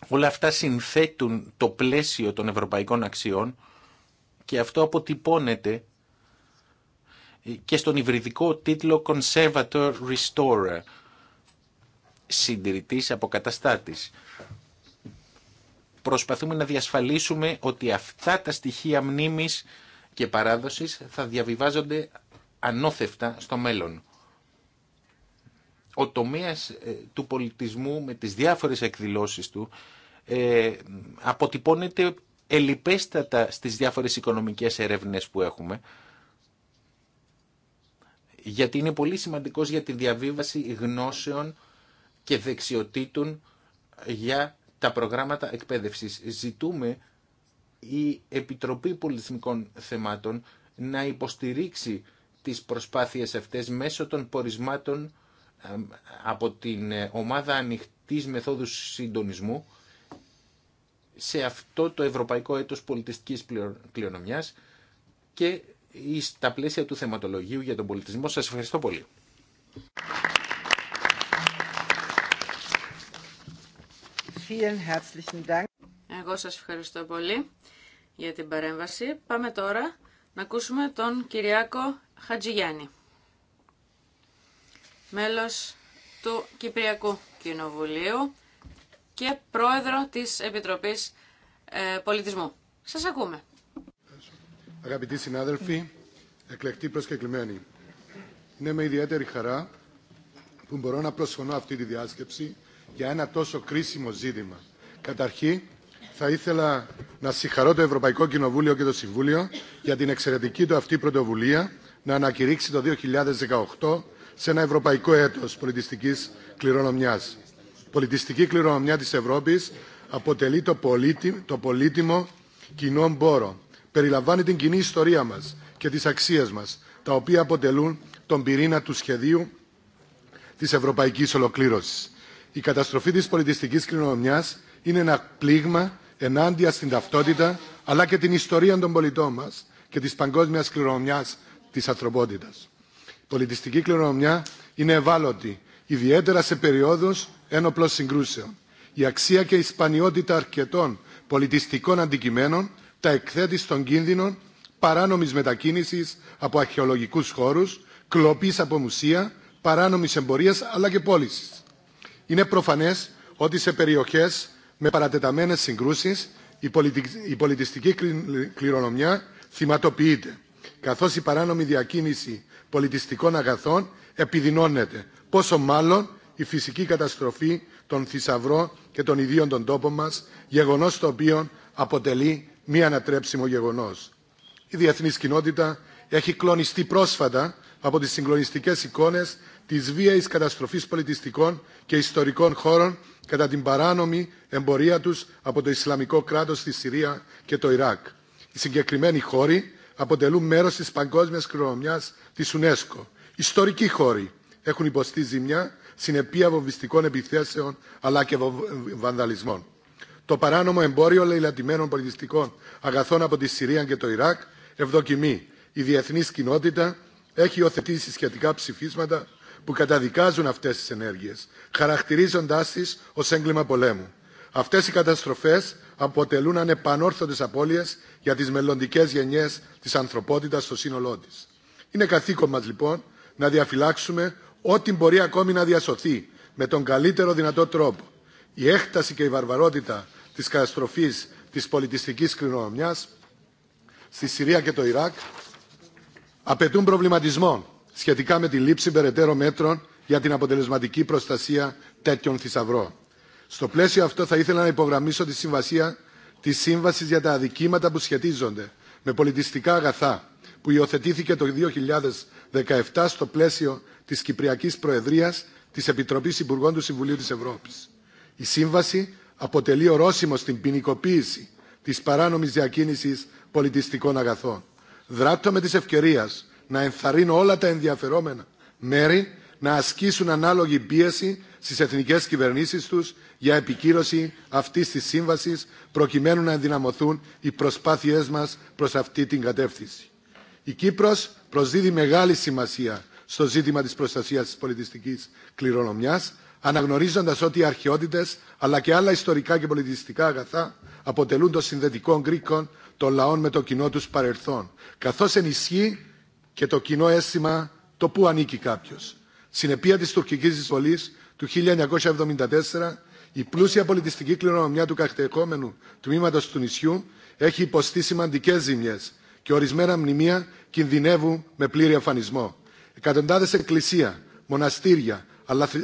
Όλα αυτά συνθέτουν το πλαίσιο των ευρωπαϊκών αξιών και αυτό αποτυπώνεται και στον υβριδικό τίτλο Conservator Restorer, συντηρητής αποκαταστάτης. Προσπαθούμε να διασφαλίσουμε ότι αυτά τα στοιχεία μνήμης και παράδοσης θα διαβιβάζονται ανώθευτα στο μέλλον. Ο τομέας ε, του πολιτισμού με τις διάφορες εκδηλώσεις του ε, αποτυπώνεται ελιπέστατα στις διάφορες οικονομικές ερευνές που έχουμε γιατί είναι πολύ σημαντικός για τη διαβίβαση γνώσεων και δεξιοτήτων για τα προγράμματα εκπαίδευσης. Ζητούμε η Επιτροπή Πολιτισμικών Θεμάτων να υποστηρίξει τις προσπάθειες αυτές μέσω των πορισμάτων από την ε, ομάδα ανοιχτής μεθόδου συντονισμού σε αυτό το Ευρωπαϊκό Έτος Πολιτιστικής Κληρονομιάς και στα πλαίσια του θεματολογίου για τον πολιτισμό. Σας ευχαριστώ πολύ. Εγώ σας ευχαριστώ πολύ για την παρέμβαση. Πάμε τώρα να ακούσουμε τον Κυριάκο Χατζηγιάννη, μέλος του Κυπριακού Κοινοβουλίου και πρόεδρο της Επιτροπής ε, Πολιτισμού. Σας ακούμε. Αγαπητοί συνάδελφοι, εκλεκτοί προσκεκλημένοι, είναι με ιδιαίτερη χαρά που μπορώ να προσφωνώ αυτή τη διάσκεψη για ένα τόσο κρίσιμο ζήτημα. Καταρχήν, θα ήθελα να συγχαρώ το Ευρωπαϊκό Κοινοβούλιο και το Συμβούλιο για την εξαιρετική του αυτή πρωτοβουλία να ανακηρύξει το 2018 σε ένα ευρωπαϊκό έτος πολιτιστικής κληρονομιάς. πολιτιστική κληρονομιά της Ευρώπης αποτελεί το, το πολύτιμο κοινό πόρο. Περιλαμβάνει την κοινή ιστορία μας και τις αξίες μας, τα οποία αποτελούν τον πυρήνα του σχεδίου της ευρωπαϊκής ολοκλήρωσης. Η καταστροφή της πολιτιστικής κληρονομιάς είναι ένα πλήγμα ενάντια στην ταυτότητα αλλά και την ιστορία των πολιτών μα και τη παγκόσμια κληρονομιά τη ανθρωπότητα. Η πολιτιστική κληρονομιά είναι ευάλωτη, ιδιαίτερα σε περιόδου ένοπλων συγκρούσεων. Η αξία και η σπανιότητα αρκετών πολιτιστικών αντικειμένων τα εκθέτει στον κίνδυνο παράνομη μετακίνηση από αρχαιολογικού χώρου, κλοπή από μουσεία, παράνομη εμπορία αλλά και πώληση. Είναι προφανέ ότι σε περιοχές με παρατεταμένες συγκρούσεις, η πολιτιστική κληρονομιά θυματοποιείται, καθώς η παράνομη διακίνηση πολιτιστικών αγαθών επιδεινώνεται, πόσο μάλλον η φυσική καταστροφή των θησαυρών και των ιδίων των τόπων μας, γεγονός το οποίο αποτελεί μη ανατρέψιμο γεγονός. Η διεθνής κοινότητα έχει κλονιστεί πρόσφατα από τις συγκλονιστικές εικόνες της βίαιης καταστροφής πολιτιστικών και ιστορικών χώρων κατά την παράνομη εμπορία τους από το Ισλαμικό κράτος στη Συρία και το Ιράκ. Οι συγκεκριμένοι χώροι αποτελούν μέρος της παγκόσμιας κληρονομιάς της UNESCO. Ιστορικοί χώροι έχουν υποστεί ζημιά συνεπία βομβιστικών επιθέσεων αλλά και βανδαλισμών. Το παράνομο εμπόριο λαϊλατημένων πολιτιστικών αγαθών από τη Συρία και το Ιράκ ευδοκιμεί. Η διεθνής κοινότητα έχει υιοθετήσει σχετικά ψηφίσματα που καταδικάζουν αυτέ τι ενέργειε, χαρακτηρίζοντά τι ω έγκλημα πολέμου. Αυτέ οι καταστροφέ αποτελούν ανεπανόρθωτε απώλειε για τι μελλοντικέ γενιέ τη ανθρωπότητα στο σύνολό τη. Είναι καθήκον μα λοιπόν να διαφυλάξουμε ό,τι μπορεί ακόμη να διασωθεί με τον καλύτερο δυνατό τρόπο. Η έκταση και η βαρβαρότητα τη καταστροφή τη πολιτιστική κληρονομιά στη Συρία και το Ιράκ απαιτούν προβληματισμό σχετικά με τη λήψη περαιτέρω μέτρων για την αποτελεσματική προστασία τέτοιων θησαυρών. Στο πλαίσιο αυτό θα ήθελα να υπογραμμίσω τη Σύμβαση για τα αδικήματα που σχετίζονται με πολιτιστικά αγαθά που υιοθετήθηκε το 2017 στο πλαίσιο τη Κυπριακή Προεδρία τη Επιτροπή Υπουργών του Συμβουλίου τη Ευρώπη. Η Σύμβαση αποτελεί ορόσημο στην ποινικοποίηση τη παράνομη διακίνηση πολιτιστικών αγαθών. Δράττω με τη ευκαιρία να ενθαρρύνω όλα τα ενδιαφερόμενα μέρη να ασκήσουν ανάλογη πίεση στις εθνικές κυβερνήσεις τους για επικύρωση αυτής της σύμβασης προκειμένου να ενδυναμωθούν οι προσπάθειές μας προς αυτή την κατεύθυνση. Η Κύπρος προσδίδει μεγάλη σημασία στο ζήτημα της προστασίας της πολιτιστικής κληρονομιάς, αναγνωρίζοντας ότι οι αρχαιότητες αλλά και άλλα ιστορικά και πολιτιστικά αγαθά αποτελούν το συνδετικό κρίκο των λαών με το κοινό τους παρελθόν, καθώς ενισχύει και το κοινό αίσθημα το πού ανήκει κάποιο. Συνεπία τη τουρκική εισβολή του 1974, η πλούσια πολιτιστική κληρονομιά του καχτεκόμενου τμήματο του νησιού έχει υποστεί σημαντικέ ζημιέ και ορισμένα μνημεία κινδυνεύουν με πλήρη εμφανισμό. Εκατοντάδε εκκλησία, μοναστήρια,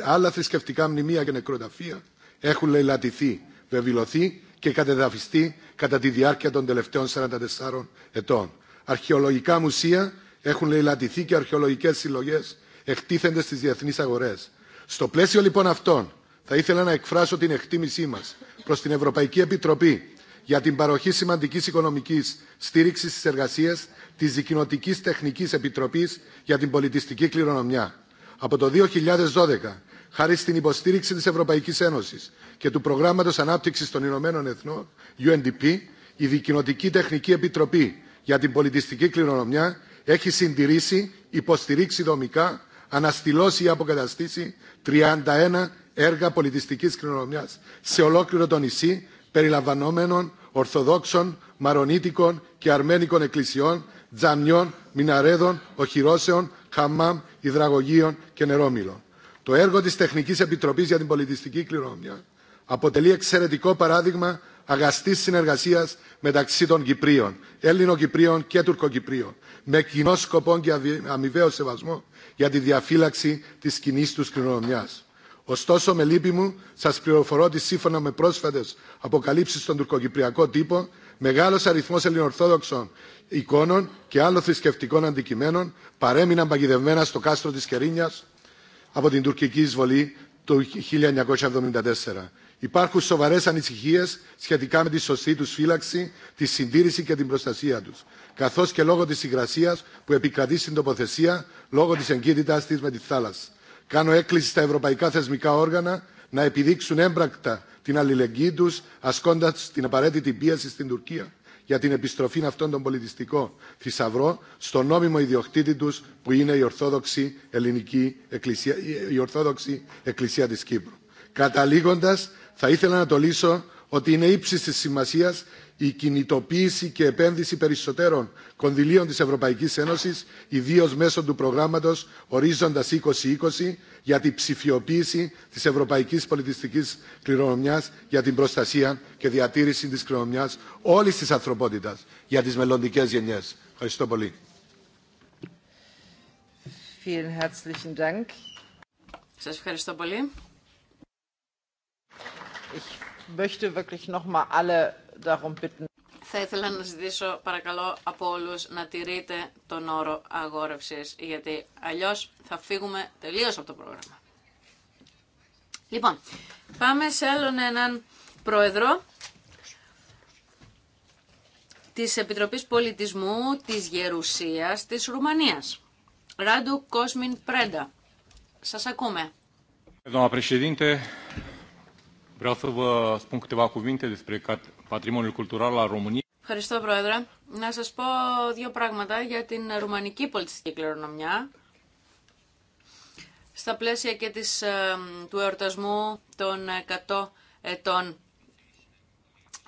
άλλα θρησκευτικά μνημεία και νεκροταφεία έχουν λαιλατηθεί, βεβηλωθεί και κατεδαφιστεί κατά τη διάρκεια των τελευταίων 44 ετών. Αρχαιολογικά μουσεία έχουν λαιλατηθεί και αρχαιολογικές συλλογέ εκτίθενται στις διεθνεί αγορές. Στο πλαίσιο λοιπόν αυτών, θα ήθελα να εκφράσω την εκτίμησή μας προς την Ευρωπαϊκή Επιτροπή για την παροχή σημαντικής οικονομικής στήριξης στις εργασίες της Δικοινοτικής Τεχνικής Επιτροπής για την Πολιτιστική Κληρονομιά. Από το 2012, χάρη στην υποστήριξη της Ευρωπαϊκής Ένωσης και του Προγράμματος Ανάπτυξης των Ηνωμένων Εθνών, UNDP, η Δικοινοτική Τεχνική Επιτροπή για την Πολιτιστική Κληρονομιά έχει συντηρήσει, υποστηρίξει δομικά, αναστηλώσει ή αποκαταστήσει 31 έργα πολιτιστικής κληρονομιάς σε ολόκληρο το νησί, περιλαμβανομένων Ορθοδόξων, Μαρονίτικων και Αρμένικων εκκλησιών, τζαμιών, μιναρέδων, οχυρώσεων, χαμάμ, υδραγωγείων και νερόμυλων. Το έργο της Τεχνικής Επιτροπής για την Πολιτιστική Κληρονομιά αποτελεί εξαιρετικό παράδειγμα αγαστής συνεργασίας μεταξύ των Κυπρίων, Έλληνο-Κυπρίων και Τουρκοκυπρίων, με κοινό σκοπό και αμοιβαίο σεβασμό για τη διαφύλαξη τη κοινή του κληρονομιά. Ωστόσο, με λύπη μου, σα πληροφορώ ότι σύμφωνα με πρόσφατε αποκαλύψει στον τουρκοκυπριακό τύπο, μεγάλο αριθμό ελληνοορθόδοξων εικόνων και άλλων θρησκευτικών αντικειμένων παρέμειναν παγιδευμένα στο κάστρο τη Κερίνια από την τουρκική εισβολή του 1974. Υπάρχουν σοβαρέ ανησυχίε σχετικά με τη σωστή του φύλαξη, τη συντήρηση και την προστασία του καθώ και λόγω τη υγρασία που επικρατεί στην τοποθεσία λόγω τη εγκύτητά τη με τη θάλασσα. Κάνω έκκληση στα ευρωπαϊκά θεσμικά όργανα να επιδείξουν έμπρακτα την αλληλεγγύη του, ασκώντα την απαραίτητη πίεση στην Τουρκία για την επιστροφή αυτών των πολιτιστικών θησαυρό στον νόμιμο ιδιοκτήτη του που είναι η Ορθόδοξη, Ελληνική Εκκλησία, η Ορθόδοξη Εκκλησία τη Κύπρου. Καταλήγοντα, θα ήθελα να τολίσω ότι είναι ύψη τη σημασία η κινητοποίηση και επένδυση περισσότερων κονδυλίων της Ευρωπαϊκής Ένωσης, ιδίως μέσω του προγράμματος Ορίζοντας 2020 για την ψηφιοποίηση της ευρωπαϊκής πολιτιστικής κληρονομιάς για την προστασία και διατήρηση της κληρονομιάς όλης της ανθρωπότητας για τις μελλοντικές γενιές. Ευχαριστώ πολύ. Σας ευχαριστώ πολύ. Ich möchte wirklich noch mal alle θα ήθελα να ζητήσω παρακαλώ από όλους να τηρείτε τον όρο αγόρευσης, γιατί αλλιώς θα φύγουμε τελείως από το πρόγραμμα. Λοιπόν, πάμε σε άλλον έναν πρόεδρο της Επιτροπής Πολιτισμού της Γερουσίας της Ρουμανίας. Ράντου Κόσμιν Πρέντα. Σας ακούμε. vreau să vă spun câteva Ευχαριστώ, Πρόεδρε. Να σα πω δύο πράγματα για την ρουμανική πολιτιστική κληρονομιά. Στα πλαίσια και της, ε, του εορτασμού των 100 ετών.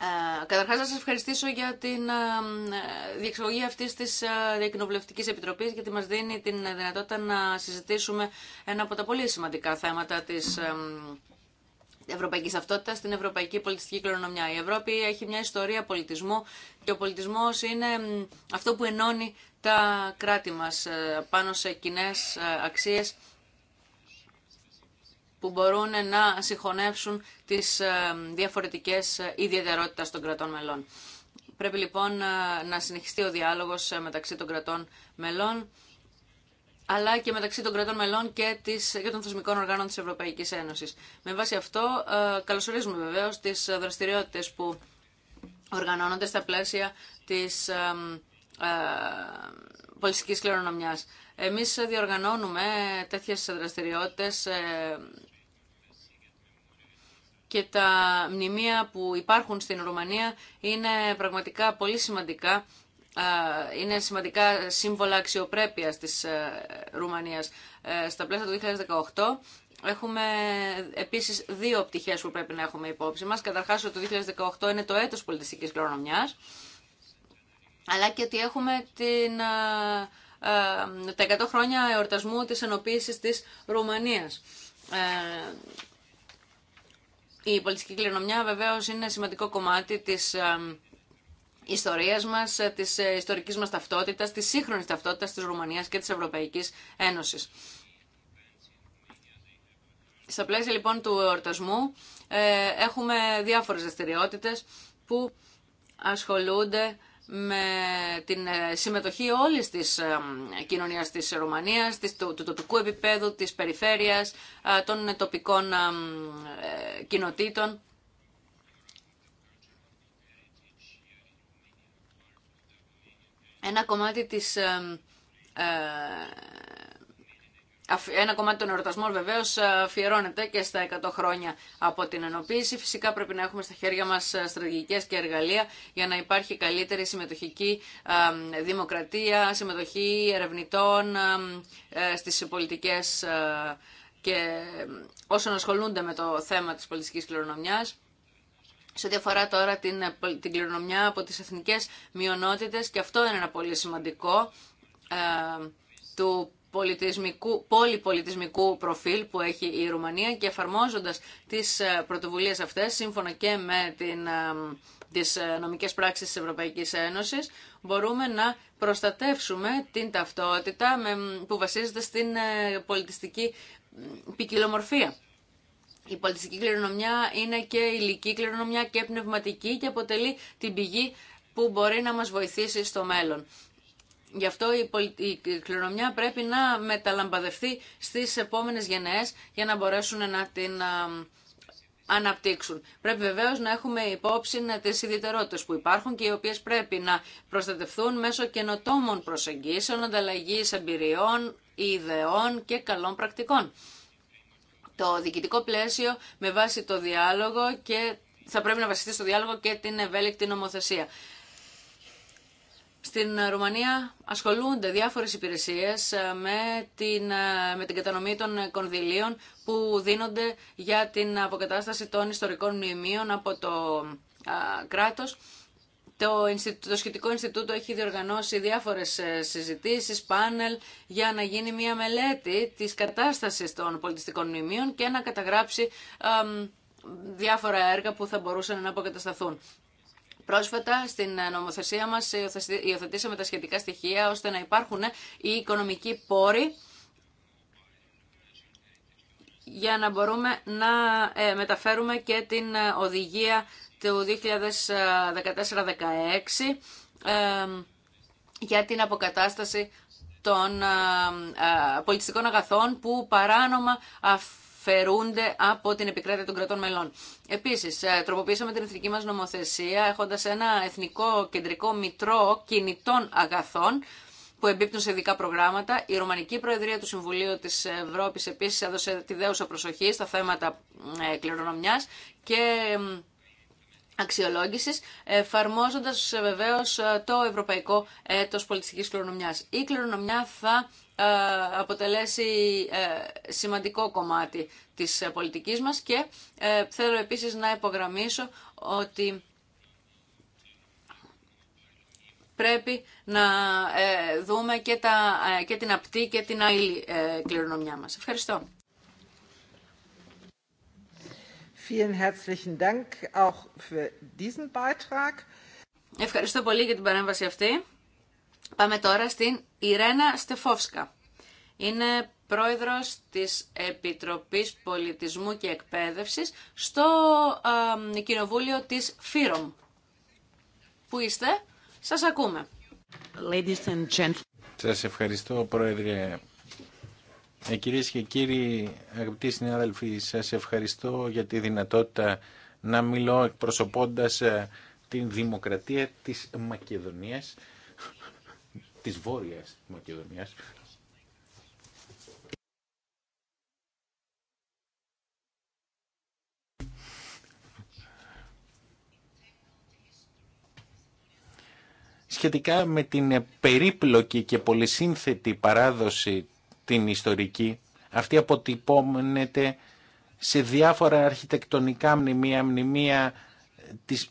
Ε, καταρχάς, να σας ευχαριστήσω για την ε, διεξαγωγή αυτής της Διακοινοβουλευτικής Επιτροπής γιατί μας δίνει την δυνατότητα να συζητήσουμε ένα από τα πολύ σημαντικά θέματα της ευρωπαϊκή ταυτότητα στην ευρωπαϊκή πολιτιστική κληρονομιά. Η Ευρώπη έχει μια ιστορία πολιτισμού και ο πολιτισμό είναι αυτό που ενώνει τα κράτη μα ε, πάνω σε κοινέ ε, αξίε που μπορούν να συγχωνεύσουν τις ε, διαφορετικές ιδιαιτερότητες των κρατών μελών. Πρέπει λοιπόν να συνεχιστεί ο διάλογος μεταξύ των κρατών μελών αλλά και μεταξύ των κρατών μελών και, της, και των θεσμικών οργάνων της Ευρωπαϊκής Ένωσης. Με βάση αυτό, ε, καλωσορίζουμε βεβαίως τις δραστηριότητες που οργανώνονται στα πλαίσια της ε, ε, πολιτικής κληρονομιάς. Εμείς διοργανώνουμε τέτοιες δραστηριότητες και τα μνημεία που υπάρχουν στην Ρουμανία είναι πραγματικά πολύ σημαντικά είναι σημαντικά σύμβολα αξιοπρέπειας της ε, Ρουμανίας. Ε, στα πλαίσια του 2018 Έχουμε επίσης δύο πτυχές που πρέπει να έχουμε υπόψη μας. Καταρχάς ότι το 2018 είναι το έτος πολιτιστικής κληρονομιάς, αλλά και ότι έχουμε την, ε, τα 100 χρόνια εορτασμού της ενοποίησης της Ρουμανίας. η πολιτιστική κληρονομιά βεβαίως είναι σημαντικό κομμάτι της ιστορίας μας, ε, της ε, ιστορικής μας ταυτότητας, της σύγχρονης ταυτότητας της Ρουμανίας και της Ευρωπαϊκής Ένωσης. Στα πλαίσια λοιπόν του εορτασμού ε, έχουμε διάφορες δραστηριότητε που ασχολούνται με την συμμετοχή όλης της κοινωνίας της Ρουμανίας, του τοπικού επίπεδου, της περιφέρειας, των τοπικών κοινοτήτων. Ένα κομμάτι της... Ε, ένα κομμάτι των εορτασμών βεβαίω ε, αφιερώνεται και στα 100 χρόνια από την ενοποίηση. Φυσικά πρέπει να έχουμε στα χέρια μα ε, στρατηγικέ και εργαλεία για να υπάρχει καλύτερη συμμετοχική δημοκρατία, συμμετοχή ερευνητών στι πολιτικέ και όσων ασχολούνται με το θέμα τη πολιτική κληρονομιά σε ό,τι αφορά τώρα την, την κληρονομιά από τις εθνικές μειονότητες και αυτό είναι ένα πολύ σημαντικό ε, του πολιτισμικού, πολυπολιτισμικού προφίλ που έχει η Ρουμανία και εφαρμόζοντας τις ε, πρωτοβουλίες αυτές σύμφωνα και με την, νομικέ ε, τις νομικές πράξεις της Ένωσης μπορούμε να προστατεύσουμε την ταυτότητα με, που βασίζεται στην πολιτιστική ποικιλομορφία. Η πολιτιστική κληρονομιά είναι και ηλική κληρονομιά και πνευματική και αποτελεί την πηγή που μπορεί να μας βοηθήσει στο μέλλον. Γι' αυτό η κληρονομιά πρέπει να μεταλαμπαδευτεί στις επόμενες γενναίες για να μπορέσουν να την αναπτύξουν. Πρέπει βεβαίως να έχουμε υπόψη ε, τις ιδιαιτερότητες που υπάρχουν και οι οποίες πρέπει να προστατευθούν μέσω καινοτόμων προσεγγίσεων, ανταλλαγής εμπειριών, ιδεών και καλών πρακτικών το διοικητικό πλαίσιο με βάση το διάλογο και θα πρέπει να βασιστεί στο διάλογο και την ευέλικτη νομοθεσία. Στην Ρουμανία ασχολούνται διάφορες υπηρεσίες ε, με την, ε, με την κατανομή των κονδυλίων που δίνονται για την αποκατάσταση των ιστορικών μνημείων από το ε, κράτος. Το, το σχετικό Ινστιτούτο έχει διοργανώσει διάφορες ε, συζητήσεις, πάνελ, για να γίνει μια μελέτη της κατάστασης των πολιτιστικών μνημείων και να καταγράψει διάφορα έργα που θα μπορούσαν να αποκατασταθούν. Πρόσφατα στην ε, νομοθεσία μας υιοθετήσαμε τα σχετικά στοιχεία ώστε να υπάρχουν ε, οι οικονομικοί πόροι για να μπορούμε να μεταφέρουμε και την οδηγία του 2014-2016 για την αποκατάσταση των ε, ε, πολιτιστικών αγαθών που παράνομα αφαιρούνται από την επικράτεια των κρατών μελών. Επίσης, ε, τροποποιήσαμε την εθνική μας νομοθεσία έχοντας ένα εθνικό κεντρικό μητρό κινητών αγαθών που εμπίπτουν σε ειδικά προγράμματα. Η Ρουμανική Προεδρία του Συμβουλίου της Ευρώπης επίσης έδωσε τη δέουσα προσοχή στα θέματα κληρονομιάς και αξιολόγησης, εφαρμόζοντας ε, βεβαίως ε, το Ευρωπαϊκό έτο πολιτιστική Κληρονομιάς. Η κληρονομιά θα ε, αποτελέσει σημαντικό κομμάτι της πολιτικής μας και θέλω επίσης να υπογραμμίσω ότι πρέπει να δούμε και, τα, την απτή και την άλλη κληρονομιά μας. Ευχαριστώ. Vielen herzlichen Dank auch Ευχαριστώ πολύ για την παρέμβαση αυτή. Πάμε τώρα στην Ιρένα Στεφόφσκα. Είναι πρόεδρος της Επιτροπής Πολιτισμού και Εκπαίδευσης στο Κοινοβούλιο της ΦΥΡΟΜ. Πού είστε, σας ακούμε. Ladies and Σας ευχαριστώ, Πρόεδρε, ε, κυρίες και κύριοι, αγαπητοί συνάδελφοι, σας ευχαριστώ για τη δυνατότητα να μιλώ εκπροσωπώντας ε, την δημοκρατία της Μακεδονίας, της Βόρειας Μακεδονίας. σχετικά με την περίπλοκη και πολυσύνθετη παράδοση την ιστορική. Αυτή αποτυπώνεται σε διάφορα αρχιτεκτονικά μνημεία, μνημεία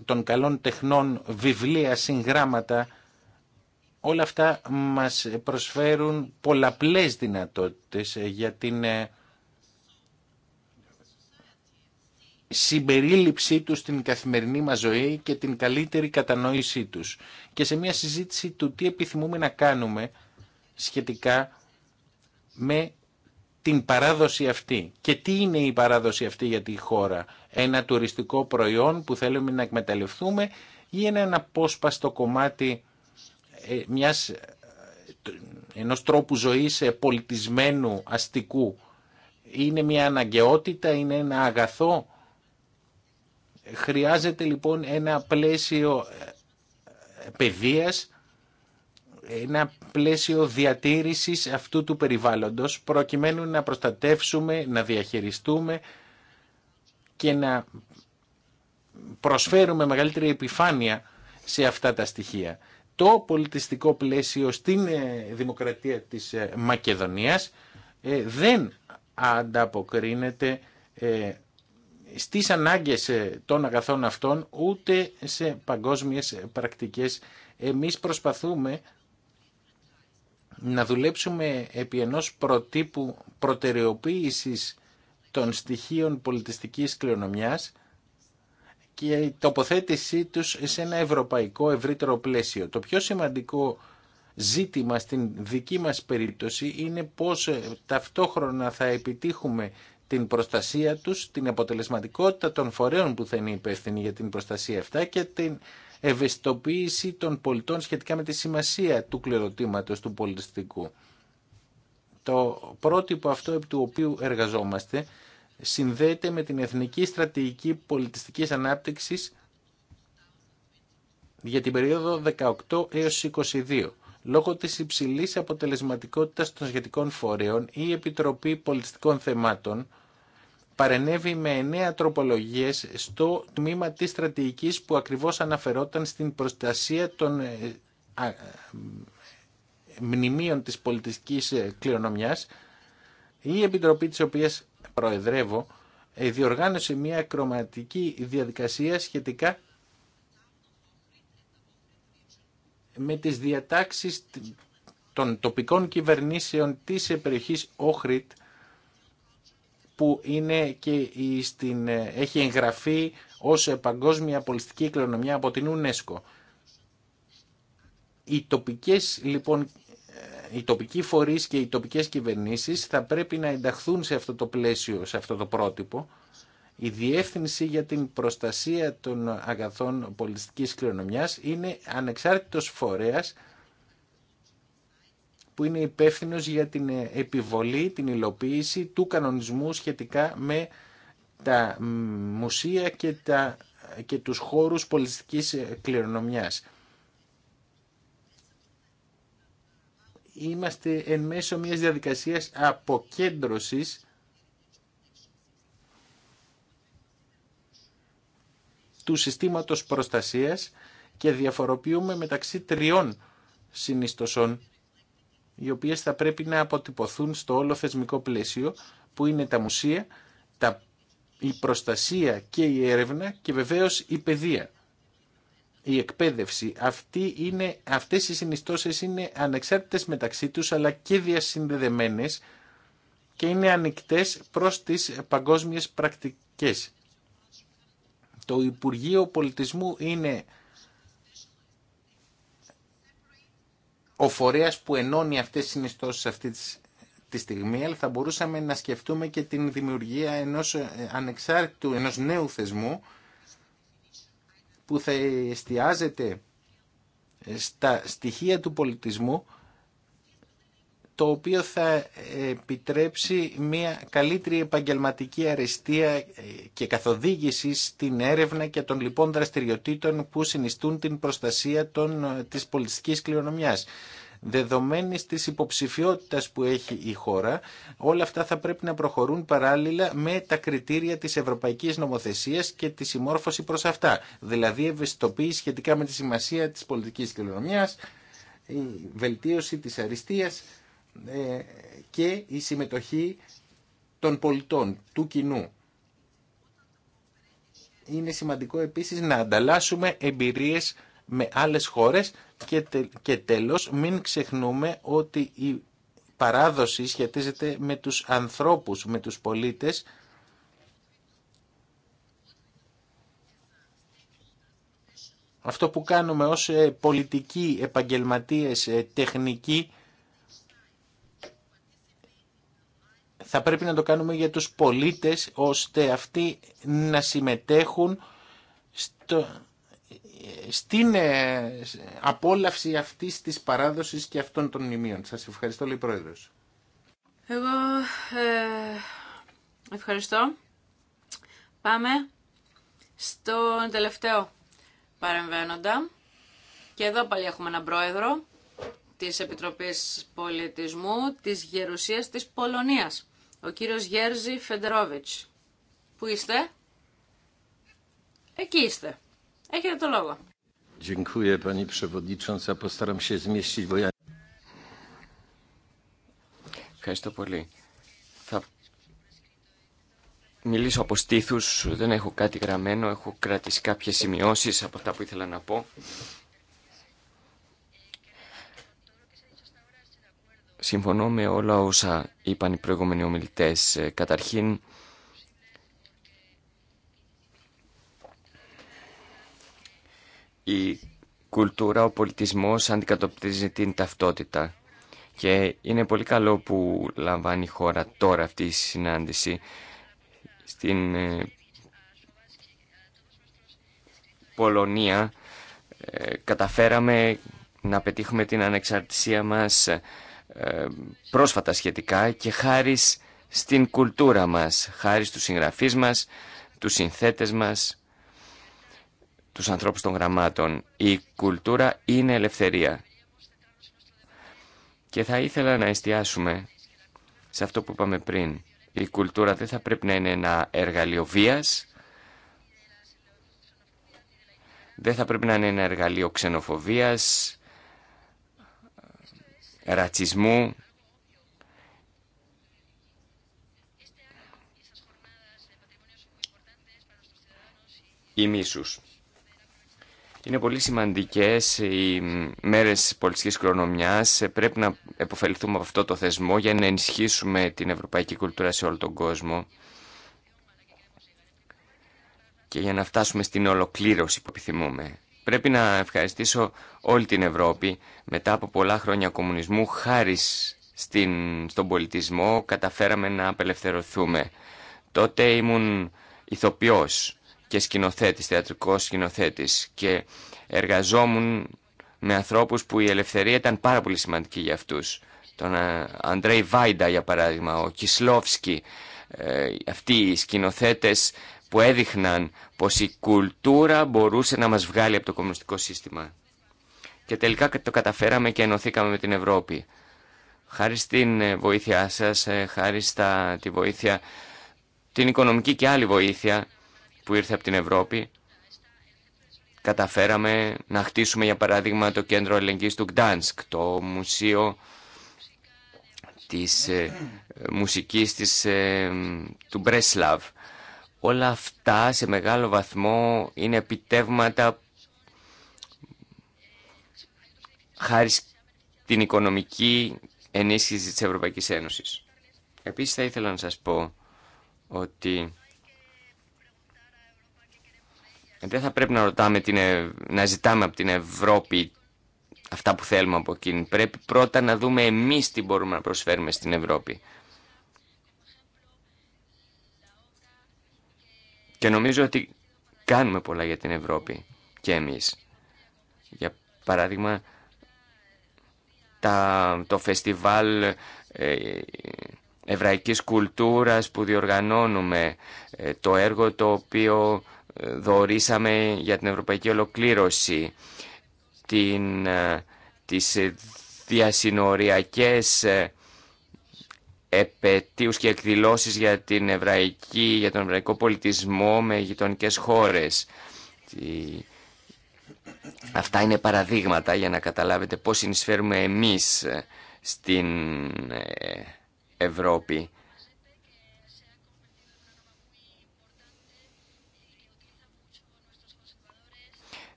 των καλών τεχνών, βιβλία, συγγράμματα. Όλα αυτά μας προσφέρουν πολλαπλές δυνατότητες ε, για την ε, συμπερίληψή τους στην καθημερινή μας ζωή και την καλύτερη κατανόησή τους. Και σε μια συζήτηση του τι επιθυμούμε να κάνουμε σχετικά με την παράδοση αυτή. Και τι είναι η παράδοση αυτή για τη χώρα. Ένα τουριστικό προϊόν που θέλουμε να εκμεταλλευτούμε ή είναι ένα απόσπαστο κομμάτι ε, μιας, ε, ενός τρόπου ζωής ε, πολιτισμένου, αστικού. Είναι μια αναγκαιότητα, είναι ένα αγαθό. Χρειάζεται λοιπόν ένα πλαίσιο παιδείας ένα πλαίσιο διατήρησης αυτού του περιβάλλοντος προκειμένου να προστατεύσουμε, να διαχειριστούμε και να προσφέρουμε μεγαλύτερη επιφάνεια σε αυτά τα στοιχεία. Το πολιτιστικό πλαίσιο στην ε, δημοκρατία της ε, Μακεδονίας ε, δεν ανταποκρίνεται στις ανάγκες των αγαθών αυτών ούτε σε παγκόσμιες πρακτικές. Εμείς προσπαθούμε να δουλέψουμε επί ενός προτύπου προτεραιοποίησης των στοιχείων πολιτιστικής κληρονομιάς και η τοποθέτησή τους σε ένα ευρωπαϊκό ευρύτερο πλαίσιο. Το πιο σημαντικό ζήτημα στην δική μας περίπτωση είναι πώς ε, ταυτόχρονα θα επιτύχουμε την προστασία τους, την αποτελεσματικότητα των φορέων που θα είναι υπεύθυνοι για την προστασία αυτά και ευαισθητοποίηση των πολιτών σχετικά με τη σημασία του κληροτήματος του πολιτιστικού. Το πρότυπο αυτό επί του οποίου εργαζόμαστε συνδέεται με την Εθνική Στρατηγική Πολιτιστικής Ανάπτυξης για την περίοδο 18 έως 22. Λόγω της υψηλής αποτελεσματικότητας των σχετικών φορέων, η Επιτροπή Πολιτιστικών Θεμάτων παρενέβη με εννέα τροπολογίες στο τμήμα της στρατηγικής που ακριβώς αναφερόταν στην προστασία των ε, ε, μνημείων της πολιτιστικής ε, κληρονομιάς. Η Επιτροπή της οποίας προεδρεύω διοργάνωσε μια ακροματική διαδικασία σχετικά με τις διατάξεις των τοπικών κυβερνήσεων της περιοχής Όχριτ που είναι και στην, ε, έχει εγγραφεί ως παγκόσμια πολιτιστική κληρονομιά από την UNESCO. Οι τοπικές λοιπόν ε, οι τοπικοί φορείς και οι τοπικές κυβερνήσεις θα πρέπει να ενταχθούν σε αυτό το πλαίσιο, σε αυτό το πρότυπο. Η Διεύθυνση για την Προστασία των Αγαθών Πολιτιστικής Κληρονομιάς είναι ανεξάρτητος φορέας που είναι υπεύθυνο για την ε, επιβολή, την υλοποίηση του κανονισμού σχετικά με τα μουσεία και, τα, και τους χώρους πολιτιστικής ε, κληρονομιάς. Είμαστε εν μέσω μιας διαδικασίας αποκέντρωσης του συστήματος προστασίας και διαφοροποιούμε μεταξύ τριών συνιστοσών οι οποίες θα πρέπει να αποτυπωθούν στο όλο θεσμικό πλαίσιο που είναι τα μουσεία, τα, η προστασία και η έρευνα και βεβαίως η παιδεία. Η εκπαίδευση. Αυτή είναι, αυτές οι συνιστώσεις είναι ανεξάρτητες μεταξύ τους αλλά και διασυνδεδεμένες και είναι ανοιχτές προς τις παγκόσμιες πρακτικές. Το Υπουργείο Πολιτισμού είναι ο φορέας που ενώνει αυτές τις συνιστώσεις αυτή τη στιγμή, αλλά θα μπορούσαμε να σκεφτούμε και την δημιουργία ενός ε, ανεξάρτητου, ενός νέου θεσμού που θα εστιάζεται ε, στα στοιχεία του πολιτισμού το οποίο θα επιτρέψει μια καλύτερη επαγγελματική αρεστία και καθοδήγηση στην έρευνα και των λοιπόν δραστηριοτήτων που συνιστούν την προστασία των, της πολιτιστικής κληρονομιάς. δεδομένη της υποψηφιότητα που έχει η χώρα, όλα αυτά θα πρέπει να προχωρούν παράλληλα με τα κριτήρια της Ευρωπαϊκή Νομοθεσία και τη συμμόρφωση προ αυτά, δηλαδή ευαισθητοποίηση σχετικά με τη σημασία τη πολιτική κληρονομιά, η βελτίωση της αριστείας ε, και η συμμετοχή των πολιτών, του κοινού. Είναι σημαντικό επίσης να ανταλλάσσουμε εμπειρίες με άλλες χώρες και, και τέλος μην ξεχνούμε ότι η παράδοση σχετίζεται με τους ανθρώπους, με τους πολίτες Αυτό που κάνουμε ως ε, πολιτικοί, επαγγελματίες, ε, τεχνικοί Θα πρέπει να το κάνουμε για τους πολίτες ώστε αυτοί να συμμετέχουν στο, στην ε, απόλαυση αυτής της παράδοσης και αυτών των μνημείων. Σας ευχαριστώ, λέει Πρόεδρος. Εγώ ε, ευχαριστώ. Πάμε στον τελευταίο παρεμβαίνοντα. Και εδώ πάλι έχουμε έναν πρόεδρο της Επιτροπής Πολιτισμού της Γερουσίας της Πολωνίας. Ο κύριος Γέρζη Φεντερόβιτς. Πού είστε? Εκεί είστε. Έχετε το λόγο. Dziękuję Pani Przewodnicząca. Postaram się zmieścić, bo ja... Ευχαριστώ πολύ. Θα μιλήσω από στήθους, δεν έχω κάτι γραμμένο, έχω κρατήσει κάποιες σημειώσεις από αυτά που ήθελα να πω. Συμφωνώ με όλα όσα είπαν οι προηγούμενοι ομιλητές. Ε, καταρχήν, η κουλτούρα, ο πολιτισμός αντικατοπτρίζει την ταυτότητα. Και είναι πολύ καλό που λαμβάνει η χώρα τώρα αυτή η συνάντηση στην ε, Πολωνία. Ε, καταφέραμε να πετύχουμε την ανεξαρτησία μας ε, πρόσφατα σχετικά και χάρη στην κουλτούρα μας, χάρη στους συγγραφείς μας, τους συνθέτες μας, τους ανθρώπους των γραμμάτων. Η κουλτούρα είναι ελευθερία. Και θα ήθελα να εστιάσουμε σε αυτό που είπαμε πριν. Η κουλτούρα δεν θα πρέπει να είναι ένα εργαλείο βίας, δεν θα πρέπει να είναι ένα εργαλείο ξενοφοβίας, ρατσισμού, ή μίσους. Είναι πολύ σημαντικές οι μέρες πολιτικής κληρονομιάς. Πρέπει να επωφεληθούμε από αυτό το θεσμό για να ενισχύσουμε την ευρωπαϊκή κουλτούρα σε όλο τον κόσμο και για να φτάσουμε στην ολοκλήρωση που επιθυμούμε. Πρέπει να ευχαριστήσω όλη την Ευρώπη μετά από πολλά χρόνια κομμουνισμού χάρη στην, στον πολιτισμό καταφέραμε να απελευθερωθούμε. Τότε ήμουν ηθοποιός και σκηνοθέτης, θεατρικός σκηνοθέτης και εργαζόμουν με ανθρώπους που η ελευθερία ήταν πάρα πολύ σημαντική για αυτούς. Τον ε, Αντρέι Βάιντα για παράδειγμα, ο Κισλόφσκι, ε, αυτοί οι σκηνοθέτες που έδειχναν πως η κουλτούρα μπορούσε να μας βγάλει από το κομμουνιστικό σύστημα. Και τελικά το καταφέραμε και ενωθήκαμε με την Ευρώπη. Χάρη στην ε, βοήθειά σας, ε, χάρη στα, τη βοήθεια, την οικονομική και άλλη βοήθεια που ήρθε από την Ευρώπη, καταφέραμε να χτίσουμε για παράδειγμα το κέντρο ελεγγύης του Γκτάνσκ, το μουσείο της ε, μουσικής της, του Μπρέσλαβ, Όλα αυτά σε μεγάλο βαθμό είναι επιτεύγματα χάρη στην οικονομική ενίσχυση της Ευρωπαϊκής Ένωσης. Επίσης θα ήθελα να σας πω ότι δεν θα πρέπει να, ρωτάμε την, να ζητάμε από την Ευρώπη αυτά που θέλουμε από εκείνη. Πρέπει πρώτα να δούμε εμείς τι μπορούμε να προσφέρουμε στην Ευρώπη. Και νομίζω ότι κάνουμε πολλά για την Ευρώπη και εμείς. Για παράδειγμα, τα, το φεστιβάλ ε, εβραϊκής κουλτούρας που διοργανώνουμε, ε, το έργο το οποίο ε, δωρήσαμε για την ευρωπαϊκή ολοκλήρωση, την, τις διασυνοριακές επαιτίους και εκδηλώσεις για, την εβραϊκή, για τον εβραϊκό πολιτισμό με γειτονικέ χώρες. Αυτά είναι παραδείγματα για να καταλάβετε πώς συνεισφέρουμε εμείς ε, στην ε, Ευρώπη.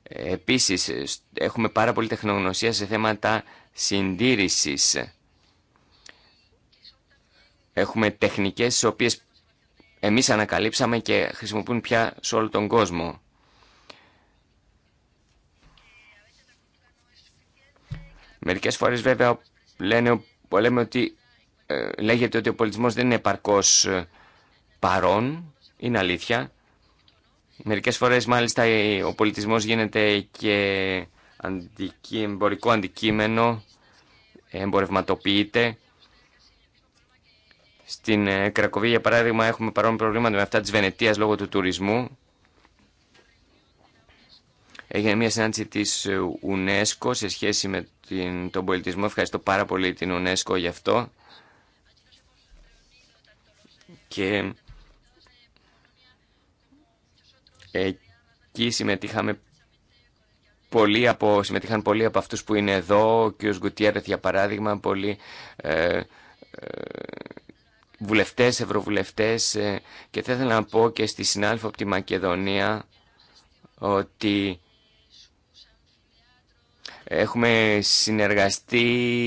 Επίσης, ε, έχουμε πάρα πολύ τεχνογνωσία σε θέματα συντήρησης Έχουμε τεχνικές τις οποίες εμείς ανακαλύψαμε και χρησιμοποιούν πια σε όλο τον κόσμο. Μερικές φορές βέβαια λένε, ότι, ε, λέγεται ότι ο πολιτισμός δεν είναι επαρκώς ε, παρόν, είναι αλήθεια. Μερικές φορές μάλιστα ε, ο πολιτισμός γίνεται και αντικεί, εμπορικό αντικείμενο, εμπορευματοποιείται. Στην ε, Κρακοβία, για παράδειγμα, έχουμε παρόμοια προβλήματα με αυτά τη βενετία λόγω του τουρισμού. Έγινε μια συνάντηση τη ε, UNESCO σε σχέση με την, τον πολιτισμό. Ευχαριστώ πάρα πολύ την UNESCO γι' αυτό. Και εκεί συμμετείχαμε πολλοί από, συμμετείχαν πολλοί από αυτούς που είναι εδώ, ο κ. Γκουτιέρεθ για παράδειγμα, πολύ βουλευτές, ευρωβουλευτές ε, και θα ήθελα να πω και στη συνάλφω από τη Μακεδονία ότι έχουμε συνεργαστεί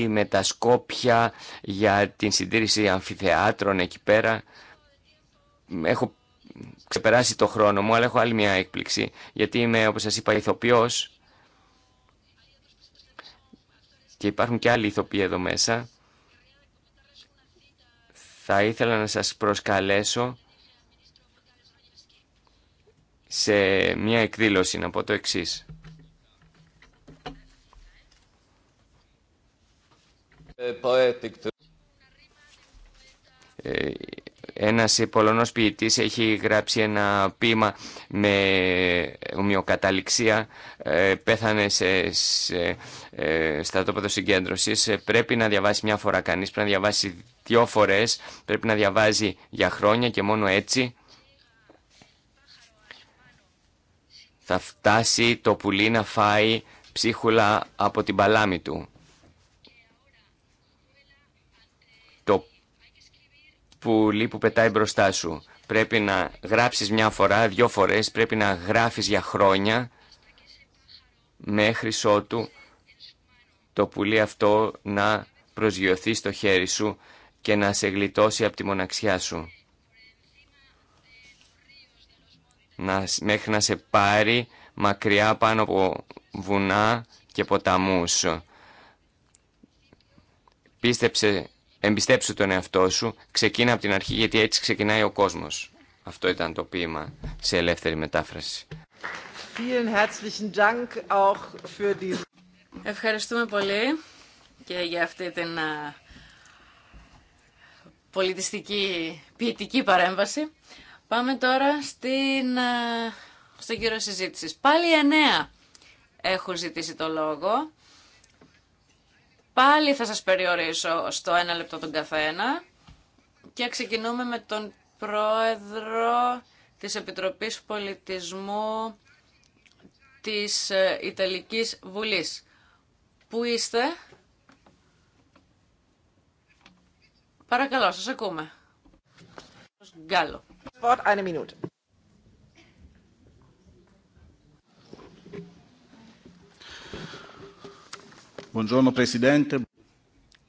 με τα Σκόπια για την συντήρηση αμφιθεάτρων εκεί πέρα. Έχω ξεπεράσει το χρόνο μου, αλλά έχω άλλη μια έκπληξη, γιατί είμαι, όπως σας είπα, ηθοποιός και υπάρχουν και άλλοι ηθοποιοί εδώ μέσα θα ήθελα να σας προσκαλέσω σε μια εκδήλωση, να πω το εξής. Ε, ένας Πολωνός ποιητής έχει γράψει ένα ποίημα με ομοιοκαταληξία, ε, πέθανε σε, σε, ε, του συγκέντρωσης. Ε, πρέπει να διαβάσει μια φορά κανείς, πρέπει να διαβάσει δυο φορές, πρέπει να διαβάζει για χρόνια και μόνο έτσι θα φτάσει το πουλί να φάει ψίχουλα από την παλάμη του. Που που πετάει μπροστά σου. Πρέπει να γράψεις μια φορά, δυο φορές, πρέπει να γράφεις για χρόνια μέχρι ότου το πουλί αυτό να προσγειωθεί στο χέρι σου και να σε γλιτώσει από τη μοναξιά σου. Να, μέχρι να σε πάρει μακριά πάνω από βουνά και ποταμούς. Πίστεψε Εμπιστέψου τον εαυτό σου, ξεκίνα από την αρχή γιατί έτσι ξεκινάει ο κόσμος. Αυτό ήταν το ποίημα σε ελεύθερη μετάφραση. Ευχαριστούμε πολύ και για αυτή την πολιτιστική ποιητική παρέμβαση. Πάμε τώρα στην, στον κύριο συζήτησης. Πάλι εννέα έχουν ζητήσει το λόγο. Πάλι θα σας περιορίσω στο ένα λεπτό τον καθένα και ξεκινούμε με τον πρόεδρο της Επιτροπής Πολιτισμού της ε, Ιταλικής Βουλής. Πού είστε? Παρακαλώ, σας ακούμε. Γκάλο.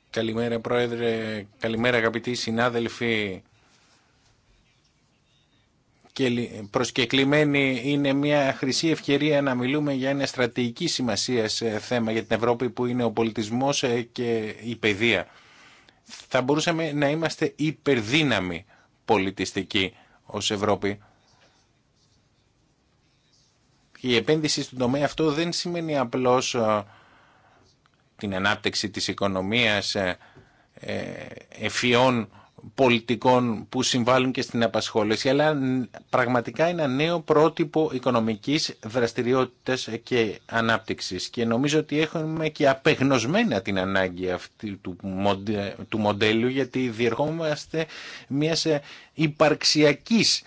Καλημέρα Πρόεδρε, καλημέρα αγαπητοί συνάδελφοι και προσκεκλημένη είναι μια χρυσή ευκαιρία να μιλούμε για ένα στρατηγική σημασία θέμα για την Ευρώπη που είναι ο πολιτισμός ε, και η παιδεία. Θα μπορούσαμε να είμαστε υπερδύναμοι πολιτιστικοί ως Ευρώπη. Η επένδυση στον τομέα αυτό δεν σημαίνει απλώς ε, την ανάπτυξη της οικονομίας, εφιών, ε, πολιτικών που συμβάλλουν και στην απασχόληση, αλλά πραγματικά είναι ένα νέο πρότυπο οικονομικής δραστηριότητας και ανάπτυξης. Και νομίζω ότι έχουμε και απεγνωσμένα την ανάγκη αυτή του, του μοντέλου, γιατί διερχόμαστε μια ε, υπαρξιακής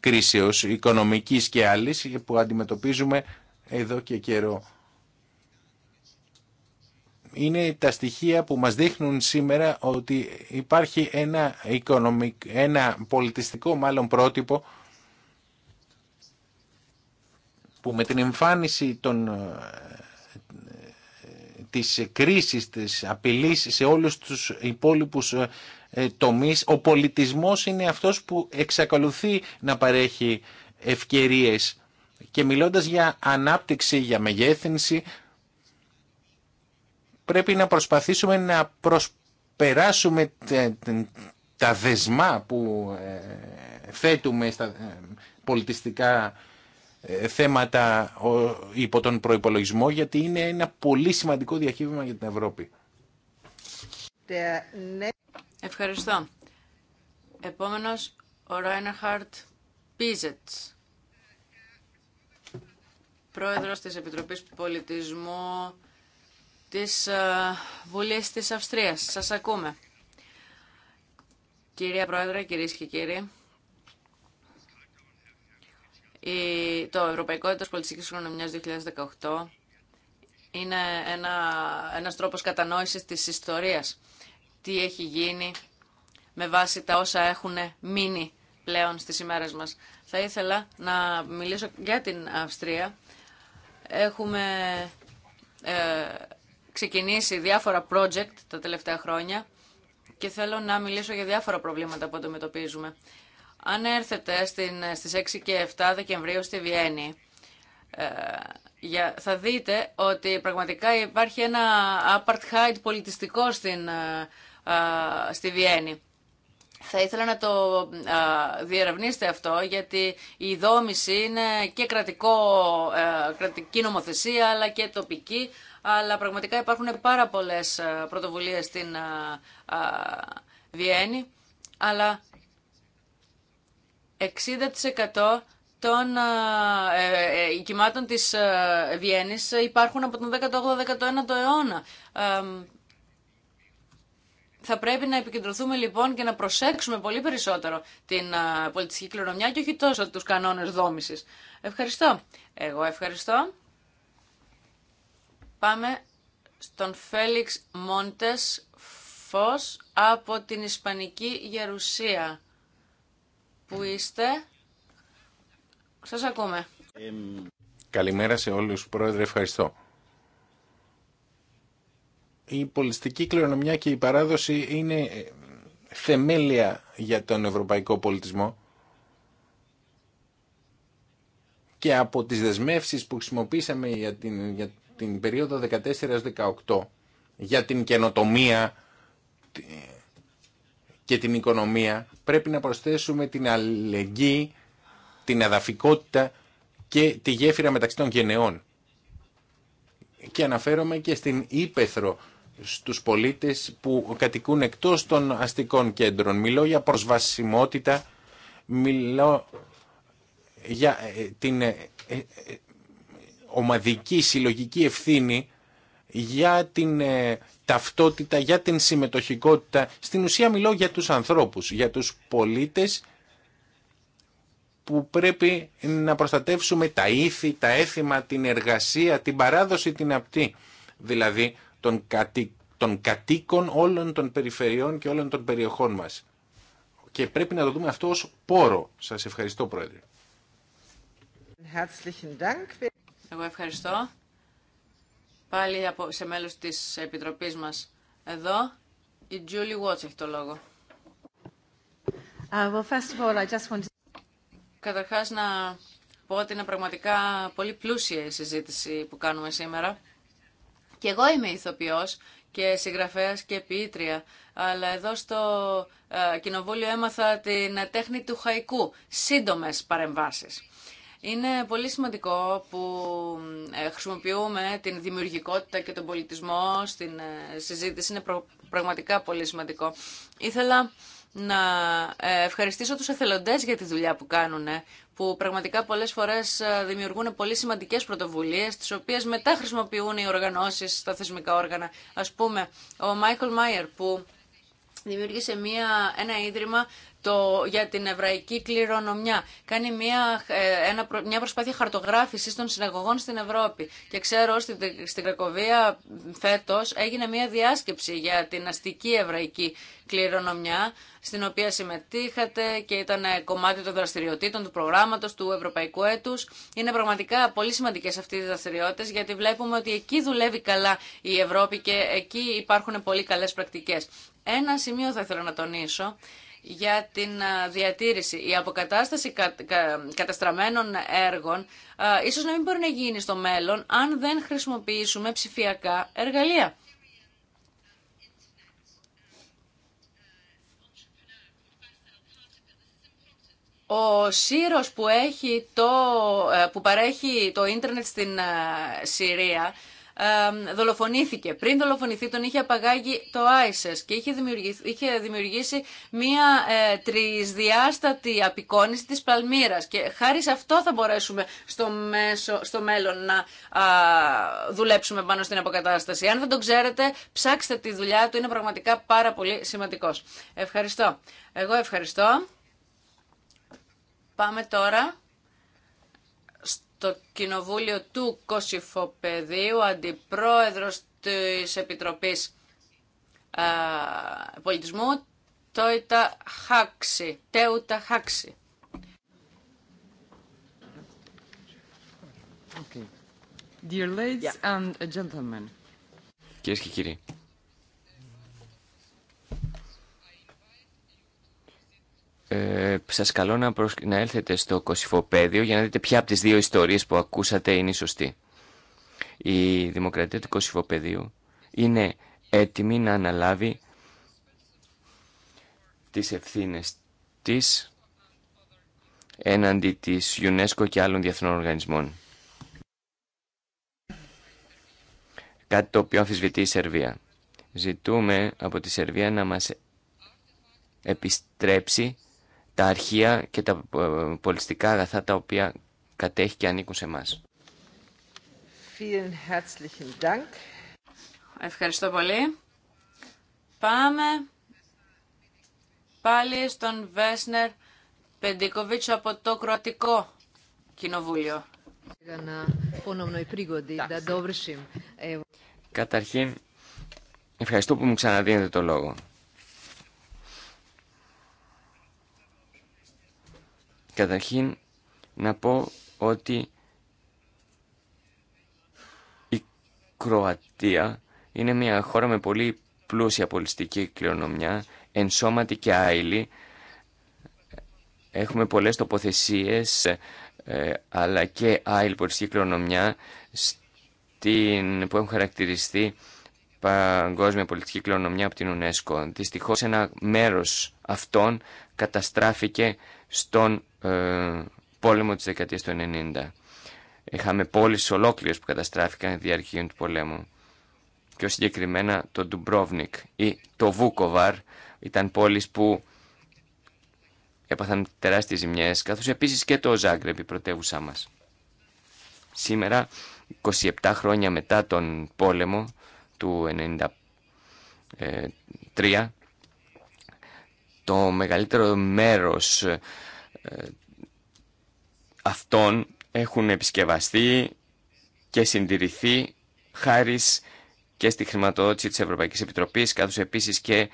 κρίσεως οικονομικής και άλλης που αντιμετωπίζουμε εδώ και καιρό είναι τα στοιχεία που μας δείχνουν σήμερα ότι υπάρχει ένα, ένα πολιτιστικό μάλλον πρότυπο που με την εμφάνιση των, ε, της κρίσης, της απειλής σε όλους τους υπόλοιπους ε, ε, τομείς, ο πολιτισμός είναι αυτός που εξακολουθεί να παρέχει ευκαιρίες και μιλώντας για ανάπτυξη, για μεγέθυνση, πρέπει να προσπαθήσουμε να προσπεράσουμε τα δεσμά που ε, θέτουμε στα ε, πολιτιστικά ε, θέματα υπό τον προϋπολογισμό γιατί είναι ένα πολύ σημαντικό διαχείριμα για την Ευρώπη. Ευχαριστώ. Επόμενος, ο Ράιναχαρτ Πίζετς, πρόεδρος της Επιτροπής Πολιτισμού της ε, Βουλής της Αυστρίας. Σας ακούμε. Κυρία Πρόεδρε, κυρίες και κύριοι, το Ευρωπαϊκό Έτος Πολιτικής Οικονομίας 2018 είναι ένα, ένας τρόπος κατανόησης της ιστορίας. Τι έχει γίνει με βάση τα όσα έχουν μείνει πλέον στις ημέρες μας. Θα ήθελα να μιλήσω για την Αυστρία. Έχουμε ε, ξεκινήσει διάφορα project τα τελευταία χρόνια και θέλω να μιλήσω για διάφορα προβλήματα που αντιμετωπίζουμε. Αν έρθετε στην, στις 6 και 7 Δεκεμβρίου στη Βιέννη, ε, θα δείτε ότι πραγματικά υπάρχει ένα apartheid πολιτιστικό στην, ε, στη Βιέννη. Θα ήθελα να το διερευνήσετε αυτό, γιατί η δόμηση είναι και κρατικό, ε, κρατική νομοθεσία, αλλά και τοπική αλλά πραγματικά υπάρχουν πάρα πολλές ε, πρωτοβουλίες στην ε, ε, Βιέννη, αλλά 60% των κυμάτων της Βιέννης υπάρχουν από τον 18 19 αιώνα. Θα πρέπει να επικεντρωθούμε λοιπόν και να προσέξουμε πολύ περισσότερο την πολιτιστική κληρονομιά και όχι τόσο τους κανόνες δόμησης. Ευχαριστώ. Εγώ ευχαριστώ. Πάμε στον Φέλιξ Μόντες Φως από την Ισπανική Γερουσία. Πού είστε? Σας ακούμε. Καλημέρα σε όλους, Πρόεδρε, ευχαριστώ. Η πολιστική κληρονομιά και η παράδοση είναι ε, θεμέλια για τον ευρωπαϊκό πολιτισμό και από τις δεσμεύσεις που χρησιμοποίησαμε για, την, για την περίοδο 14-18 για την καινοτομία και την οικονομία πρέπει να προσθέσουμε την αλληλεγγύη, την αδαφικότητα και τη γέφυρα μεταξύ των γενεών. Και αναφέρομαι και στην ύπεθρο στους πολίτες που κατοικούν εκτός των αστικών κέντρων. Μιλώ για προσβασιμότητα, μιλώ για την ε, ε, ε, ομαδική συλλογική ευθύνη για την ε, ταυτότητα, για την συμμετοχικότητα. Στην ουσία μιλώ για τους ανθρώπους, για τους πολίτες που πρέπει να προστατεύσουμε τα ήθη, τα έθιμα, την εργασία, την παράδοση, την απτή. Δηλαδή των, κατοίκων όλων των περιφερειών και όλων των περιοχών μας. Και πρέπει να το δούμε αυτό ως πόρο. Σας ευχαριστώ Πρόεδρε. Εγώ ευχαριστώ. Πάλι από, σε μέλος της Επιτροπής μας εδώ, η Julie Watts έχει το λόγο. Uh, I just Καταρχάς να πω ότι είναι πραγματικά πολύ πλούσια η συζήτηση που κάνουμε σήμερα. Και εγώ είμαι ηθοποιός και συγγραφέας και ποιήτρια, αλλά εδώ στο ε, κοινοβούλιο έμαθα την τέχνη του χαϊκού, σύντομες παρεμβάσεις. Είναι πολύ σημαντικό που ε, χρησιμοποιούμε την δημιουργικότητα και τον πολιτισμό στην ε, συζήτηση. Είναι πραγματικά πολύ σημαντικό. Ήθελα να ε, ευχαριστήσω τους εθελοντές για τη δουλειά που κάνουν, που πραγματικά πολλές φορές δημιουργούν πολύ σημαντικές πρωτοβουλίες, τις οποίες μετά χρησιμοποιούν οι οργανώσεις, τα θεσμικά όργανα. Ας πούμε, ο Μάικλ Μάιερ που δημιούργησε μια, ένα ίδρυμα το, για την εβραϊκή κληρονομιά. Κάνει μια, ε, μια προσπάθεια χαρτογράφηση των συναγωγών στην Ευρώπη. Και ξέρω στην, στην Κρακοβία φέτο έγινε μια διάσκεψη για την αστική εβραϊκή κληρονομιά, στην οποία συμμετείχατε και ήταν κομμάτι των δραστηριοτήτων του προγράμματο του Ευρωπαϊκού Έτου. Είναι πραγματικά πολύ σημαντικέ αυτέ οι δραστηριότητε, γιατί βλέπουμε ότι εκεί δουλεύει καλά η Ευρώπη και εκεί υπάρχουν πολύ καλέ πρακτικέ. Ένα σημείο θα ήθελα να τονίσω για την διατήρηση. Η αποκατάσταση καταστραμμένων έργων ίσως να μην μπορεί να γίνει στο μέλλον αν δεν χρησιμοποιήσουμε ψηφιακά εργαλεία. Ο σύρος που, έχει το, ε, που παρέχει το ίντερνετ στην Συρία δολοφονήθηκε. Πριν δολοφονηθεί τον είχε απαγάγει το ΆΙΣΕΣ και είχε δημιουργήσει, είχε δημιουργήσει μία ε, τρισδιάστατη απεικόνηση της Παλμύρας και χάρη σε αυτό θα μπορέσουμε στο, μέσο, στο μέλλον να δουλέψουμε πάνω στην αποκατάσταση. Αν δεν το ξέρετε, ψάξτε τη δουλειά του, είναι πραγματικά πάρα πολύ σημαντικός. Ευχαριστώ. Εγώ ευχαριστώ. Πάμε τώρα το Κοινοβούλιο του Κωσυφοπεδίου, αντιπρόεδρος της Επιτροπής α, ε, Πολιτισμού, Τόιτα Χάξη, Τέουτα Χάξη. Okay. Κυρίες και κύριοι, ε, σας καλώ να, να έλθετε στο Κωσυφοπαίδιο για να δείτε ποια από τις δύο ιστορίες που ακούσατε είναι η σωστή. Η δημοκρατία του Κωσυφοπαιδίου είναι έτοιμη να αναλάβει τι ευθύνε της έναντι της UNESCO και άλλων διεθνών οργανισμών. Κάτι το οποίο αμφισβητεί η Σερβία. Ζητούμε από τη Σερβία να μας επιστρέψει τα αρχεία και τα ε, πολιστικά αγαθά τα οποία κατέχει και ανήκουν σε εμά. Ευχαριστώ πολύ. Πάμε πάλι στον Βέσνερ Πεντικοβίτσο από το Κροατικό Κοινοβούλιο. Ε, Καταρχήν, ευχαριστώ που μου ξαναδίνετε το λόγο. Καταρχήν να πω ότι η Κροατία είναι μια χώρα με πολύ πλούσια πολιστική κληρονομιά, ενσώματη και άειλη. Έχουμε πολλές τοποθεσίες ε, αλλά και άειλη πολιστική κληρονομιά στην, που έχουν χαρακτηριστεί παγκόσμια πολιτική κληρονομιά από την UNESCO. Δυστυχώς ένα μέρος αυτών καταστράφηκε στον ε, πόλεμο της δεκαετίας του 90. Είχαμε πόλεις ολόκληρες που καταστράφηκαν διαρχείων του πολέμου. Πιο συγκεκριμένα το Ντουμπρόβνικ ή το Βούκοβαρ ήταν πόλεις που έπαθαν τεράστιες ζημιές, καθώς επίσης και το Ζάγκρεπ, η πρωτεύουσά μας. Σήμερα, 27 χρόνια μετά τον πόλεμο του 1993, το μεγαλύτερο μέρος ε, αυτών έχουν επισκευαστεί και συντηρηθεί χάρη και στη χρηματοδότηση της Ευρωπαϊκής Επιτροπής, καθώς επίσης και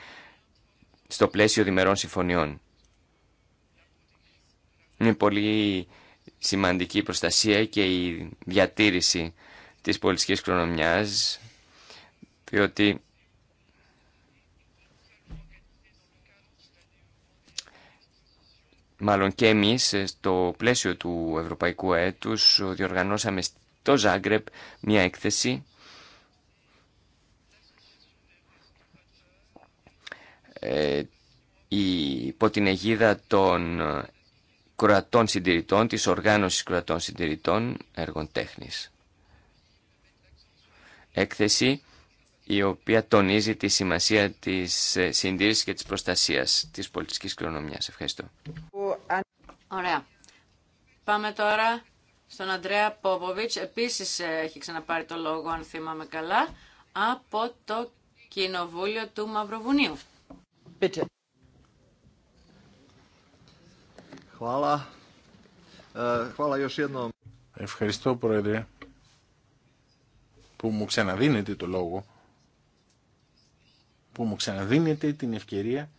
στο πλαίσιο διμερών συμφωνιών. Είναι πολύ σημαντική η προστασία και η διατήρηση της πολιτικής κληρονομιάς, διότι μάλλον και εμείς ε, στο πλαίσιο του Ευρωπαϊκού Έτους ε, διοργανώσαμε στο Ζάγκρεπ μια έκθεση ε, υπό την αιγίδα των κροατών συντηρητών, της οργάνωσης κροατών συντηρητών έργων τέχνης. Έκθεση η οποία τονίζει τη σημασία της συντήρησης και της προστασίας της πολιτικής κληρονομιάς. Ευχαριστώ. Ωραία. Πάμε τώρα στον Αντρέα Πόποβιτς. Επίσης ε, έχει ξαναπάρει το λόγο, αν θυμάμαι καλά, από το Κοινοβούλιο του Μαυροβουνίου. Ε, Ευχαριστώ, Πρόεδρε, που μου ξαναδίνετε το λόγο, που μου ξαναδίνετε την ευκαιρία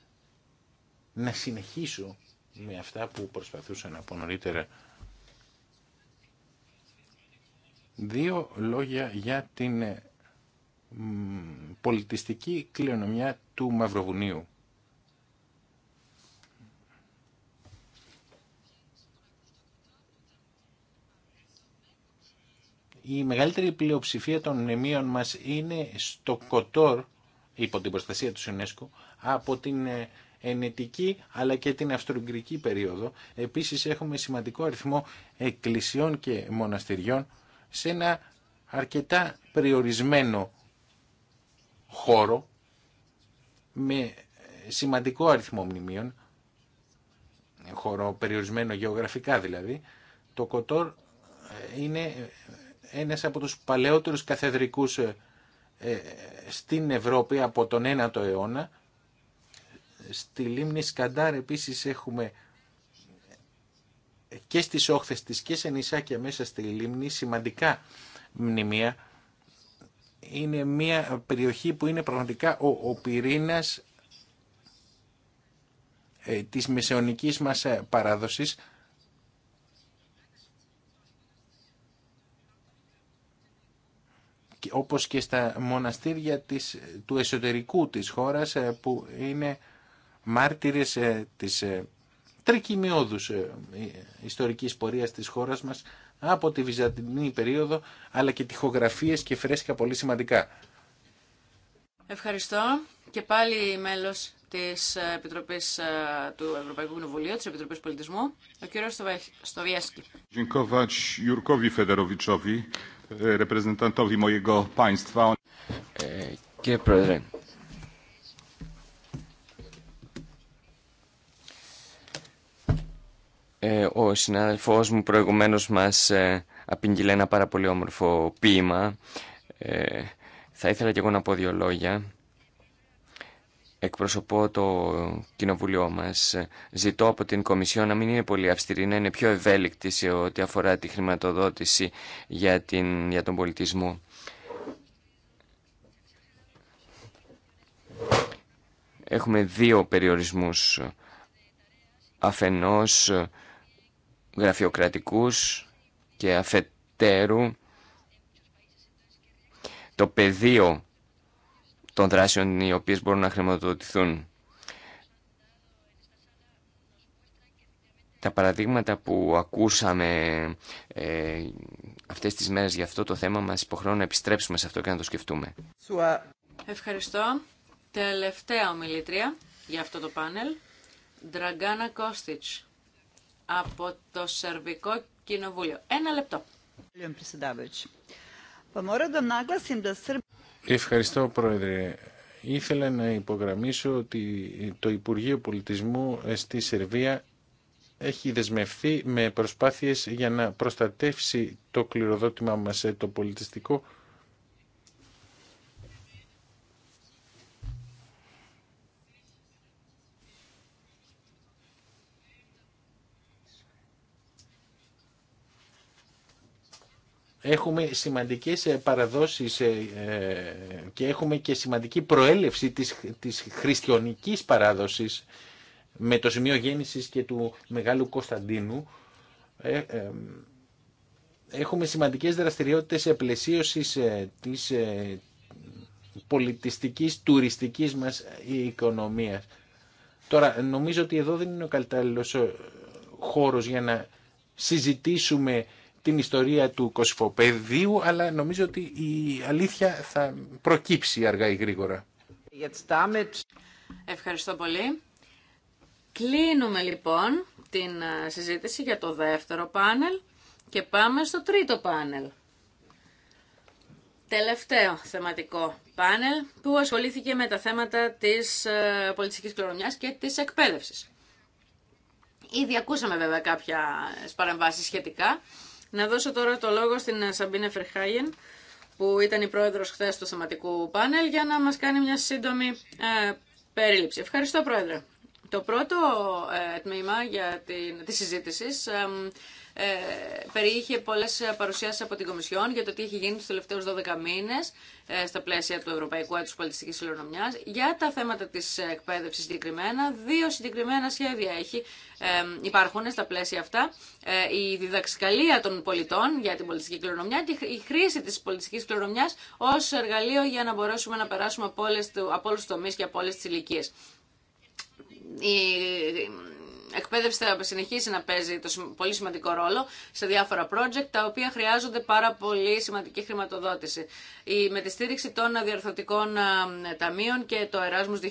να συνεχίσω με αυτά που προσπαθούσα να πω νωρίτερα. Δύο λόγια για την ε, πολιτιστική κληρονομιά του Μαυροβουνίου. η μεγαλύτερη πλειοψηφία των μνημείων μας είναι στο Κοτόρ, υπό την προστασία του UNESCO, από την ε, ενετική αλλά και την αυστρογγρική περίοδο. Επίσης έχουμε σημαντικό αριθμό εκκλησιών και μοναστηριών σε ένα αρκετά περιορισμένο χώρο με σημαντικό αριθμό μνημείων, χώρο περιορισμένο γεωγραφικά δηλαδή, το Κοτόρ ε, είναι ένας από τους παλαιότερους καθεδρικούς ε, ε, στην Ευρώπη από τον 9ο αιώνα Στη λίμνη Σκαντάρ επίσης έχουμε και στις όχθες της και σε νησάκια μέσα στη λίμνη σημαντικά μνημεία. Είναι μια περιοχή που είναι πραγματικά ο, ο πυρήνας ε, της μεσαιωνικής μας ε, παράδοσης. όπως και στα μοναστήρια της, του εσωτερικού της χώρας ε, που είναι μάρτυρες ε, της ε, τρικυμιώδους ε, ιστορικής πορείας της χώρας μας από τη Βυζαντινή περίοδο, αλλά και τυχογραφίες και φρέσκα πολύ σημαντικά. Ευχαριστώ. Και πάλι μέλος της Επιτροπής του Ευρωπαϊκού Κοινοβουλίου, της Επιτροπής Πολιτισμού, ο κύριος Στοβιέσκη. E, και πρόεδρε, Ε, ο συνάδελφός μου προηγουμένως μας ε, ένα πάρα πολύ όμορφο ποίημα. Ε, θα ήθελα και εγώ να πω δύο λόγια. Εκπροσωπώ το κοινοβουλίο μας. Ζητώ από την Κομισιό να μην είναι πολύ αυστηρή, να είναι πιο ευέλικτη σε ό,τι αφορά τη χρηματοδότηση για, την, για τον πολιτισμό. Έχουμε δύο περιορισμούς. Αφενός γραφειοκρατικούς και αφετέρου το πεδίο των δράσεων οι οποίες μπορούν να χρηματοδοτηθούν. Τα παραδείγματα που ακούσαμε ε, αυτές τις μέρες για αυτό το θέμα μας υποχρεώνουν να επιστρέψουμε σε αυτό και να το σκεφτούμε. Ευχαριστώ. Τελευταία ομιλήτρια για αυτό το πάνελ. Dragana Kostic από το Σερβικό Κοινοβούλιο. Ένα λεπτό. Ευχαριστώ, Πρόεδρε. Ήθελα να υπογραμμίσω ότι το Υπουργείο Πολιτισμού ε, στη Σερβία έχει δεσμευθεί με προσπάθειες για να προστατεύσει το κληροδότημά μας, ε, το πολιτιστικό Έχουμε σημαντικές ε, παραδόσεις ε, ε, και έχουμε και σημαντική προέλευση της, της χριστιανικής παράδοσης με το σημείο γέννησης και του Μεγάλου Κωνσταντίνου. Έχουμε σημαντικές δραστηριότητες επλαισίωσης της πολιτιστικής, τουριστικής μας οικονομίας. Τώρα, νομίζω ότι εδώ δεν είναι ο καλύτερος χώρος για να συζητήσουμε την ιστορία του κοσφοπεδίου, αλλά νομίζω ότι η αλήθεια θα προκύψει αργά ή γρήγορα. Ευχαριστώ πολύ. Κλείνουμε λοιπόν την ε, συζήτηση για το δεύτερο πάνελ και πάμε στο τρίτο πάνελ. Τελευταίο θεματικό πάνελ που ασχολήθηκε με τα θέματα της ε, πολιτιστικής κληρονομιάς και της εκπαίδευσης. Ήδη ακούσαμε βέβαια κάποια παρεμβάσεις σχετικά. Να δώσω τώρα το λόγο στην ε, Σαμπίνε Φερχάγεν, που ήταν η πρόεδρος χθες του θεματικού πάνελ, για να μας κάνει μια σύντομη ε, περίληψη. Ευχαριστώ, πρόεδρε. Το πρώτο ε, τμήμα για την, της ε, περιείχε πολλές παρουσιάσει από την Κομισιόν για το τι έχει γίνει του τελευταίους 12 μήνε ε, στα πλαίσια του Ευρωπαϊκού Έτου Πολιτιστική Συλλονομιάς. Για τα θέματα τη εκπαίδευση συγκεκριμένα, δύο συγκεκριμένα σχέδια έχει, ε, υπάρχουν στα πλαίσια αυτά. Ε, η διδαξικαλία των πολιτών για την πολιτιστική κληρονομιά και η χρήση τη πολιτιστική κληρονομιά ω εργαλείο για να μπορέσουμε να περάσουμε από, όλες, από όλους και από όλε τι ηλικίε εκπαίδευση θα συνεχίσει να παίζει το πολύ σημαντικό ρόλο σε διάφορα project τα οποία χρειάζονται πάρα πολύ σημαντική χρηματοδότηση. Η, με τη στήριξη των διαρθωτικών ταμείων και το Erasmus 2020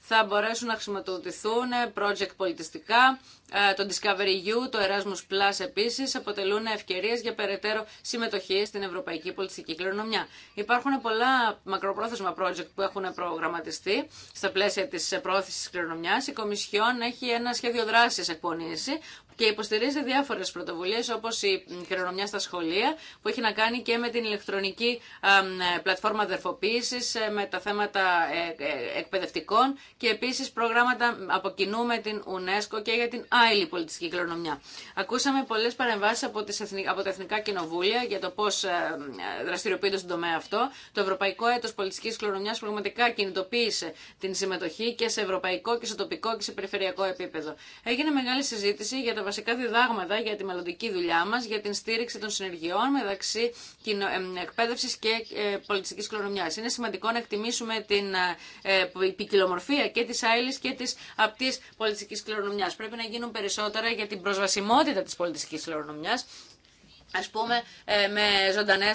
θα μπορέσουν να χρηματοδοτηθούν ε, project πολιτιστικά, ε, το Discovery U, το Erasmus Plus επίσης αποτελούν ευκαιρίες για περαιτέρω συμμετοχή στην ευρωπαϊκή πολιτιστική κληρονομιά. Υπάρχουν πολλά μακροπρόθεσμα project που έχουν προγραμματιστεί στα πλαίσια της πρόθεσης κληρονομιά. Η Κομισιόν έχει ένα σχέδιο δράσης εκπονήσει και υποστηρίζει διάφορε πρωτοβουλίε όπω η χειρονομιά στα σχολεία που έχει να κάνει και με την ηλεκτρονική ε, πλατφόρμα αδερφοποίηση, ε, με τα θέματα ε, εκπαιδευτικών και επίση προγράμματα από κοινού με την UNESCO και για την άλλη πολιτιστική κληρονομιά. Ακούσαμε πολλέ παρεμβάσει από, από τα Εθνικά Κοινοβούλια για το πώ δραστηριοποιείται στον τομέα αυτό. Το Ευρωπαϊκό Έτο Πολιτιστική Κληρονομιά πραγματικά κινητοποίησε την συμμετοχή και σε ευρωπαϊκό και σε τοπικό και σε περιφερειακό επίπεδο. Έγινε μεγάλη συζήτηση για το βασικά διδάγματα για τη μελλοντική δουλειά μα για την στήριξη των συνεργειών μεταξύ εκπαίδευση και ε, πολιτιστική κληρονομιάς. Είναι σημαντικό να εκτιμήσουμε την ε, ποικιλομορφία και τη άειλης και τη απτή πολιτιστική κληρονομιάς. Πρέπει να γίνουν περισσότερα για την προσβασιμότητα της πολιτιστική κληρονομιά. α πούμε, ε, με ζωντανέ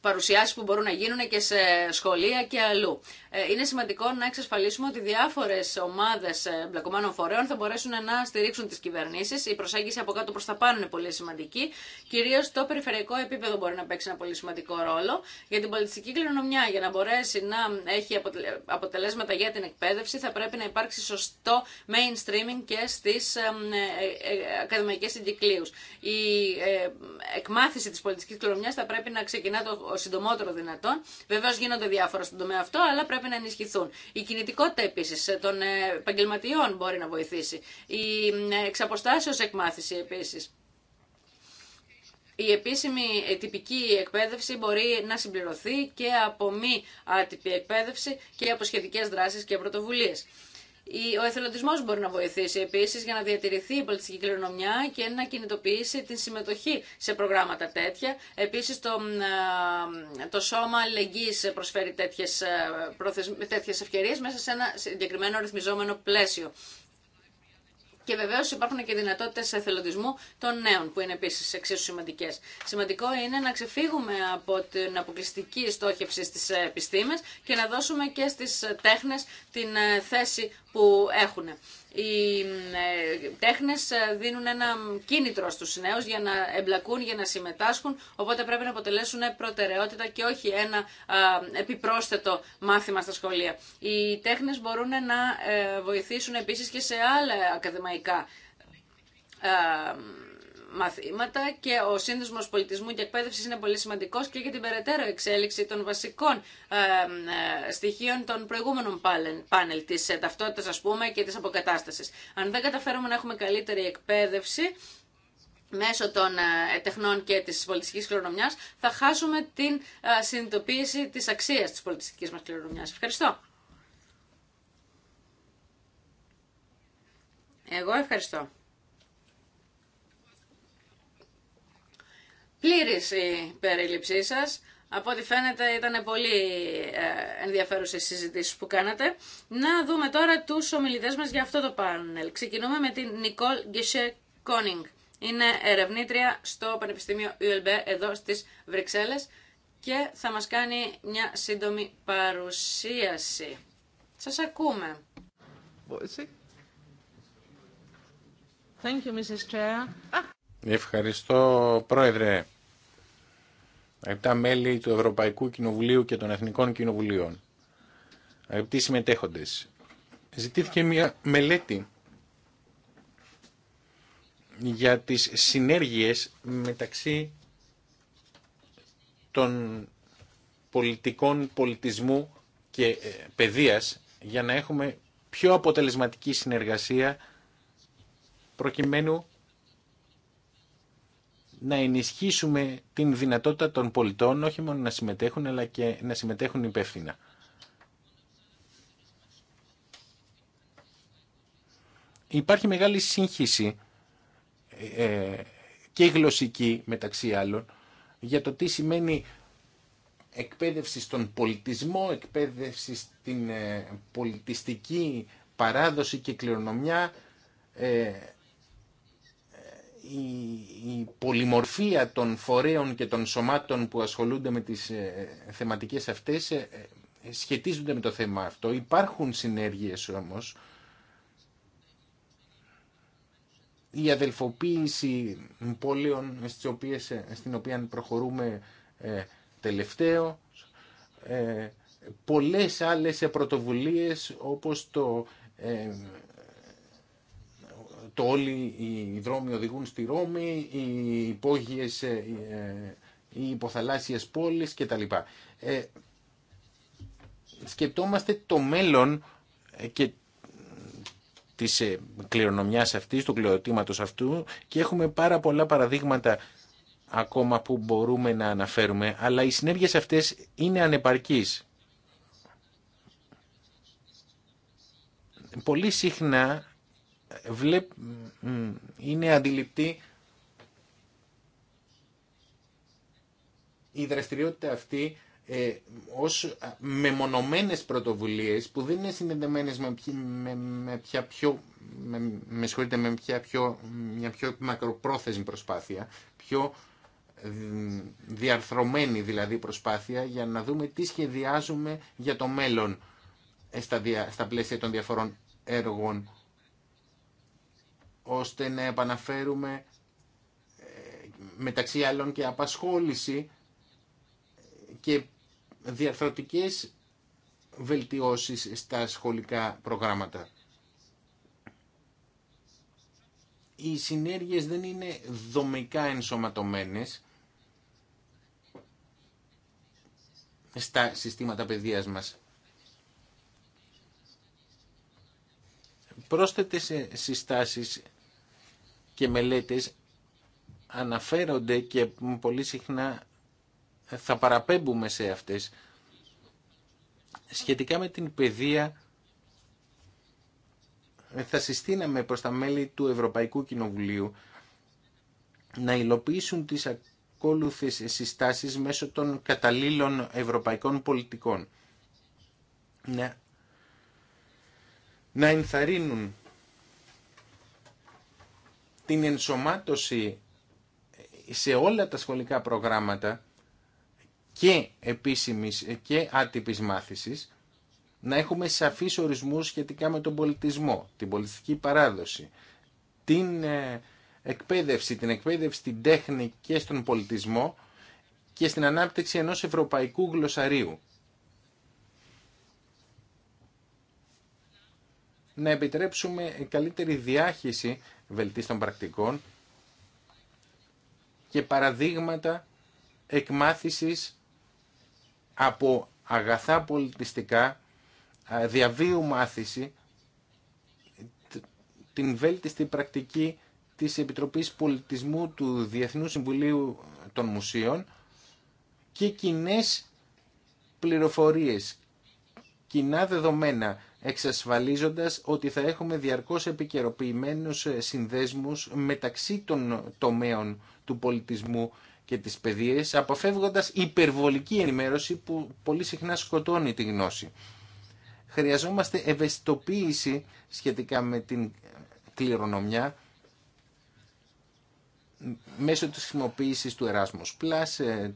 παρουσιάσει που μπορούν να γίνουν και σε σχολεία και αλλού. Ε, είναι σημαντικό να εξασφαλίσουμε ότι διάφορε ομάδε ε, εμπλεκομένων φορέων θα μπορέσουν να στηρίξουν τι κυβερνήσει. Η προσέγγιση από κάτω προ τα πάνω είναι πολύ σημαντική. Κυρίω το περιφερειακό επίπεδο μπορεί να παίξει ένα πολύ σημαντικό ρόλο. Για την πολιτιστική κληρονομιά, για να μπορέσει να έχει αποτελέσματα για την εκπαίδευση, θα πρέπει να υπάρξει σωστό mainstreaming και στι ε, ακαδημαϊκέ συγκυκλίου. Η εκμάθηση τη πολιτιστική κληρονομιά θα πρέπει να ξεκινά το συντομότερο δυνατόν. Βεβαίω γίνονται διάφορα στον τομέα αυτό, αλλά πρέπει να ενισχυθούν. Η κινητικότητα επίση ε, των ε, επαγγελματιών μπορεί να βοηθήσει. Η ε, εξαποστάσεω εκμάθηση επίση. Η επίσημη τυπική εκπαίδευση μπορεί να συμπληρωθεί και από μη άτυπη εκπαίδευση και από σχετικές δράσεις και πρωτοβουλίες. Ο εθελοντισμό μπορεί να βοηθήσει επίσης για να διατηρηθεί η πολιτική κληρονομιά και να κινητοποιήσει την συμμετοχή σε προγράμματα τέτοια. Επίσης το, το Σώμα σε προσφέρει τέτοιε ε, ευκαιρίε μέσα σε ένα συγκεκριμένο ρυθμιζόμενο πλαίσιο. Και βεβαίω υπάρχουν και δυνατότητε εθελοντισμού των νέων, που είναι επίση εξίσου σημαντικέ. Σημαντικό είναι να ξεφύγουμε από την αποκλειστική στόχευση στι επιστήμε και να δώσουμε και στι τέχνε την ε, θέση που έχουν οι ε, τέχνες ε, δίνουν ένα κίνητρο στους νέους για να εμπλακούν, για να συμμετάσχουν, οπότε πρέπει να αποτελέσουν προτεραιότητα και όχι ένα επιπρόσθετο μάθημα στα σχολεία. Οι τέχνες μπορούν να ε, βοηθήσουν επίσης και σε άλλα ακαδημαϊκά μαθήματα και ο σύνδεσμος πολιτισμού και εκπαίδευση είναι πολύ σημαντικό και για την περαιτέρω εξέλιξη των βασικών ε, στοιχείων των προηγούμενων πάνελ της ε, ταυτότητα ας πούμε και τη αποκατάσταση. Αν δεν καταφέρουμε να έχουμε καλύτερη εκπαίδευση μέσω των ε, τεχνών και τη πολιτιστική κληρονομιάς θα χάσουμε την συνειδητοποίηση τη αξία τη πολιτιστική μα κληρονομιά. Ευχαριστώ. Εγώ ευχαριστώ. πλήρης η περίληψή σας. Από ό,τι φαίνεται ήταν πολύ ε, ενδιαφέρουσες οι συζητήσεις που κάνατε. Να δούμε τώρα τους ομιλητέ μας για αυτό το πάνελ. Ξεκινούμε με την Νικόλ Γκισε Κόνιγκ. Είναι ερευνήτρια στο Πανεπιστήμιο ULB εδώ στις Βρυξέλλες και θα μας κάνει μια σύντομη παρουσίαση. Σας ακούμε. Ευχαριστώ, Πρόεδρε. Αγαπητά μέλη του Ευρωπαϊκού Κοινοβουλίου και των Εθνικών Κοινοβουλίων. Αγαπητοί συμμετέχοντες. Ζητήθηκε μια μελέτη για τις συνέργειες μεταξύ των πολιτικών πολιτισμού και ε, παιδείας για να έχουμε πιο αποτελεσματική συνεργασία προκειμένου να ενισχύσουμε την δυνατότητα των πολιτών όχι μόνο να συμμετέχουν αλλά και να συμμετέχουν υπεύθυνα. Υπάρχει μεγάλη σύγχυση ε, και γλωσσική μεταξύ άλλων για το τι σημαίνει εκπαίδευση στον πολιτισμό, εκπαίδευση στην ε, πολιτιστική παράδοση και κληρονομιά, ε, η πολυμορφία των φορέων και των σωμάτων που ασχολούνται με τις ε, θεματικές αυτές ε, ε, σχετίζονται με το θέμα αυτό. Υπάρχουν συνέργειες όμως. Η αδελφοποίηση πόλεων στις οποίες, στην οποία προχωρούμε τελευταίο. Πολλές άλλες πρωτοβουλίες όπως το το όλοι οι δρόμοι οδηγούν στη Ρώμη, οι υπόγειες, ε, ε, οι υποθαλάσσιες πόλεις κτλ. Ε, σκεπτόμαστε το μέλλον ε, και της κληρονομιάς αυτής, του κληροτήματος αυτού και έχουμε πάρα πολλά παραδείγματα ακόμα που μπορούμε να αναφέρουμε, αλλά οι συνέργειες αυτές είναι ανεπαρκείς. Πολύ συχνά βλέπ, είναι αντιληπτή η δραστηριότητα αυτή ε, ως μεμονωμένες πρωτοβουλίες που δεν είναι συνδεδεμένες με, με, πια πιο, με, με, πια πιο, μια πιο μακροπρόθεσμη προσπάθεια, πιο διαρθρωμένη δηλαδή προσπάθεια για να δούμε τι σχεδιάζουμε για το μέλλον ε, στα, δια, στα πλαίσια των διαφορών έργων ώστε να επαναφέρουμε ε, μεταξύ άλλων και απασχόληση και διαρθρωτικές βελτιώσεις στα σχολικά προγράμματα. Οι συνέργειες δεν είναι δομικά ενσωματωμένες στα συστήματα παιδείας μας. Πρόσθετες συστάσεις και μελέτες αναφέρονται και πολύ συχνά θα παραπέμπουμε σε αυτές σχετικά με την παιδεία θα συστήναμε προς τα μέλη του Ευρωπαϊκού Κοινοβουλίου να υλοποιήσουν τις ακόλουθες συστάσεις μέσω των καταλήλων ευρωπαϊκών πολιτικών. Να, να ενθαρρύνουν την ενσωμάτωση σε όλα τα σχολικά προγράμματα και επίσημης και άτυπης μάθησης, να έχουμε σαφείς ορισμούς σχετικά με τον πολιτισμό, την πολιτιστική παράδοση, την ε, εκπαίδευση, την εκπαίδευση στην τέχνη και στον πολιτισμό και στην ανάπτυξη ενός ευρωπαϊκού γλωσσαρίου. Να επιτρέψουμε καλύτερη διάχυση βελτίστων πρακτικών και παραδείγματα εκμάθησης από αγαθά πολιτιστικά, διαβίου μάθηση, την βέλτιστη πρακτική της Επιτροπής Πολιτισμού του Διεθνού Συμβουλίου των Μουσείων και κοινέ πληροφορίες, κοινά δεδομένα εξασφαλίζοντας ότι θα έχουμε διαρκώς επικαιροποιημένους ε, συνδέσμους μεταξύ των τομέων του πολιτισμού και της παιδείας, αποφεύγοντας υπερβολική ενημέρωση που πολύ συχνά σκοτώνει τη γνώση. Χρειαζόμαστε ευαισθητοποίηση σχετικά με την κληρονομιά, μέσω της χρησιμοποίηση του Erasmus Plus, ε,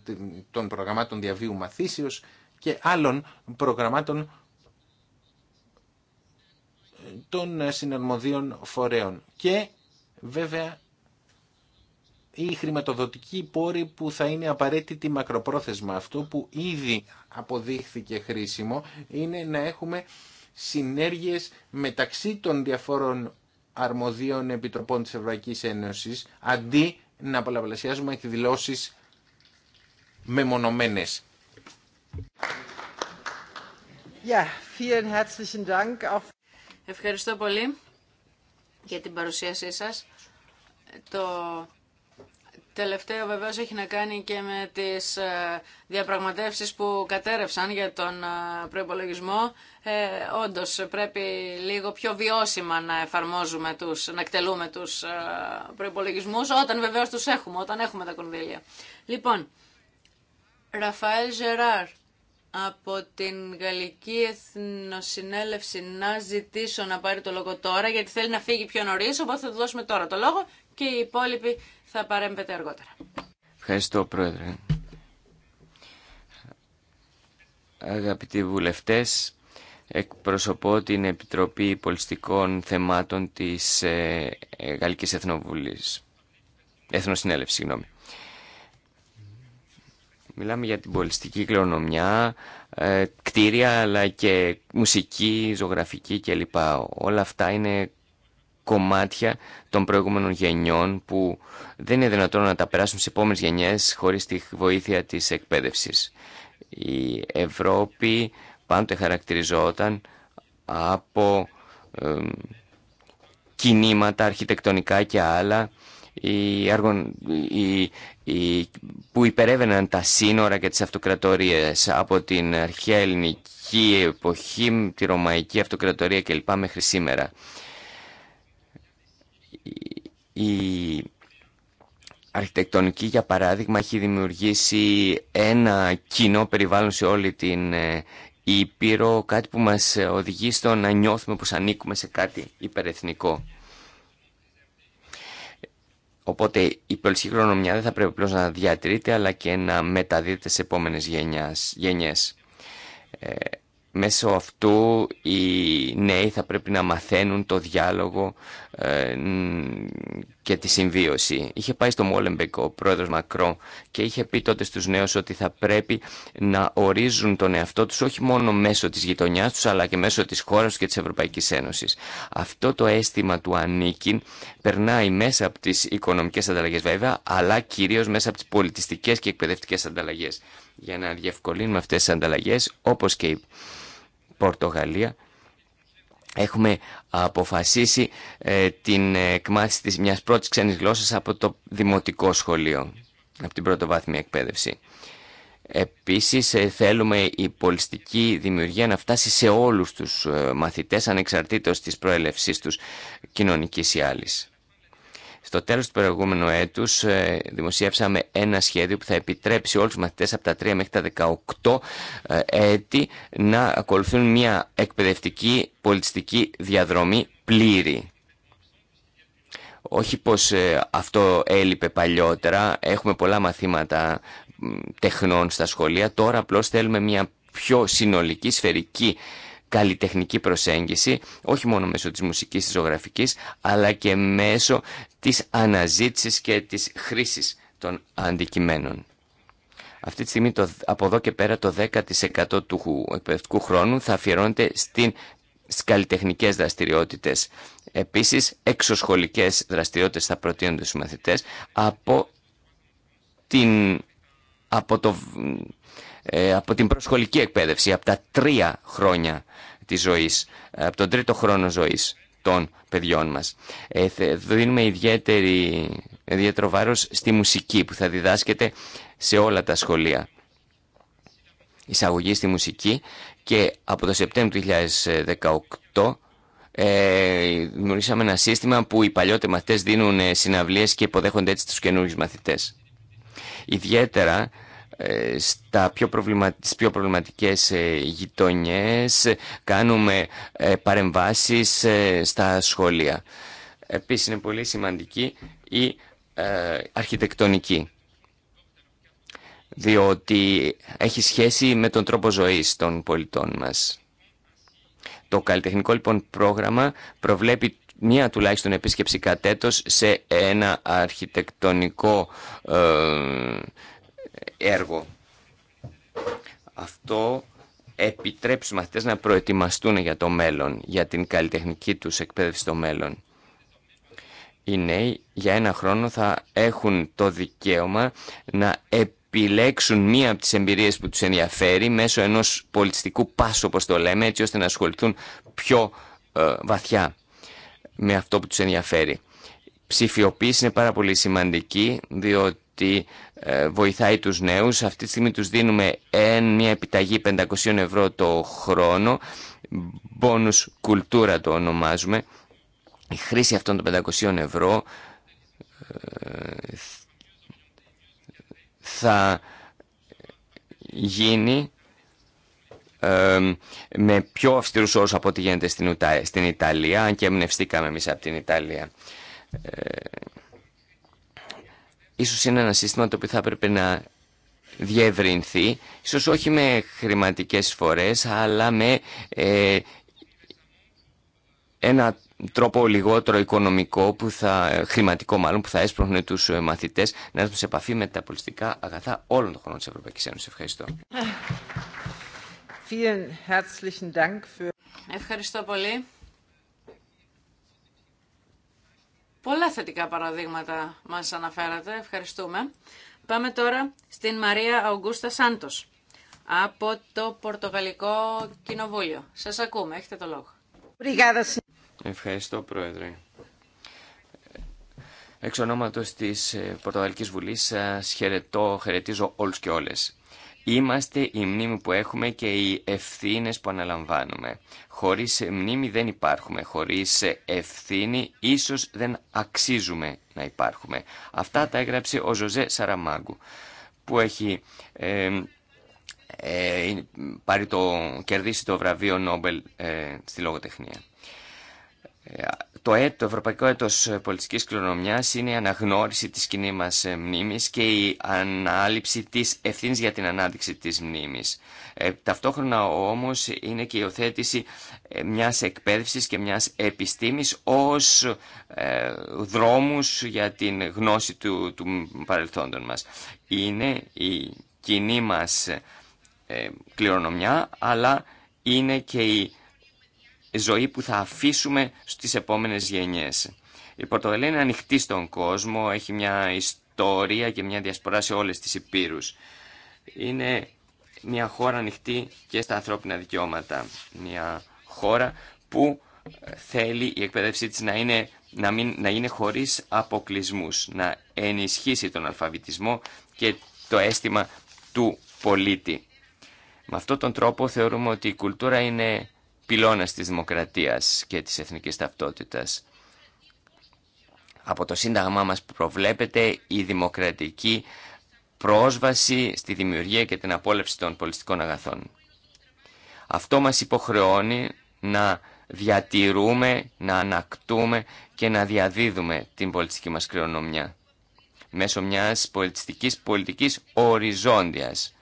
των προγραμμάτων διαβίου μαθήσεως και άλλων προγραμμάτων των συναρμοδίων φορέων. Και βέβαια η χρηματοδοτική πόρη που θα είναι απαραίτητη μακροπρόθεσμα. Αυτό που ήδη αποδείχθηκε χρήσιμο είναι να έχουμε συνέργειες μεταξύ των διαφόρων αρμοδίων επιτροπών της Ευρωπαϊκής Ένωσης αντί να πολλαπλασιάζουμε εκδηλώσεις μεμονωμένες. Ja, vielen herzlichen Ευχαριστώ πολύ για την παρουσίασή σας. Το τελευταίο βεβαίως έχει να κάνει και με τις ε, διαπραγματεύσεις που κατέρευσαν για τον ε, προϋπολογισμό. Ε, όντως πρέπει λίγο πιο βιώσιμα να εφαρμόζουμε τους, να εκτελούμε τους ε, προϋπολογισμούς, όταν βεβαίως τους έχουμε, όταν έχουμε τα κονδύλια. Λοιπόν, Ραφαέλ Ζεράρ από την Γαλλική Εθνοσυνέλευση να ζητήσω να πάρει το λόγο τώρα, γιατί θέλει να φύγει πιο νωρίς, οπότε θα του δώσουμε τώρα το λόγο και οι υπόλοιποι θα παρέμβετε αργότερα. Ευχαριστώ, Πρόεδρε. Αγαπητοί βουλευτές, εκπροσωπώ την Επιτροπή Πολιστικών Θεμάτων της ε, ε, Γαλλικής Εθνοβουλής. Εθνοσυνέλευση, συγγνώμη. Μιλάμε για την πολιστική κληρονομιά, ε, κτίρια αλλά και μουσική, ζωγραφική κλπ. Όλα αυτά είναι κομμάτια των προηγούμενων γενιών που δεν είναι δυνατόν να τα περάσουν στις επόμενες γενιές χωρίς τη βοήθεια της εκπαίδευσης. Η Ευρώπη πάντοτε χαρακτηριζόταν από κινήματα αρχιτεκτονικά και άλλα οι, που υπερεύαιναν τα σύνορα και τις αυτοκρατορίες από την αρχαία ελληνική εποχή, τη ρωμαϊκή αυτοκρατορία κλπ. μέχρι σήμερα. Η, η αρχιτεκτονική, για παράδειγμα, έχει δημιουργήσει ένα κοινό περιβάλλον σε όλη την ε, Ήπειρο, κάτι που μας οδηγεί στο να νιώθουμε πως ανήκουμε σε κάτι υπερεθνικό. Οπότε η πολιτική δεν θα πρέπει απλώ να διατηρείται αλλά και να μεταδίδεται σε επόμενες γενιάς, γενιές. Ε, μέσω αυτού οι νέοι θα πρέπει να μαθαίνουν το διάλογο ε, και τη συμβίωση. Είχε πάει στο Μόλεμπεκ ο πρόεδρο Μακρό και είχε πει τότε στους νέους ότι θα πρέπει να ορίζουν τον εαυτό τους όχι μόνο μέσω τη γειτονιά τους αλλά και μέσω της χώρας και της Ευρωπαϊκής Ένωσης. Αυτό το αίσθημα του ανήκει περνάει μέσα από τι οικονομικές ανταλλαγές βέβαια αλλά κυρίως μέσα από τι πολιτιστικέ και εκπαιδευτικέ ανταλλαγέ. Για να διευκολύνουμε αυτέ τι ανταλλαγέ όπω και η Πορτογαλία Έχουμε αποφασίσει ε, την εκμάθηση της μιας πρώτης ξένης γλώσσας από το δημοτικό σχολείο, από την πρωτοβάθμια εκπαίδευση. Επίσης ε, θέλουμε η πολιστική δημιουργία να φτάσει σε όλους τους ε, μαθητές ανεξαρτήτως της προέλευσής τους κοινωνικής ή άλλης. Στο τέλος του προηγούμενου έτους ε, δημοσίευσαμε ένα σχέδιο που θα επιτρέψει όλους του μαθητές από τα 3 μέχρι τα 18 ε, έτη να ακολουθούν μια εκπαιδευτική πολιτιστική διαδρομή πλήρη. Όχι πως ε, αυτό έλειπε παλιότερα, έχουμε πολλά μαθήματα τεχνών στα σχολεία, τώρα απλώς θέλουμε μια πιο συνολική σφαιρική καλλιτεχνική προσέγγιση, όχι μόνο μέσω της μουσικής, της ζωγραφικής, αλλά και μέσω της αναζήτησης και της χρήσης των αντικειμένων. Αυτή τη στιγμή το, από εδώ και πέρα το 10% του εκπαιδευτικού χρόνου θα αφιερώνεται στην, στις καλλιτεχνικές δραστηριότητες. Επίσης, εξωσχολικές δραστηριότητες θα προτείνονται στους μαθητές από, την, από το ε, από την προσχολική εκπαίδευση, από τα τρία χρόνια της ζωής, από τον τρίτο χρόνο ζωής των παιδιών μας. Ε, δίνουμε ιδιαίτερη, ιδιαίτερο βάρος στη μουσική που θα διδάσκεται σε όλα τα σχολεία. Εισαγωγή στη μουσική και από το Σεπτέμβριο του 2018 ε, δημιουργήσαμε ένα σύστημα που οι παλιότεροι μαθητές δίνουν συναυλίες και υποδέχονται έτσι τους καινούριου μαθητές. Ιδιαίτερα ε, στα πιο προβλημα... στις πιο προβληματικές ε, γειτονιές, ε, κάνουμε παρεμβάσεις στα σχολεία. Επίσης είναι πολύ σημαντική η αρχιτεκτονική, διότι έχει σχέση με τον τρόπο ζωής των πολιτών μας. Το καλλιτεχνικό λοιπόν πρόγραμμα προβλέπει μία τουλάχιστον επίσκεψη κατέτος σε ένα αρχιτεκτονικό έργο. Αυτό επιτρέπει στους μαθητές να προετοιμαστούν για το μέλλον, για την καλλιτεχνική τους εκπαίδευση στο μέλλον. Οι νέοι για ένα χρόνο θα έχουν το δικαίωμα να επιλέξουν μία από τις εμπειρίες που τους ενδιαφέρει μέσω ενός πολιτιστικού πάσου, όπως το λέμε, έτσι ώστε να ασχοληθούν πιο ε, βαθιά με αυτό που τους ενδιαφέρει. Ψηφιοποίηση είναι πάρα πολύ σημαντική, διότι ότι ε, βοηθάει τους νέους. Αυτή τη στιγμή τους δίνουμε μια επιταγή 500 ευρώ το χρόνο, bonus κουλτούρα το ονομάζουμε. Η χρήση αυτών των 500 ευρώ ε, θα γίνει ε, με πιο αυστηρούς όρους από ό,τι γίνεται στην Ιταλία, αν και εμπνευστήκαμε εμείς από την Ιταλία. Ίσως είναι ένα σύστημα το οποίο θα έπρεπε να διευρυνθεί, ίσως όχι με χρηματικές φορές, αλλά με ε, ένα τρόπο λιγότερο οικονομικό, που θα, χρηματικό μάλλον, που θα έσπρωχνε τους ε, μαθητές να έρθουν σε επαφή με τα πολιτικά αγαθά όλων των χρόνων της Ευρωπαϊκής Ένωσης. Ευχαριστώ. Ευχαριστώ πολύ. Πολλά θετικά παραδείγματα μας αναφέρατε. Ευχαριστούμε. Πάμε τώρα στην Μαρία Αουγκούστα Σάντος από το Πορτογαλικό Κοινοβούλιο. Σας ακούμε. Έχετε το λόγο. Ευχαριστώ, Πρόεδρε. Εξ ονόματος της ε, Πορτογαλικής Βουλής σας χαιρετώ, χαιρετίζω όλους και όλες. Είμαστε η μνήμη που έχουμε και οι ευθύνε που αναλαμβάνουμε. Χωρί μνήμη δεν υπάρχουμε. χωρί ευθύνη ίσω δεν αξίζουμε να υπάρχουμε. Αυτά τα έγραψε ο Ζωζέ Σαραμάγκου που έχει ε, πάρει το, κερδίσει το βραβείο Νόμπελ ε, στη λογοτεχνία. Το, Ευρωπαϊκό Έτος Πολιτικής Κληρονομιάς είναι η αναγνώριση της κοινή μας ε, μνήμης και η ανάληψη της ευθύνης για την ανάδειξη της μνήμης. Ε, ταυτόχρονα όμως είναι και η οθέτηση ε, μιας εκπαίδευσης και μιας επιστήμης ως ε, δρόμους για την γνώση του, του παρελθόντων μας. Είναι η κοινή μας κληρονομιά αλλά είναι και η ζωή που θα αφήσουμε στις επόμενες γενιές. Η Πορτογαλία είναι ανοιχτή στον κόσμο, έχει μια ιστορία και μια διασπορά σε όλες τις υπήρους. Είναι μια χώρα ανοιχτή και στα ανθρώπινα δικαιώματα. Μια χώρα που ε, θέλει η εκπαίδευσή της να, είναι, να, μην, είναι χωρίς αποκλισμούς, να ενισχύσει τον αλφαβητισμό και το αίσθημα του πολίτη. Με αυτόν τον τρόπο θεωρούμε ότι η κουλτούρα είναι πυλώνας της δημοκρατίας και της εθνικής ταυτότητας. Από το Σύνταγμά μας προβλέπεται η δημοκρατική πρόσβαση στη δημιουργία και την απόλευση των πολιτικών αγαθών. Αυτό μας υποχρεώνει να διατηρούμε, να ανακτούμε και να διαδίδουμε την πολιτική μας κληρονομιά μέσω μιας πολιτιστικής πολιτικής οριζόντιας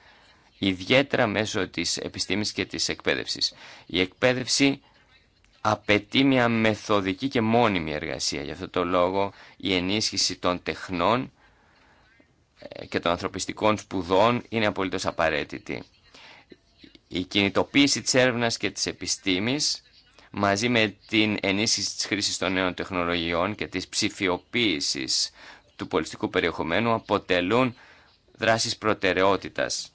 ιδιαίτερα μέσω της επιστήμης και της εκπαίδευσης. Η εκπαίδευση απαιτεί μια μεθοδική και μόνιμη εργασία. Γι' αυτό το λόγο η ενίσχυση των τεχνών ε, και των ανθρωπιστικών σπουδών είναι απολύτως απαραίτητη. Η κινητοποίηση της έρευνας και της επιστήμης μαζί με την ενίσχυση της χρήσης των νέων τεχνολογιών και της ψηφιοποίησης του πολιστικού περιεχομένου αποτελούν δράσεις προτεραιότητας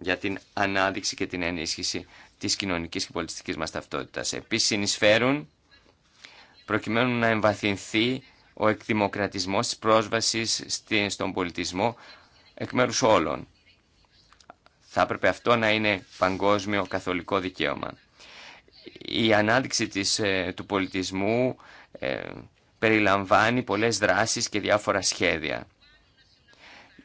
για την ανάδειξη και την ενίσχυση της κοινωνικής και πολιτιστικής μας ταυτότητας. Επίσης συνεισφέρουν προκειμένου να εμβαθυνθεί ο εκδημοκρατισμός της πρόσβασης στον πολιτισμό εκ μέρους όλων. Θα έπρεπε αυτό να είναι παγκόσμιο καθολικό δικαίωμα. Η ανάδειξη της, ε, του πολιτισμού ε, περιλαμβάνει πολλές δράσεις και διάφορα σχέδια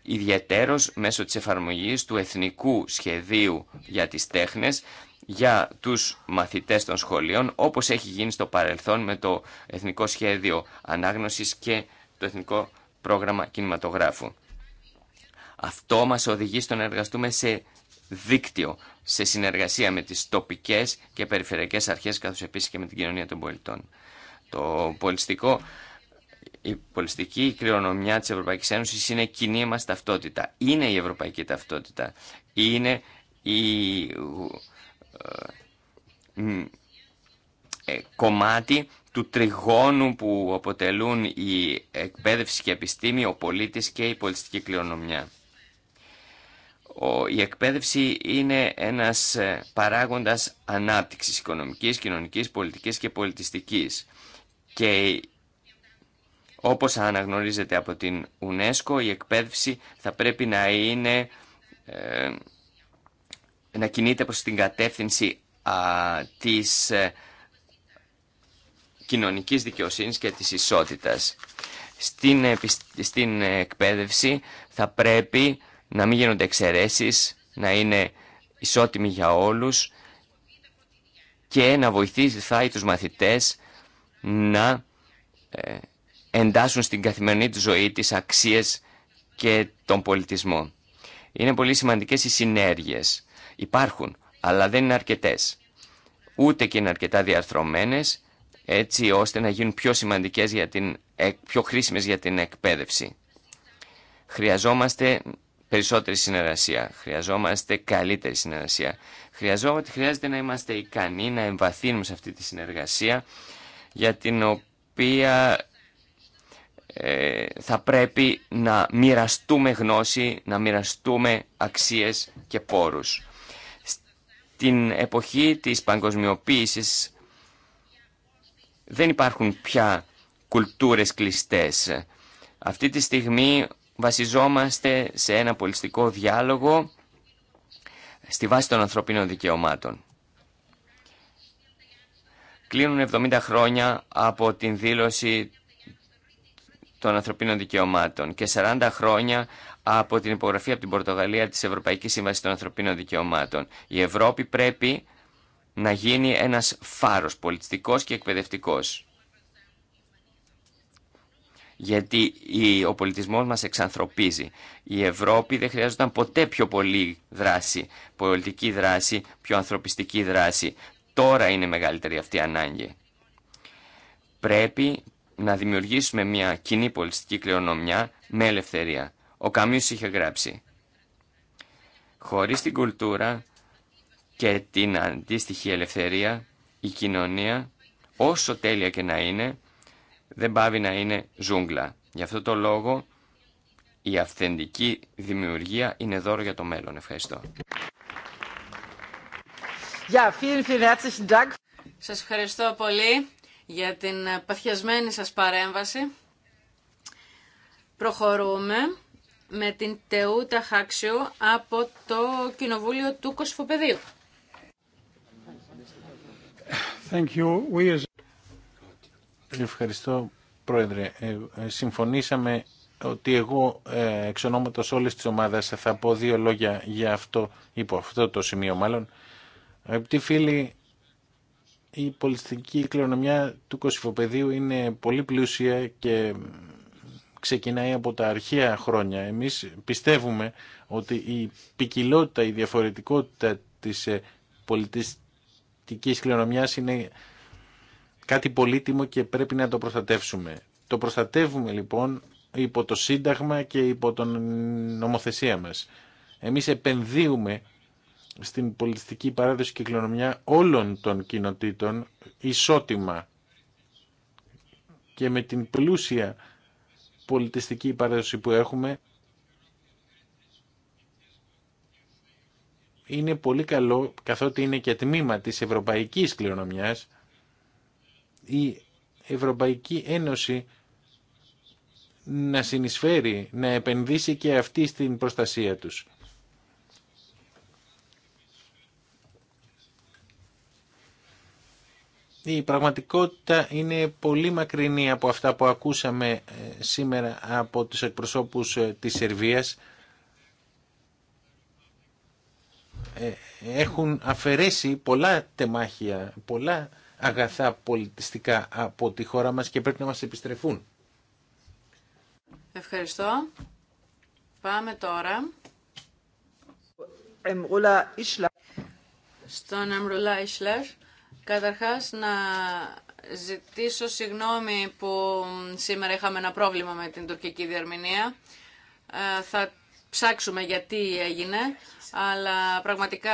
ιδιαιτέρως μέσω της εφαρμογής του Εθνικού Σχεδίου για τις Τέχνες για τους μαθητές των σχολείων, όπως έχει γίνει στο παρελθόν με το Εθνικό Σχέδιο Ανάγνωσης και το Εθνικό Πρόγραμμα Κινηματογράφου. Αυτό μας οδηγεί στο να εργαστούμε σε δίκτυο, σε συνεργασία με τις τοπικές και περιφερειακές αρχές, καθώς επίσης και με την κοινωνία των πολιτών. Το πολιστικό η πολιστική κληρονομιά της Ευρωπαϊκής Ένωσης είναι κοινή μας ταυτότητα. Είναι η ευρωπαϊκή ταυτότητα. Είναι η ε, ε κομμάτι του τριγώνου που αποτελούν η εκπαίδευση και η επιστήμη, ο πολίτης και η πολιστική κληρονομιά. η εκπαίδευση είναι ένας ε, παράγοντας ανάπτυξης οικονομικής, κοινωνικής, πολιτικής και πολιτιστικής. Και όπως αναγνωρίζεται από την UNESCO, η εκπαίδευση θα πρέπει να είναι ε, να κινείται προς την κατεύθυνση α, της α, ε, κοινωνικής δικαιοσύνης και της ισότητας. Στην, στην εκπαίδευση θα πρέπει να μην γίνονται εξαιρέσει, να είναι ισότιμοι για όλους και να βοηθήσει τους μαθητές να ε, εντάσσουν στην καθημερινή του ζωή τις αξίες και τον πολιτισμό. Είναι πολύ σημαντικές οι συνέργειες. Υπάρχουν, αλλά δεν είναι αρκετές. Ούτε και είναι αρκετά διαρθρωμένες, έτσι ώστε να γίνουν πιο σημαντικές, για την, πιο χρήσιμες για την εκπαίδευση. Χρειαζόμαστε περισσότερη συνεργασία, χρειαζόμαστε καλύτερη συνεργασία. Χρειαζόμαστε, χρειάζεται να είμαστε ικανοί να εμβαθύνουμε σε αυτή τη συνεργασία, για την οποία ε, θα πρέπει να μοιραστούμε γνώση, να μοιραστούμε αξίες και πόρους. Στην εποχή της παγκοσμιοποίησης δεν υπάρχουν πια κουλτούρες κλειστές. Αυτή τη στιγμή βασιζόμαστε σε ένα πολιτικό διάλογο στη βάση των ανθρωπίνων δικαιωμάτων. Κλείνουν 70 χρόνια από την δήλωση των ανθρωπίνων δικαιωμάτων και 40 χρόνια από την υπογραφή από την Πορτογαλία της Ευρωπαϊκής Σύμβασης των Ανθρωπίνων Δικαιωμάτων. Η Ευρώπη πρέπει να γίνει ένας φάρος πολιτιστικός και εκπαιδευτικός. Γιατί ο πολιτισμός μας εξανθρωπίζει. Η Ευρώπη δεν χρειάζονταν ποτέ πιο πολύ δράση, πολιτική δράση, πιο ανθρωπιστική δράση. Τώρα είναι μεγαλύτερη αυτή η ανάγκη. Πρέπει να δημιουργήσουμε μια κοινή πολιτιστική κληρονομιά με ελευθερία. Ο Καμίους είχε γράψει «Χωρίς την κουλτούρα και την αντίστοιχη ελευθερία, η κοινωνία, όσο τέλεια και να είναι, δεν πάβει να είναι ζούγκλα. Γι' αυτό το λόγο η αυθεντική δημιουργία είναι δώρο για το μέλλον. Ευχαριστώ. Σα vielen, vielen herzlichen Dank. Σας ευχαριστώ πολύ για την παθιασμένη σας παρέμβαση. Προχωρούμε με την Τεούτα Χάξιο από το Κοινοβούλιο του Κοσφοπεδίου. Thank you. We... Ευχαριστώ, Πρόεδρε. Ε, ε, συμφωνήσαμε ότι εγώ ε, εξ ονόματος όλης της ομάδας θα πω δύο λόγια για αυτό, υπό αυτό το σημείο μάλλον. φίλοι, η πολιτιστική κληρονομιά του Κωσυφοπεδίου είναι πολύ πλούσια και ξεκινάει από τα αρχαία χρόνια. Εμείς πιστεύουμε ότι η ποικιλότητα, η διαφορετικότητα της ε, πολιτιστικής κληρονομιάς είναι κάτι πολύτιμο και πρέπει να το προστατεύσουμε. Το προστατεύουμε λοιπόν υπό το Σύνταγμα και υπό την νομοθεσία μας. Εμείς επενδύουμε στην πολιτιστική παράδοση και κληρονομιά όλων των κοινοτήτων ισότιμα και με την πλούσια πολιτιστική παράδοση που έχουμε είναι πολύ καλό καθότι είναι και τμήμα της ευρωπαϊκής κληρονομιάς η Ευρωπαϊκή Ένωση να συνεισφέρει, να επενδύσει και αυτή στην προστασία τους. Η πραγματικότητα είναι πολύ μακρινή από αυτά που ακούσαμε ε, σήμερα από τους εκπροσώπους ε, της Σερβίας. Ε, έχουν αφαιρέσει πολλά τεμάχια, πολλά αγαθά πολιτιστικά από τη χώρα μας και πρέπει να μας επιστρεφούν. Ευχαριστώ. Πάμε τώρα στον Αμρουλά Ισλέρ Καταρχάς να ζητήσω συγγνώμη που σήμερα είχαμε ένα πρόβλημα με την τουρκική διερμηνία. Ε, θα ψάξουμε γιατί έγινε, αλλά πραγματικά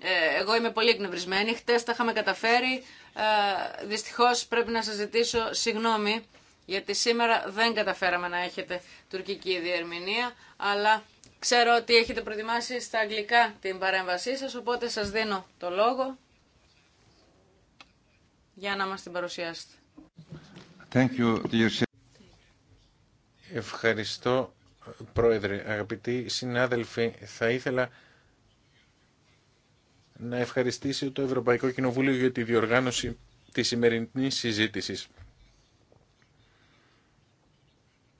ε, εγώ είμαι πολύ εκνευρισμένη. Χτες τα είχαμε καταφέρει. Ε, δυστυχώς πρέπει να σας ζητήσω συγγνώμη γιατί σήμερα δεν καταφέραμε να έχετε τουρκική διερμηνία, αλλά ξέρω ότι έχετε προετοιμάσει στα αγγλικά την παρέμβασή σας, οπότε σας δίνω το λόγο για να μας την παρουσιάσετε. Thank you, Ευχαριστώ, Πρόεδρε. Αγαπητοί συνάδελφοι, θα ήθελα να ευχαριστήσω το Ευρωπαϊκό Κοινοβούλιο για τη διοργάνωση της σημερινής συζήτησης.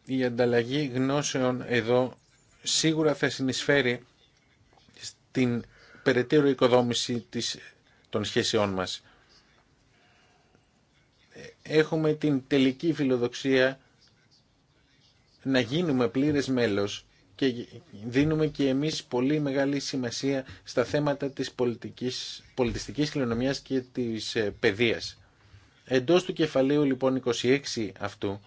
Η ανταλλαγή γνώσεων εδώ σίγουρα θα συνεισφέρει στην περαιτέρω οικοδόμηση των σχέσεών μας έχουμε την τελική φιλοδοξία να γίνουμε πλήρες μέλος και δίνουμε και εμείς πολύ μεγάλη σημασία στα θέματα της πολιτικής, πολιτιστικής κληρονομιάς και της ε, παιδείας. Εντός του κεφαλαίου λοιπόν 26 αυτού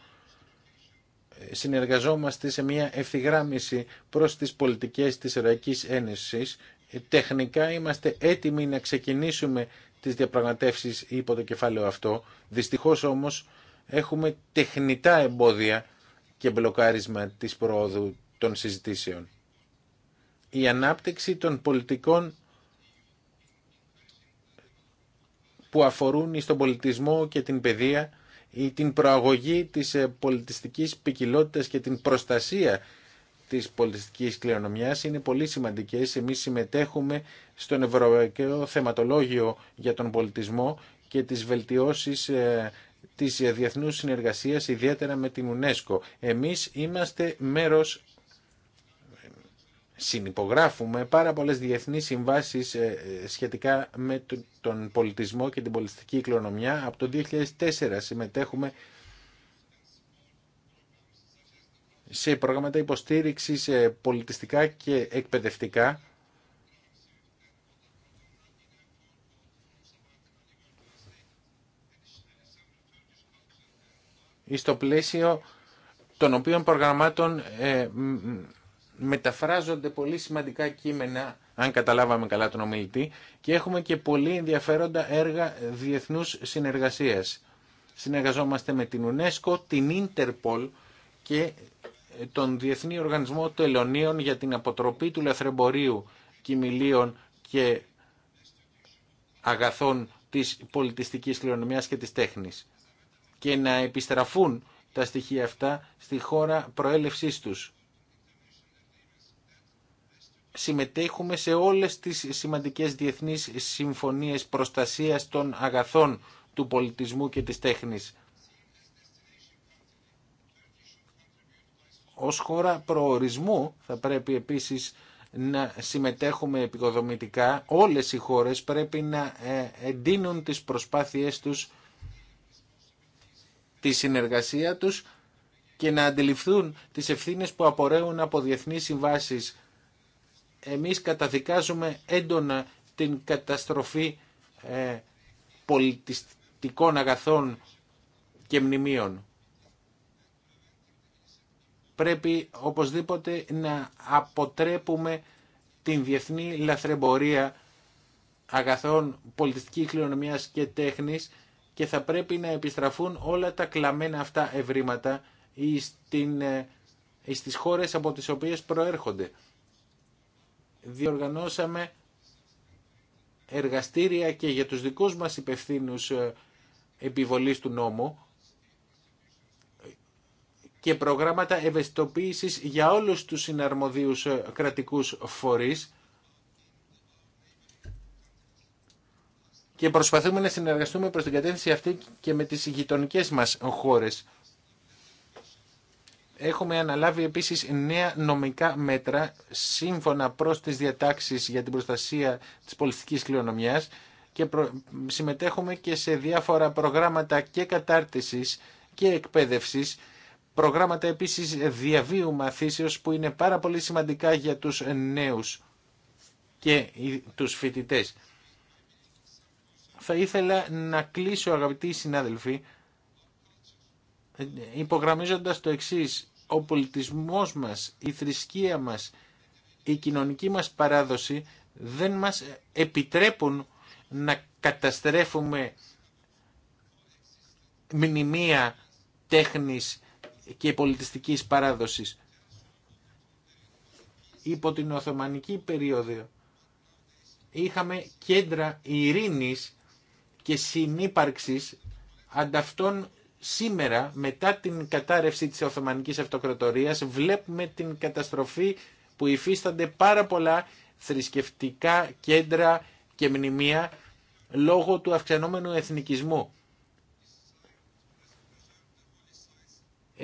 ε, συνεργαζόμαστε σε μια ευθυγράμμιση προς τις πολιτικές της Ευρωπαϊκής Ένωσης. Ε, τεχνικά είμαστε έτοιμοι να ξεκινήσουμε τις διαπραγματεύσεις υπό το κεφάλαιο αυτό. Δυστυχώς όμως έχουμε τεχνητά εμπόδια και μπλοκάρισμα της προόδου των συζητήσεων. Η ανάπτυξη των πολιτικών που αφορούν στον πολιτισμό και την παιδεία ή την προαγωγή της ε, πολιτιστικής ποικιλότητα και την προστασία της πολιτιστικής κληρονομιάς είναι πολύ σημαντικές. Εμείς συμμετέχουμε στον Ευρωπαϊκό Θεματολόγιο για τον Πολιτισμό και τις βελτιώσεις ε, της διεθνούς συνεργασίας, ιδιαίτερα με την UNESCO. Εμείς είμαστε μέρος, συνυπογράφουμε πάρα πολλές διεθνείς συμβάσεις ε, ε, σχετικά με τον πολιτισμό και την πολιτιστική κληρονομιά. Από το 2004 συμμετέχουμε σε προγράμματα υποστήριξης ε, πολιτιστικά και εκπαιδευτικά στο πλαίσιο των οποίων προγραμμάτων ε, μεταφράζονται πολύ σημαντικά κείμενα, αν καταλάβαμε καλά τον ομιλητή, και έχουμε και πολύ ενδιαφέροντα έργα διεθνούς συνεργασίας. Συνεργαζόμαστε με την UNESCO, την Interpol και τον Διεθνή Οργανισμό Τελωνίων για την αποτροπή του λαθρεμπορίου κοιμηλίων και αγαθών της πολιτιστικής κληρονομιάς και της τέχνης και να επιστραφούν τα στοιχεία αυτά στη χώρα προέλευσής τους. Συμμετέχουμε σε όλες τις σημαντικές διεθνείς συμφωνίες προστασίας των αγαθών του πολιτισμού και της τέχνης ως χώρα προορισμού θα πρέπει επίσης να συμμετέχουμε επικοδομητικά. Όλες οι χώρες πρέπει να ε, εντείνουν τις προσπάθειές τους, τη συνεργασία τους και να αντιληφθούν τις ευθύνες που απορρέουν από διεθνείς συμβάσεις. Εμείς καταδικάζουμε έντονα την καταστροφή ε, πολιτιστικών αγαθών και μνημείων πρέπει οπωσδήποτε να αποτρέπουμε την διεθνή λαθρεμπορία αγαθών πολιτιστικής κληρονομιάς και τέχνης και θα πρέπει να επιστραφούν όλα τα κλαμμένα αυτά ευρήματα στην, στις ε, χώρες από τις οποίες προέρχονται. Διοργανώσαμε εργαστήρια και για τους δικούς μας υπευθύνους ε, επιβολής του νόμου και προγράμματα ευαισθητοποίησης για όλους τους συναρμοδίους ε, κρατικούς φορείς και προσπαθούμε να συνεργαστούμε προς την κατεύθυνση αυτή και με τις γειτονικέ μας χώρες. Έχουμε αναλάβει επίσης νέα νομικά μέτρα σύμφωνα προς τις διατάξεις για την προστασία της πολιτικής κληρονομιάς και συμμετέχουμε και σε διάφορα προγράμματα και κατάρτισης και εκπαίδευσης Προγράμματα επίσης διαβίου μαθήσεως που είναι πάρα πολύ σημαντικά για τους νέους και τους φοιτητές. Θα ήθελα να κλείσω αγαπητοί συνάδελφοι υπογραμμίζοντας το εξής. Ο πολιτισμός μας, η θρησκεία μας, η κοινωνική μας παράδοση δεν μας επιτρέπουν να καταστρέφουμε μνημεία τέχνης και πολιτιστικής παράδοσης. Υπό την Οθωμανική περίοδο είχαμε κέντρα ειρήνης και συνύπαρξης ανταυτών σήμερα μετά την κατάρρευση της Οθωμανικής Αυτοκρατορίας βλέπουμε την καταστροφή που υφίστανται πάρα πολλά θρησκευτικά κέντρα και μνημεία λόγω του αυξανόμενου εθνικισμού.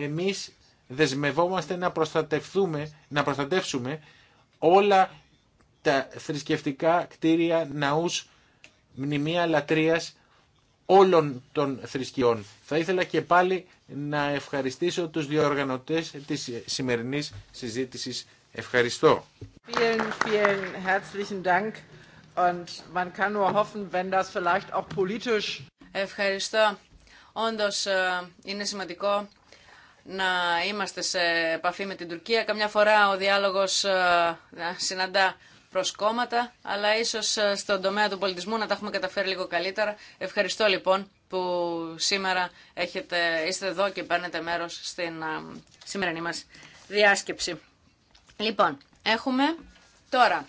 εμείς δεσμευόμαστε να, προστατευτούμε, να προστατεύσουμε όλα τα θρησκευτικά κτίρια, ναούς, μνημεία λατρείας όλων των θρησκειών. Θα ήθελα και πάλι να ευχαριστήσω τους διοργανωτές της σημερινής συζήτησης. Ευχαριστώ. Vielen, vielen herzlichen Dank. Und man kann nur hoffen, wenn das vielleicht auch politisch... Ευχαριστώ. Όντως ε, είναι σημαντικό να είμαστε σε επαφή με την Τουρκία. Καμιά φορά ο διάλογος ε, συναντά κόμματα, αλλά ίσως ε, στον τομέα του πολιτισμού να τα έχουμε καταφέρει λίγο καλύτερα. Ευχαριστώ λοιπόν που σήμερα έχετε, είστε εδώ και παίρνετε μέρος στην ε, σημερινή μας διάσκεψη. Λοιπόν, έχουμε τώρα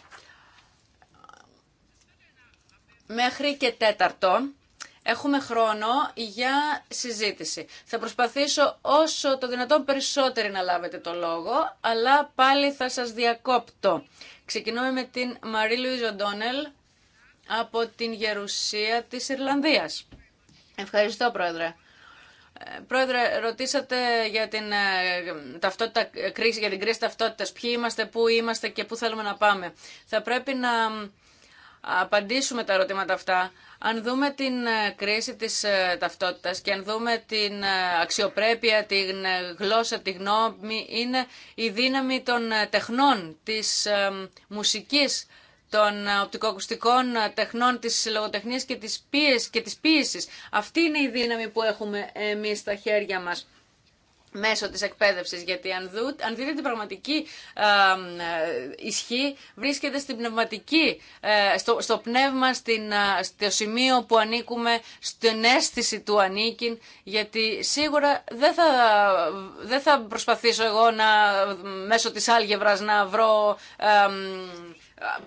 μέχρι και τέταρτο έχουμε χρόνο για συζήτηση. Θα προσπαθήσω όσο το δυνατόν περισσότεροι να λάβετε το λόγο, αλλά πάλι θα σας διακόπτω. Ξεκινούμε με την Μαρή Λουίζ Οντόνελ από την Γερουσία της Ιρλανδίας. Ευχαριστώ, Πρόεδρε. Ε, πρόεδρε, ρωτήσατε για την, ε, ταυτότητα, κρίση, για την κρίση ταυτότητας. Ποιοι είμαστε, πού είμαστε και πού θέλουμε να πάμε. Θα πρέπει να απαντήσουμε τα ερωτήματα αυτά, αν δούμε την ε, κρίση της ε, ταυτότητας και αν δούμε την ε, αξιοπρέπεια, την γλώσσα, τη γνώμη, είναι η δύναμη των τεχνών, της μουσικής, των οπτικοακουστικών τεχνών της λογοτεχνίας και της, πίεσης, και της πίεσης Αυτή είναι η δύναμη που έχουμε εμείς στα χέρια μας μέσω της εκπαίδευσης, γιατί αν, δείτε την πραγματική ε, ισχύ, βρίσκεται στην πνευματική, ε, στο, στο πνεύμα, στην, ε, στο σημείο που ανήκουμε, στην αίσθηση του ανήκειν, γιατί σίγουρα δεν θα, δεν θα προσπαθήσω εγώ να, μέσω της άλγευρας να βρω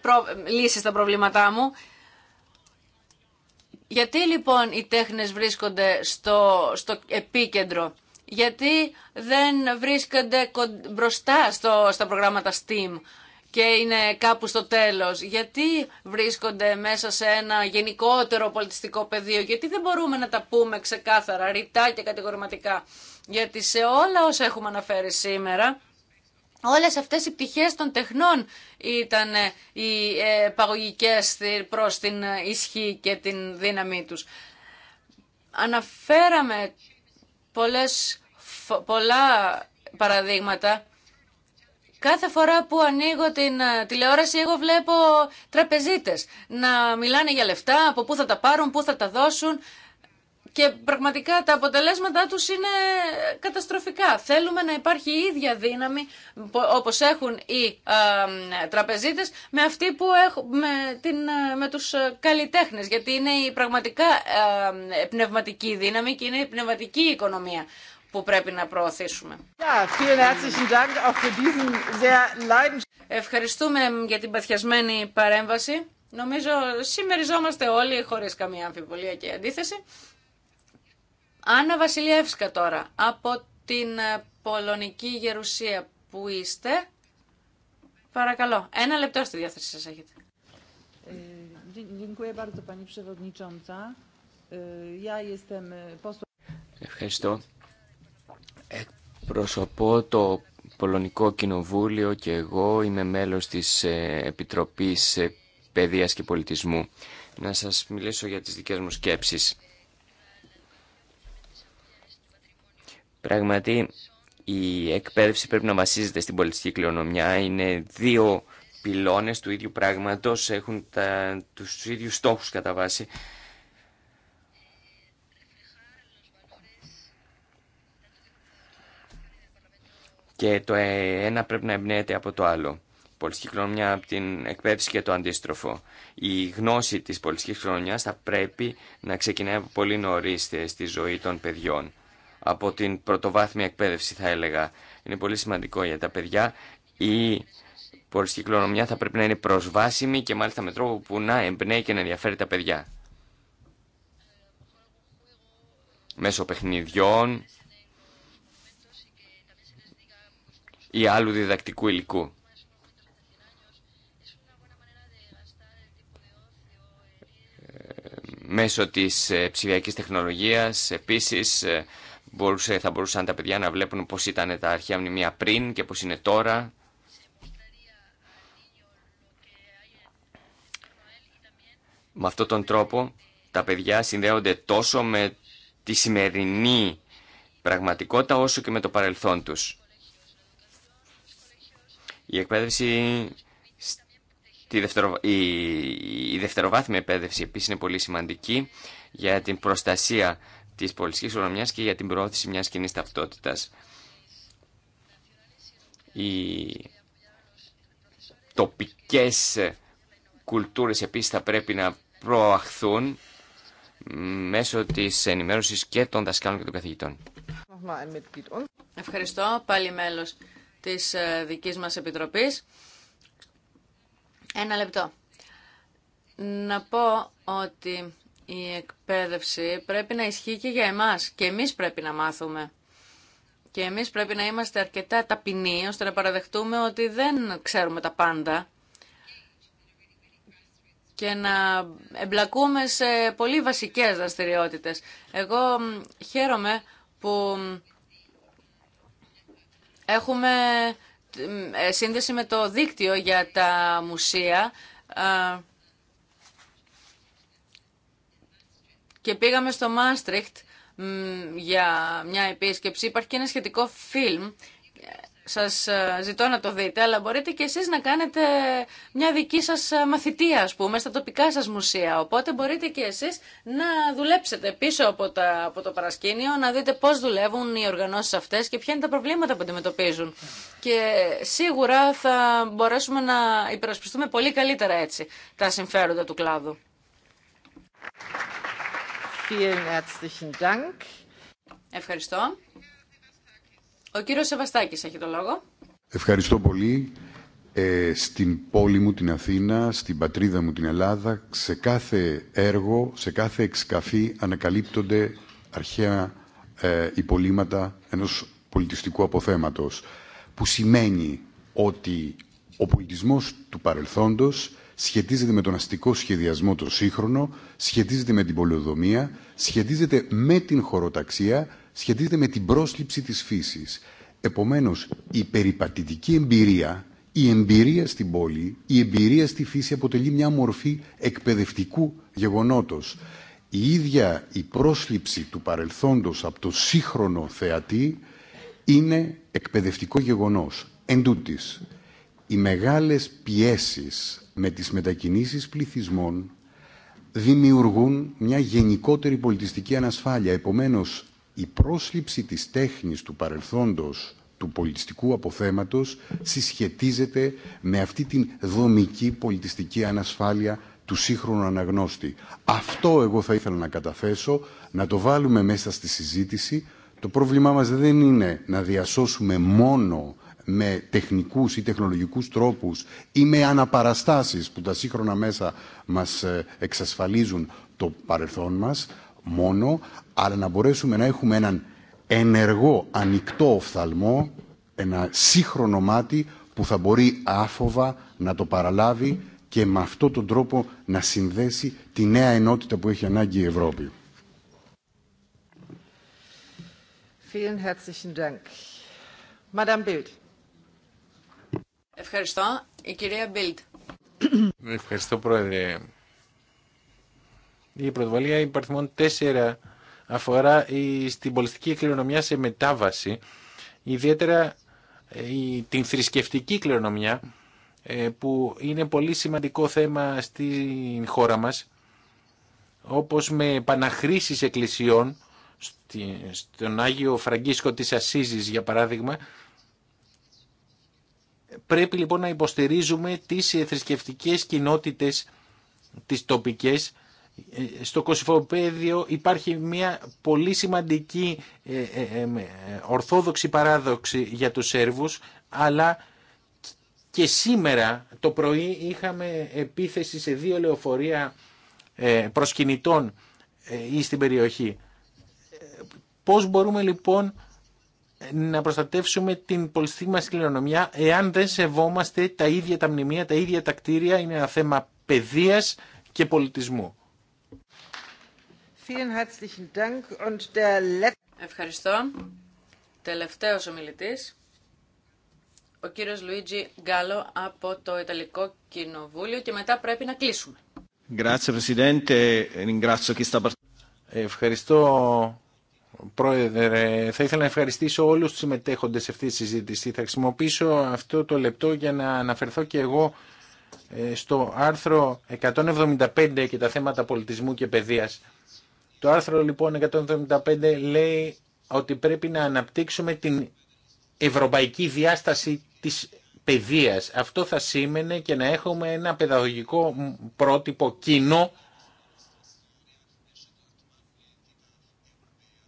προ, λύσεις στα προβλήματά μου, γιατί λοιπόν οι τέχνες βρίσκονται στο, στο επίκεντρο γιατί δεν βρίσκονται μπροστά στο, στα προγράμματα STEAM και είναι κάπου στο τέλος. Γιατί βρίσκονται μέσα σε ένα γενικότερο πολιτιστικό πεδίο, γιατί δεν μπορούμε να τα πούμε ξεκάθαρα, ρητά και κατηγορηματικά. Γιατί σε όλα όσα έχουμε αναφέρει σήμερα, όλες αυτές οι πτυχές των τεχνών ήταν ε, οι ε, παγωγικές προς την ε, ισχύ και την δύναμή τους. Αναφέραμε πολλές, πολλά παραδείγματα. Κάθε φορά που ανοίγω την ε, τηλεόραση εγώ βλέπω τραπεζίτες να μιλάνε για λεφτά, από πού θα τα πάρουν, πού θα τα δώσουν. Και πραγματικά τα αποτελέσματά τους είναι καταστροφικά. Θέλουμε να υπάρχει η ίδια δύναμη όπως έχουν οι τραπεζίτε τραπεζίτες με αυτή που έχουν την, ε, με τους ε, καλλιτέχνες. Γιατί είναι η πραγματικά α, πνευματική δύναμη και είναι η πνευματική οικονομία που πρέπει να προωθήσουμε. Ευχαριστούμε για την παθιασμένη παρέμβαση. Νομίζω συμμεριζόμαστε όλοι χωρίς καμία αμφιβολία και αντίθεση. Άννα Βασιλεύσκα τώρα, από την ε, Πολωνική Γερουσία που είστε. Παρακαλώ, ένα λεπτό στη διάθεση σας έχετε. Ε, ε, Ευχαριστώ. Εκπροσωπώ το Πολωνικό Κοινοβούλιο και εγώ είμαι μέλος της Επιτροπής Παιδείας και Πολιτισμού. Να σας μιλήσω για τις δικές μου σκέψεις. Πράγματι η εκπαίδευση πρέπει να βασίζεται στην πολιτική κληρονομιά. Είναι δύο πυλώνες του ίδιου πράγματος, έχουν τα, τους ίδιους στόχους κατά βάση. Και το ένα πρέπει να εμπνέεται από το άλλο. Πολιτική κληρονομιά από την εκπαίδευση και το αντίστροφο. Η γνώση της πολιτικής κληρονομιάς θα πρέπει να ξεκινάει από πολύ νωρίς στη ζωή των παιδιών από την πρωτοβάθμια εκπαίδευση θα έλεγα. Είναι πολύ σημαντικό για τα παιδιά. Η πολιτική κληρονομιά θα πρέπει να είναι προσβάσιμη και μάλιστα με τρόπο που να εμπνέει και να ενδιαφέρει τα παιδιά. Μέσω παιχνιδιών ή άλλου διδακτικού υλικού. Ε, μέσω της ε, ψηφιακής τεχνολογίας επίσης ε, μπορούσε, θα μπορούσαν τα παιδιά να βλέπουν πώς ήταν τα αρχαία μνημεία πριν και πώς είναι τώρα. Με αυτόν τον τρόπο τα παιδιά συνδέονται τόσο με τη σημερινή πραγματικότητα όσο και με το παρελθόν τους. Η εκπαίδευση, στη δευτερο... η... η δευτεροβάθμια εκπαίδευση επίσης είναι πολύ σημαντική για την προστασία Τη πολιτική οικονομίας και για την προώθηση μια κοινή ταυτότητα. Οι τοπικέ κουλτούρε επίσης θα πρέπει να προαχθούν μέσω της ενημέρωσης και των δασκάλων και των καθηγητών. Ευχαριστώ. Πάλι μέλος της ε, δικής μας Επιτροπής. Ένα λεπτό. Να πω ότι η εκπαίδευση πρέπει να ισχύει και για εμάς. Και εμείς πρέπει να μάθουμε. Και εμείς πρέπει να είμαστε αρκετά ταπεινοί ώστε να παραδεχτούμε ότι δεν ξέρουμε τα πάντα και να εμπλακούμε σε πολύ βασικές δραστηριότητες. Εγώ χαίρομαι που έχουμε ε, σύνδεση με το δίκτυο για τα μουσεία και πήγαμε στο Μάστριχτ για μια επίσκεψη. Υπάρχει και ένα σχετικό φιλμ. Σας ε, ζητώ να το δείτε, αλλά μπορείτε και εσείς να κάνετε μια δική σας ε, μαθητεία, ας πούμε, στα τοπικά σας μουσεία. Οπότε μπορείτε και εσείς να δουλέψετε πίσω από, από το παρασκήνιο, να δείτε πώς δουλεύουν οι οργανώσεις αυτές και ποια είναι τα προβλήματα που αντιμετωπίζουν. Και σίγουρα θα μπορέσουμε να υπερασπιστούμε πολύ καλύτερα έτσι τα συμφέροντα του κλάδου. Ευχαριστώ. Ο κύριος Σεβαστάκης έχει το λόγο. Ευχαριστώ πολύ. Ε, στην πόλη μου, την Αθήνα, στην πατρίδα μου, την Ελλάδα, σε κάθε έργο, σε κάθε εξκαφή ανακαλύπτονται αρχαία ε, υπολείμματα ενός πολιτιστικού αποθέματος, που σημαίνει ότι ο πολιτισμός του παρελθόντος σχετίζεται με τον αστικό σχεδιασμό το σύγχρονο, σχετίζεται με την πολεοδομία, σχετίζεται με την χωροταξία, σχετίζεται με την πρόσληψη της φύσης. Επομένως, η περιπατητική εμπειρία, η εμπειρία στην πόλη, η εμπειρία στη φύση αποτελεί μια μορφή εκπαιδευτικού γεγονότος. Η ίδια η πρόσληψη του παρελθόντος από το σύγχρονο θεατή είναι εκπαιδευτικό γεγονός. Εν οι μεγάλες πιέσεις με τις μετακινήσεις πληθυσμών δημιουργούν μια γενικότερη πολιτιστική ανασφάλεια. Επομένως, η πρόσληψη της τέχνης του παρελθόντος του πολιτιστικού αποθέματος συσχετίζεται με αυτή την δομική πολιτιστική ανασφάλεια του σύγχρονου αναγνώστη. Αυτό εγώ θα ήθελα να καταθέσω, να το βάλουμε μέσα στη συζήτηση. Το πρόβλημά μας δεν είναι να διασώσουμε μόνο με τεχνικούς ή τεχνολογικούς τρόπους ή με αναπαραστάσεις που τα σύγχρονα μέσα μας ε, εξασφαλίζουν το παρελθόν μας μόνο, αλλά να μπορέσουμε να έχουμε έναν ενεργό, ανοιχτό οφθαλμό, ένα σύγχρονο μάτι που θα μπορεί άφοβα να το παραλάβει και με αυτόν τον τρόπο να συνδέσει τη νέα ενότητα που έχει ανάγκη η Ευρώπη. Vielen herzlichen Dank. Madame Ευχαριστώ. Η κυρία Μπίλτ. Ναι, ευχαριστώ, Πρόεδρε. Η πρωτοβουλία υπαριθμών 4 αφορά στην πολιτική κληρονομιά σε μετάβαση, ιδιαίτερα ε, την θρησκευτική κληρονομιά, ε, που είναι πολύ σημαντικό θέμα στην χώρα μας, όπως με επαναχρήσεις εκκλησιών, στον Άγιο Φραγκίσκο της Ασίζης για παράδειγμα, Πρέπει λοιπόν να υποστηρίζουμε τις θρησκευτικέ κοινότητες, τις τοπικές. Ε, στο Κωσυφοπαίδιο υπάρχει μια πολύ σημαντική ε, ε, ορθόδοξη παράδοξη για τους Σέρβους, αλλά και σήμερα το πρωί είχαμε επίθεση σε δύο λεωφορεία προσκυνητών ή στην περιοχή. Πώς μπορούμε λοιπόν να προστατεύσουμε την πολιτική μας κληρονομιά εάν δεν σεβόμαστε τα ίδια τα μνημεία, τα ίδια τα κτίρια. Είναι ένα θέμα παιδείας και πολιτισμού. Ευχαριστώ. Τελευταίος ομιλητής, ο κύριος Λουίτζι Γκάλο από το Ιταλικό Κοινοβούλιο και μετά πρέπει να κλείσουμε. Ευχαριστώ Πρόεδρε, θα ήθελα να ευχαριστήσω όλους τους συμμετέχοντες σε αυτή τη συζήτηση. Θα χρησιμοποιήσω αυτό το λεπτό για να αναφερθώ και εγώ ε, στο άρθρο 175 και τα θέματα πολιτισμού και παιδείας. Το άρθρο λοιπόν 175 λέει ότι πρέπει να αναπτύξουμε την ευρωπαϊκή διάσταση της παιδείας. Αυτό θα σήμαινε και να έχουμε ένα παιδαγωγικό πρότυπο κοινό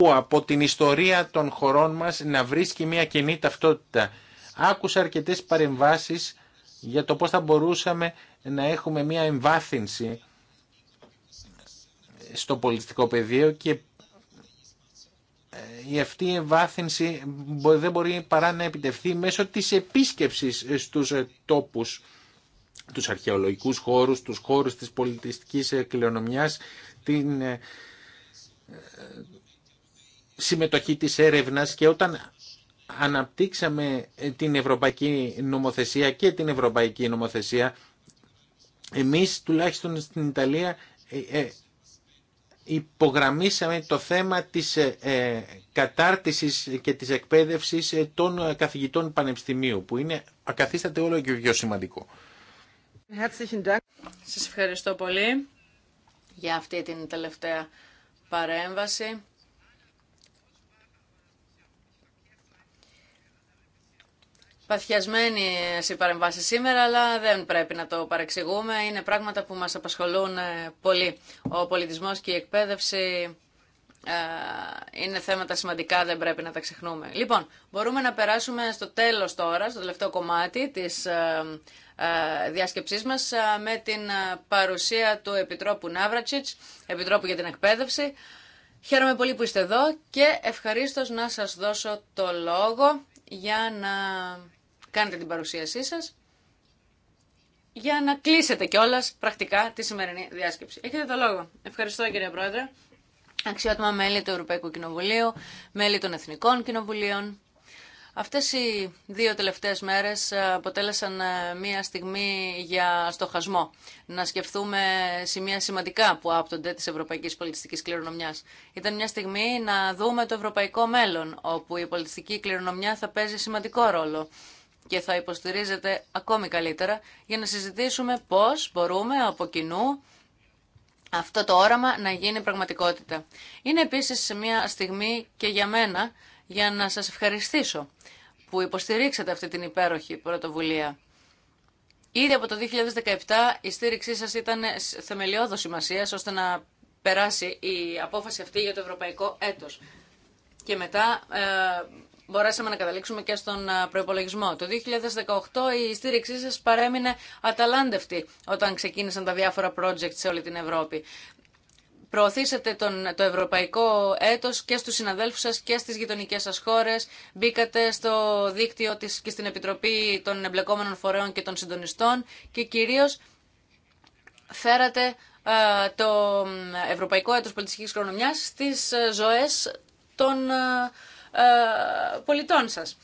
από την ιστορία των χωρών μας να βρίσκει μια κοινή ταυτότητα. Άκουσα αρκετές παρεμβάσεις για το πώς θα μπορούσαμε να έχουμε μια εμβάθυνση στο πολιτιστικό πεδίο και ε, η αυτή η εμβάθυνση δεν μπορεί παρά να επιτευχθεί μέσω της επίσκεψης στους ε, τόπους, τους αρχαιολογικούς χώρους, τους χώρους της πολιτιστικής κληρονομιάς, την, ε, συμμετοχή της έρευνας και όταν αναπτύξαμε την ευρωπαϊκή νομοθεσία και την ευρωπαϊκή νομοθεσία, εμείς τουλάχιστον στην Ιταλία ε, ε, υπογραμμίσαμε το θέμα της ε, κατάρτισης και της εκπαίδευσης των καθηγητών πανεπιστημίου, που είναι ακαθίσταται όλο και πιο σημαντικό. Σας ευχαριστώ πολύ για αυτή την τελευταία παρέμβαση. παθιασμένη σε παρεμβάσει σήμερα, αλλά δεν πρέπει να το παρεξηγούμε. Είναι πράγματα που μας απασχολούν ε, πολύ. Ο πολιτισμός και η εκπαίδευση ε, είναι θέματα σημαντικά, δεν πρέπει να τα ξεχνούμε. Λοιπόν, μπορούμε να περάσουμε στο τέλος τώρα, στο τελευταίο κομμάτι της ε, διάσκεψής μας με την παρουσία του Επιτρόπου Ναύρατσιτς, Επιτρόπου για την Εκπαίδευση. Χαίρομαι πολύ που είστε εδώ και ευχαρίστως να σας δώσω το λόγο για να κάνετε την παρουσίασή σα για να κλείσετε κιόλα πρακτικά τη σημερινή διάσκεψη. Έχετε το λόγο. Ευχαριστώ κύριε Πρόεδρε. Αξιότιμα μέλη του Ευρωπαϊκού Κοινοβουλίου, μέλη των Εθνικών Κοινοβουλίων. Αυτές οι δύο τελευταίες μέρες ε, αποτέλεσαν ε, μία στιγμή για στοχασμό. Να σκεφτούμε σημεία σημαντικά που άπτονται της ευρωπαϊκής πολιτιστικής κληρονομιάς. Ήταν μια στιγμή να δούμε το ευρωπαϊκό μέλλον, όπου η πολιτιστική κληρονομιά θα παίζει σημαντικό ρόλο και θα υποστηρίζετε ακόμη καλύτερα για να συζητήσουμε πώς μπορούμε από κοινού αυτό το όραμα να γίνει πραγματικότητα. Είναι επίσης μια στιγμή και για μένα για να σας ευχαριστήσω που υποστηρίξατε αυτή την υπέροχη πρωτοβουλία. Ήδη από το 2017 η στήριξή σας ήταν θεμελιώδος σημασία ώστε να περάσει η απόφαση αυτή για το ευρωπαϊκό έτος. Και μετά ε, μπορέσαμε να καταλήξουμε και στον προπολογισμό. Το 2018 η στήριξή σας παρέμεινε αταλάντευτη όταν ξεκίνησαν τα διάφορα project σε όλη την Ευρώπη. Προωθήσατε τον, το ευρωπαϊκό έτος και στους συναδέλφους σας και στις γειτονικές σας χώρες. Μπήκατε στο δίκτυο της και στην Επιτροπή των Εμπλεκόμενων Φορέων και των Συντονιστών και κυρίως φέρατε το Ευρωπαϊκό Έτος Πολιτιστικής Χρονομιάς στις ζωές των ε, πολιτών σας.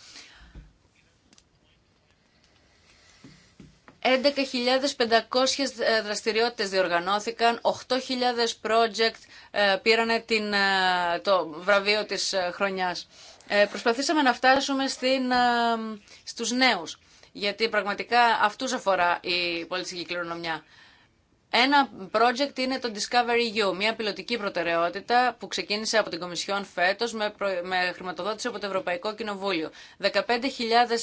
11.500 ε, δραστηριότητες διοργανώθηκαν, 8.000 project ε, πήρανε την, το βραβείο της χρονιάς. Προσπαθήσαμε να φτάσουμε στην, στους νέους, γιατί πραγματικά αυτούς αφορά η πολιτική κληρονομιά. Ένα project είναι το Discovery U, μια πιλωτική προτεραιότητα που ξεκίνησε από την Κομισιόν Φέτο με, με χρηματοδότηση από το Ευρωπαϊκό Κοινοβούλιο. 15.000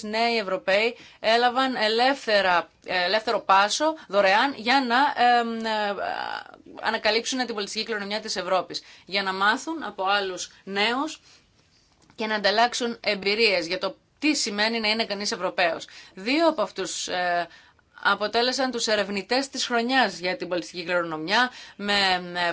νέοι Ευρωπαίοι έλαβαν ελεύθερα, ε, ελεύθερο πάσο δωρεάν για να ε, ανακαλύψουν την πολιτική κληρονομιά της Ευρώπης, για να μάθουν από άλλους νέους και να ανταλλάξουν εμπειρίε για το τι σημαίνει να είναι κανεί Ευρωπαίος. Δύο από αυτούς ε, αποτέλεσαν τους ερευνητές της χρονιάς για την πολιτιστική κληρονομιά με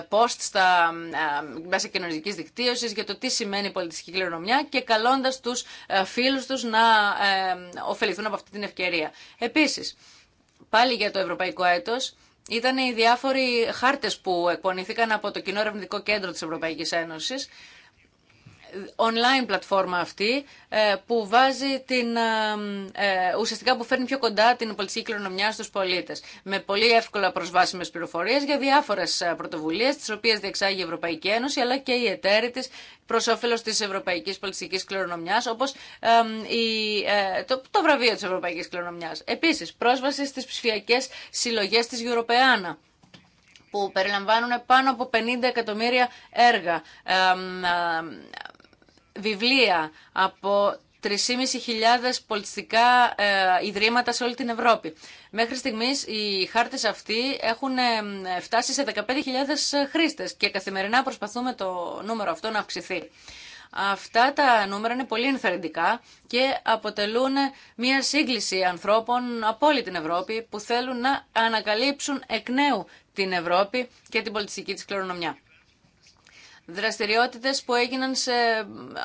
post στα ε, μέσα κοινωνικής δικτύωσης για το τι σημαίνει πολιτιστική κληρονομιά και καλώντας τους ε, φίλους τους να ε, ωφεληθούν από αυτή την ευκαιρία. Επίσης, πάλι για το Ευρωπαϊκό Έτος, ήταν οι διάφοροι χάρτες που εκπονήθηκαν από το Κοινό Ερευνητικό Κέντρο της Ευρωπαϊκής Ένωσης online πλατφόρμα αυτή ε, που βάζει την, ε, ε, ουσιαστικά που φέρνει πιο κοντά την πολιτική κληρονομιά στους πολίτες με πολύ εύκολα προσβάσιμες πληροφορίες για διάφορες πρωτοβουλίες τις οποίες διεξάγει η Ευρωπαϊκή Ένωση αλλά και η εταίροι της προς όφελος της Ευρωπαϊκής Πολιτιστικής Κληρονομιάς όπως το, το βραβείο της Ευρωπαϊκής Κληρονομιάς. Επίσης, πρόσβαση στις ψηφιακές συλλογές της Europeana που περιλαμβάνουν πάνω από 50 εκατομμύρια έργα βιβλία από 3.500 πολιτιστικά ε, ιδρύματα σε όλη την Ευρώπη. Μέχρι στιγμής οι χάρτες αυτοί έχουν ε, φτάσει σε 15.000 ε, χρήστες και καθημερινά προσπαθούμε το νούμερο αυτό να αυξηθεί. Αυτά τα νούμερα είναι πολύ ενθαρρυντικά και αποτελούν μια σύγκληση ανθρώπων από όλη την Ευρώπη που θέλουν να ανακαλύψουν εκ νέου την Ευρώπη και την πολιτιστική της κληρονομιά δραστηριότητες που έγιναν σε,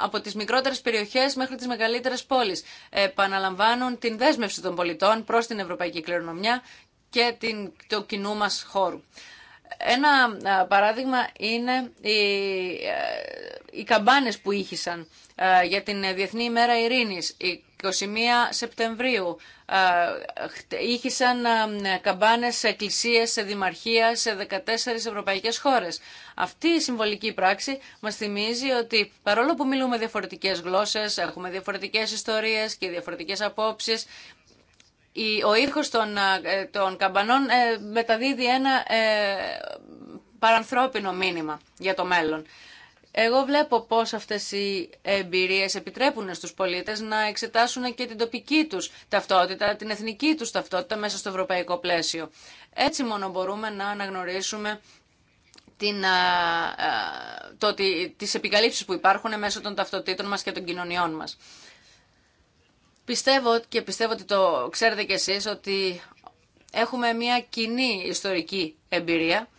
από τις μικρότερες περιοχές μέχρι τις μεγαλύτερες πόλεις. Επαναλαμβάνουν την δέσμευση των πολιτών προς την ευρωπαϊκή κληρονομιά και την, το κοινού μας χώρου. Ένα παράδειγμα είναι οι, ε, οι καμπάνες που ήχησαν ε, για την Διεθνή ημέρα ειρήνης. 21 Σεπτεμβρίου ήχησαν καμπάνες σε εκκλησίες, σε δημαρχία, σε 14 ευρωπαϊκές χώρες. Αυτή η συμβολική πράξη μας θυμίζει ότι παρόλο που μιλούμε διαφορετικές γλώσσες, έχουμε διαφορετικές ιστορίες και διαφορετικές απόψεις, ο ήχος των, ε, των καμπανών ε, μεταδίδει ένα ε, παρανθρώπινο μήνυμα για το μέλλον. Εγώ βλέπω πώς αυτές οι εμπειρίες επιτρέπουν στους πολίτες να εξετάσουν και την τοπική τους ταυτότητα, την εθνική τους ταυτότητα μέσα στο ευρωπαϊκό πλαίσιο. Έτσι μόνο μπορούμε να αναγνωρίσουμε την, το, τις επικαλύψεις που υπάρχουν μέσω των ταυτοτήτων μας και των κοινωνιών μας. Πιστεύω και πιστεύω ότι το ξέρετε κι εσείς ότι έχουμε μια κοινή ιστορική εμπειρία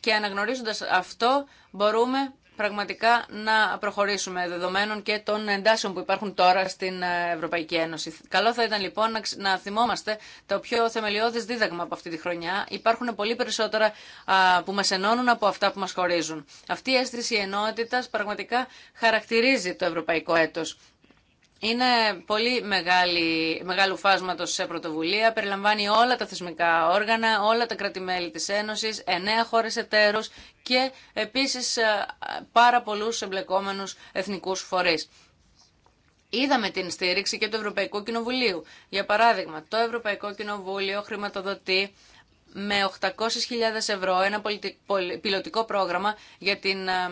και αναγνωρίζοντας αυτό μπορούμε πραγματικά να προχωρήσουμε δεδομένων και των εντάσεων που υπάρχουν τώρα στην ε, Ευρωπαϊκή Ένωση. Καλό θα ήταν λοιπόν να θυμόμαστε το πιο θεμελιώδης δίδαγμα από αυτή τη χρονιά. Υπάρχουν πολύ περισσότερα που μας ενώνουν από αυτά που μας χωρίζουν. Αυτή η αίσθηση ενότητα πραγματικά χαρακτηρίζει το ευρωπαϊκό Έτο. Είναι πολύ μεγάλη, μεγάλου φάσματος σε πρωτοβουλία, περιλαμβάνει όλα τα θεσμικά όργανα, όλα τα κρατημέλη της Ένωσης, εννέα χώρε εταίρους και επίσης ε, πάρα πολλούς εμπλεκόμενους εθνικούς φορείς. Είδαμε την στήριξη και του Ευρωπαϊκού Κοινοβουλίου. Για παράδειγμα, το Ευρωπαϊκό Κοινοβούλιο χρηματοδοτεί με 800.000 ευρώ ένα πιλωτικό πρόγραμμα για την ε,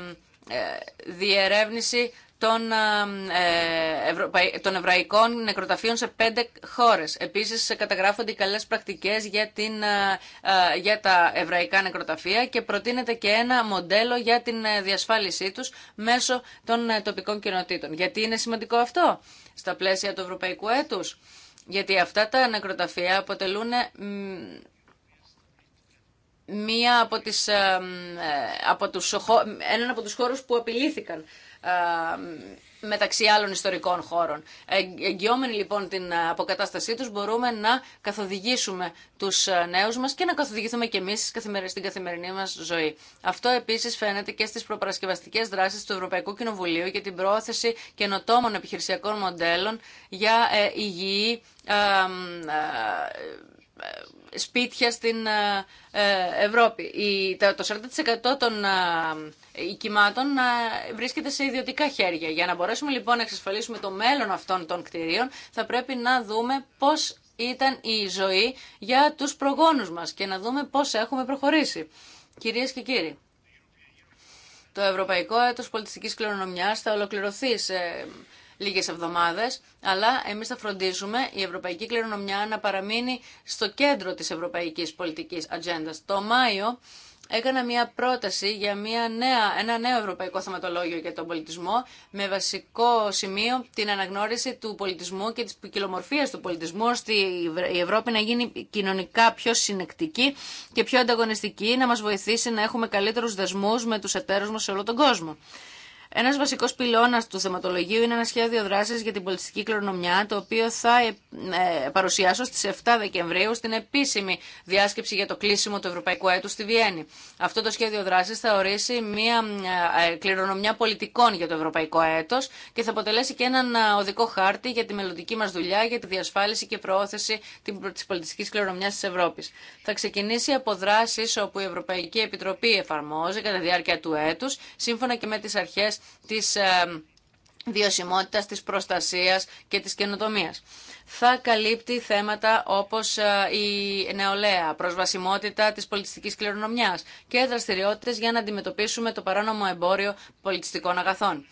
ε, διερεύνηση ε, ε, των εβραϊκών νεκροταφείων σε πέντε χώρες. Επίσης καταγράφονται οι καλές πρακτικές για, την, ε, για τα εβραϊκά νεκροταφεία και προτείνεται και ένα μοντέλο για την διασφάλισή τους μέσω των τοπικών κοινοτήτων. Γιατί είναι σημαντικό αυτό στα πλαίσια του ευρωπαϊκού έτους. Γιατί αυτά τα νεκροταφεία αποτελούν μία από τις, από τους, έναν από τους χώρους που απειλήθηκαν μεταξύ άλλων ιστορικών χώρων. Ε, εγγυόμενοι λοιπόν την ε, αποκατάστασή τους μπορούμε να καθοδηγήσουμε τους ε, νέους μας και να καθοδηγηθούμε και εμείς στην καθημερινή μας ζωή. Αυτό επίσης φαίνεται και στις προπαρασκευαστικές δράσεις του Ευρωπαϊκού Κοινοβουλίου για την πρόθεση καινοτόμων επιχειρησιακών μοντέλων για υγιή ε, σπίτια στην ε, ε, Ευρώπη. Το 40% των οικημάτων βρίσκεται σε ιδιωτικά χέρια. Για να μπορέσουμε λοιπόν να εξασφαλίσουμε το μέλλον αυτών των κτηρίων θα πρέπει να δούμε πώς ήταν η ζωή για τους προγόνους μας και να δούμε πώς έχουμε προχωρήσει. Κυρίες και κύριοι. Το Ευρωπαϊκό Έτος Πολιτιστικής Κληρονομιάς θα ολοκληρωθεί σε λίγε εβδομάδε, αλλά εμεί θα φροντίσουμε η ευρωπαϊκή κληρονομιά να παραμείνει στο κέντρο τη Ευρωπαϊκή πολιτική ατζέντα. Το Μάιο έκανα μια πρόταση για μια νέα, ένα νέο ευρωπαϊκό θεματολόγιο για τον πολιτισμό με βασικό σημείο την αναγνώριση του πολιτισμού και της ποικιλομορφίας του πολιτισμού ώστε η Ευρώπη να γίνει κοινωνικά πιο συνεκτική και πιο ανταγωνιστική να μας βοηθήσει να έχουμε καλύτερους δεσμούς με τους εταίρους μα σε όλο τον κόσμο. Ένα βασικό πυλώνα του θεματολογίου είναι ένα σχέδιο δράση για την πολιτιστική κληρονομιά, το οποίο θα ε, ε, παρουσιάσω στι 7 Δεκεμβρίου στην επίσημη διάσκεψη για το κλείσιμο του Ευρωπαϊκού Έτου στη Βιέννη. Αυτό το σχέδιο δράση θα ορίσει μια ε, κληρονομιά πολιτικών για το Ευρωπαϊκό Έτο και θα αποτελέσει και έναν οδικό χάρτη για τη μελλοντική μα δουλειά για τη διασφάλιση και προώθηση τη πολιτιστική κληρονομιά τη Ευρώπη. Θα ξεκινήσει από δράσει όπου η Ευρωπαϊκή Επιτροπή εφαρμόζει κατά τη διάρκεια του έτου, σύμφωνα και με τι αρχέ της ε, βιωσιμότητας, της προστασίας και της καινοτομίας. Θα καλύπτει θέματα όπως ε, η νεολαία, προσβασιμότητα της πολιτιστικής κληρονομιάς και δραστηριότητες για να αντιμετωπίσουμε το παράνομο εμπόριο πολιτιστικών αγαθών.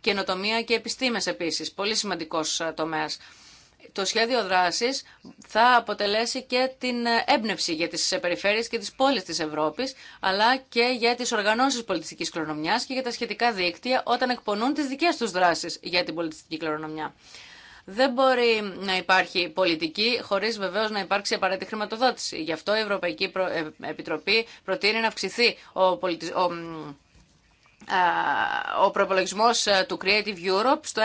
Καινοτομία και επιστήμες επίσης, πολύ σημαντικός ε, τομέας το σχέδιο δράσης θα αποτελέσει και την έμπνευση για τις περιφέρειες και τις πόλεις της Ευρώπης, αλλά και για τις οργανώσεις πολιτιστική κληρονομιάς και για τα σχετικά δίκτυα όταν εκπονούν τις δικέ τους δράσεις για την πολιτιστική κληρονομιά. Δεν μπορεί να υπάρχει πολιτική χωρί βεβαίω να υπάρξει απαραίτητη χρηματοδότηση. Γι' αυτό η Ευρωπαϊκή ε, Επιτροπή προτείνει να αυξηθεί ο, πολιτισμό. Ε, ο προπολογισμό ε, του Creative Europe στο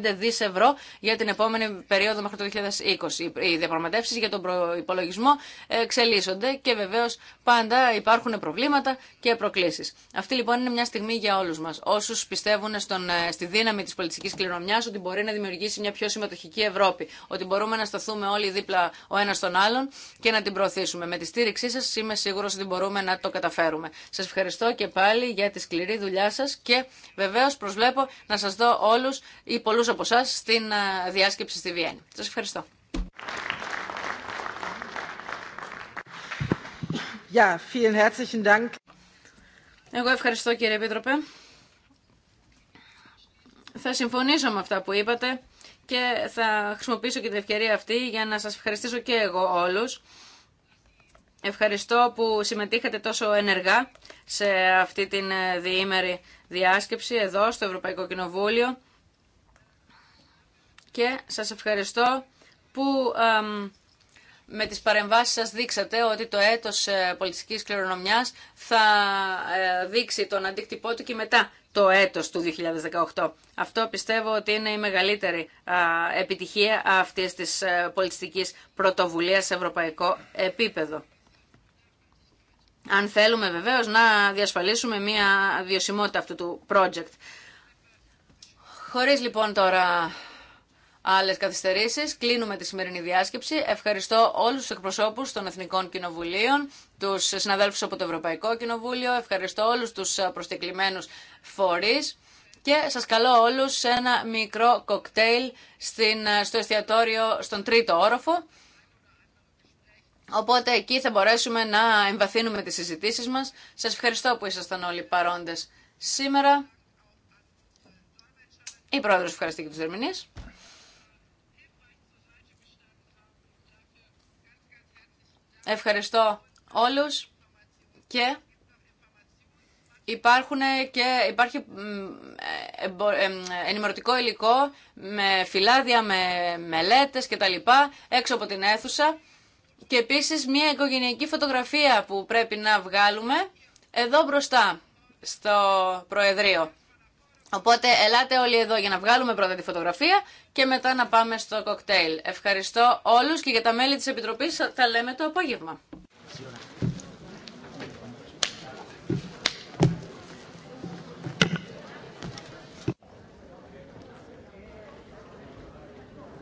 1,85 δις ευρώ για την επόμενη περίοδο μέχρι το 2020. Οι διαπραγματεύσει για τον προπολογισμό εξελίσσονται και βεβαίω πάντα υπάρχουν προβλήματα και προκλήσει. Αυτή λοιπόν είναι μια στιγμή για όλου μα. Όσου πιστεύουν στον, ε, στη δύναμη τη πολιτική κληρονομιά, ότι μπορεί να δημιουργήσει μια πιο συμμετοχική Ευρώπη, ότι μπορούμε να σταθούμε όλοι δίπλα ο ένα τον άλλον και να την προωθήσουμε. Με τη στήριξή σα είμαι σίγουρο ότι μπορούμε να το καταφέρουμε. Σα ευχαριστώ και πάλι για τη σκληρή δουλειά σας και βεβαίως προσβλέπω να σας δω όλους ή πολλούς από εσά στην ε, διάσκεψη στη Βιέννη. Σας ευχαριστώ. vielen herzlichen Dank. Εγώ ευχαριστώ κύριε Επίτροπε. Θα συμφωνήσω με αυτά που είπατε και θα χρησιμοποιήσω και την ευκαιρία αυτή για να σας ευχαριστήσω και εγώ όλους. Ευχαριστώ που συμμετείχατε τόσο ενεργά σε αυτή την ε, διήμερη διάσκεψη εδώ στο Ευρωπαϊκό Κοινοβούλιο και σας ευχαριστώ που με τις παρεμβάσεις σας δείξατε ότι το έτος ε, πολιτιστικής κληρονομιάς θα ε, δείξει τον αντίκτυπό του και μετά το έτος του 2018. Αυτό πιστεύω ότι είναι η μεγαλύτερη επιτυχία αυτής της πολιτιστικής πρωτοβουλίας σε ευρωπαϊκό επίπεδο αν θέλουμε βεβαίως να διασφαλίσουμε μια βιωσιμότητα αυτού του project. Χωρίς λοιπόν τώρα άλλες καθυστερήσεις, κλείνουμε τη σημερινή διάσκεψη. Ευχαριστώ όλους τους εκπροσώπους των Εθνικών Κοινοβουλίων, τους συναδέλφους από το Ευρωπαϊκό Κοινοβούλιο, ευχαριστώ όλους τους προσκεκλημένους φορείς και σας καλώ όλους σε ένα μικρό κοκτέιλ στην, στο εστιατόριο στον τρίτο όροφο. Οπότε εκεί θα μπορέσουμε να εμβαθύνουμε τις συζητήσεις μας. Σας ευχαριστώ που ήσασταν όλοι παρόντες σήμερα. Η Πρόεδρος ευχαριστεί και τους Δερμηνείς. Ευχαριστώ όλους και υπάρχουν και υπάρχει ενημερωτικό υλικό με φυλάδια, με μελέτες και τα λοιπά έξω από την αίθουσα και επίσης μια οικογενειακή φωτογραφία που πρέπει να βγάλουμε εδώ μπροστά στο Προεδρείο. Οπότε ελάτε όλοι εδώ για να βγάλουμε πρώτα τη φωτογραφία και μετά να πάμε στο κοκτέιλ. Ευχαριστώ όλους και για τα μέλη της Επιτροπής θα λέμε το απόγευμα.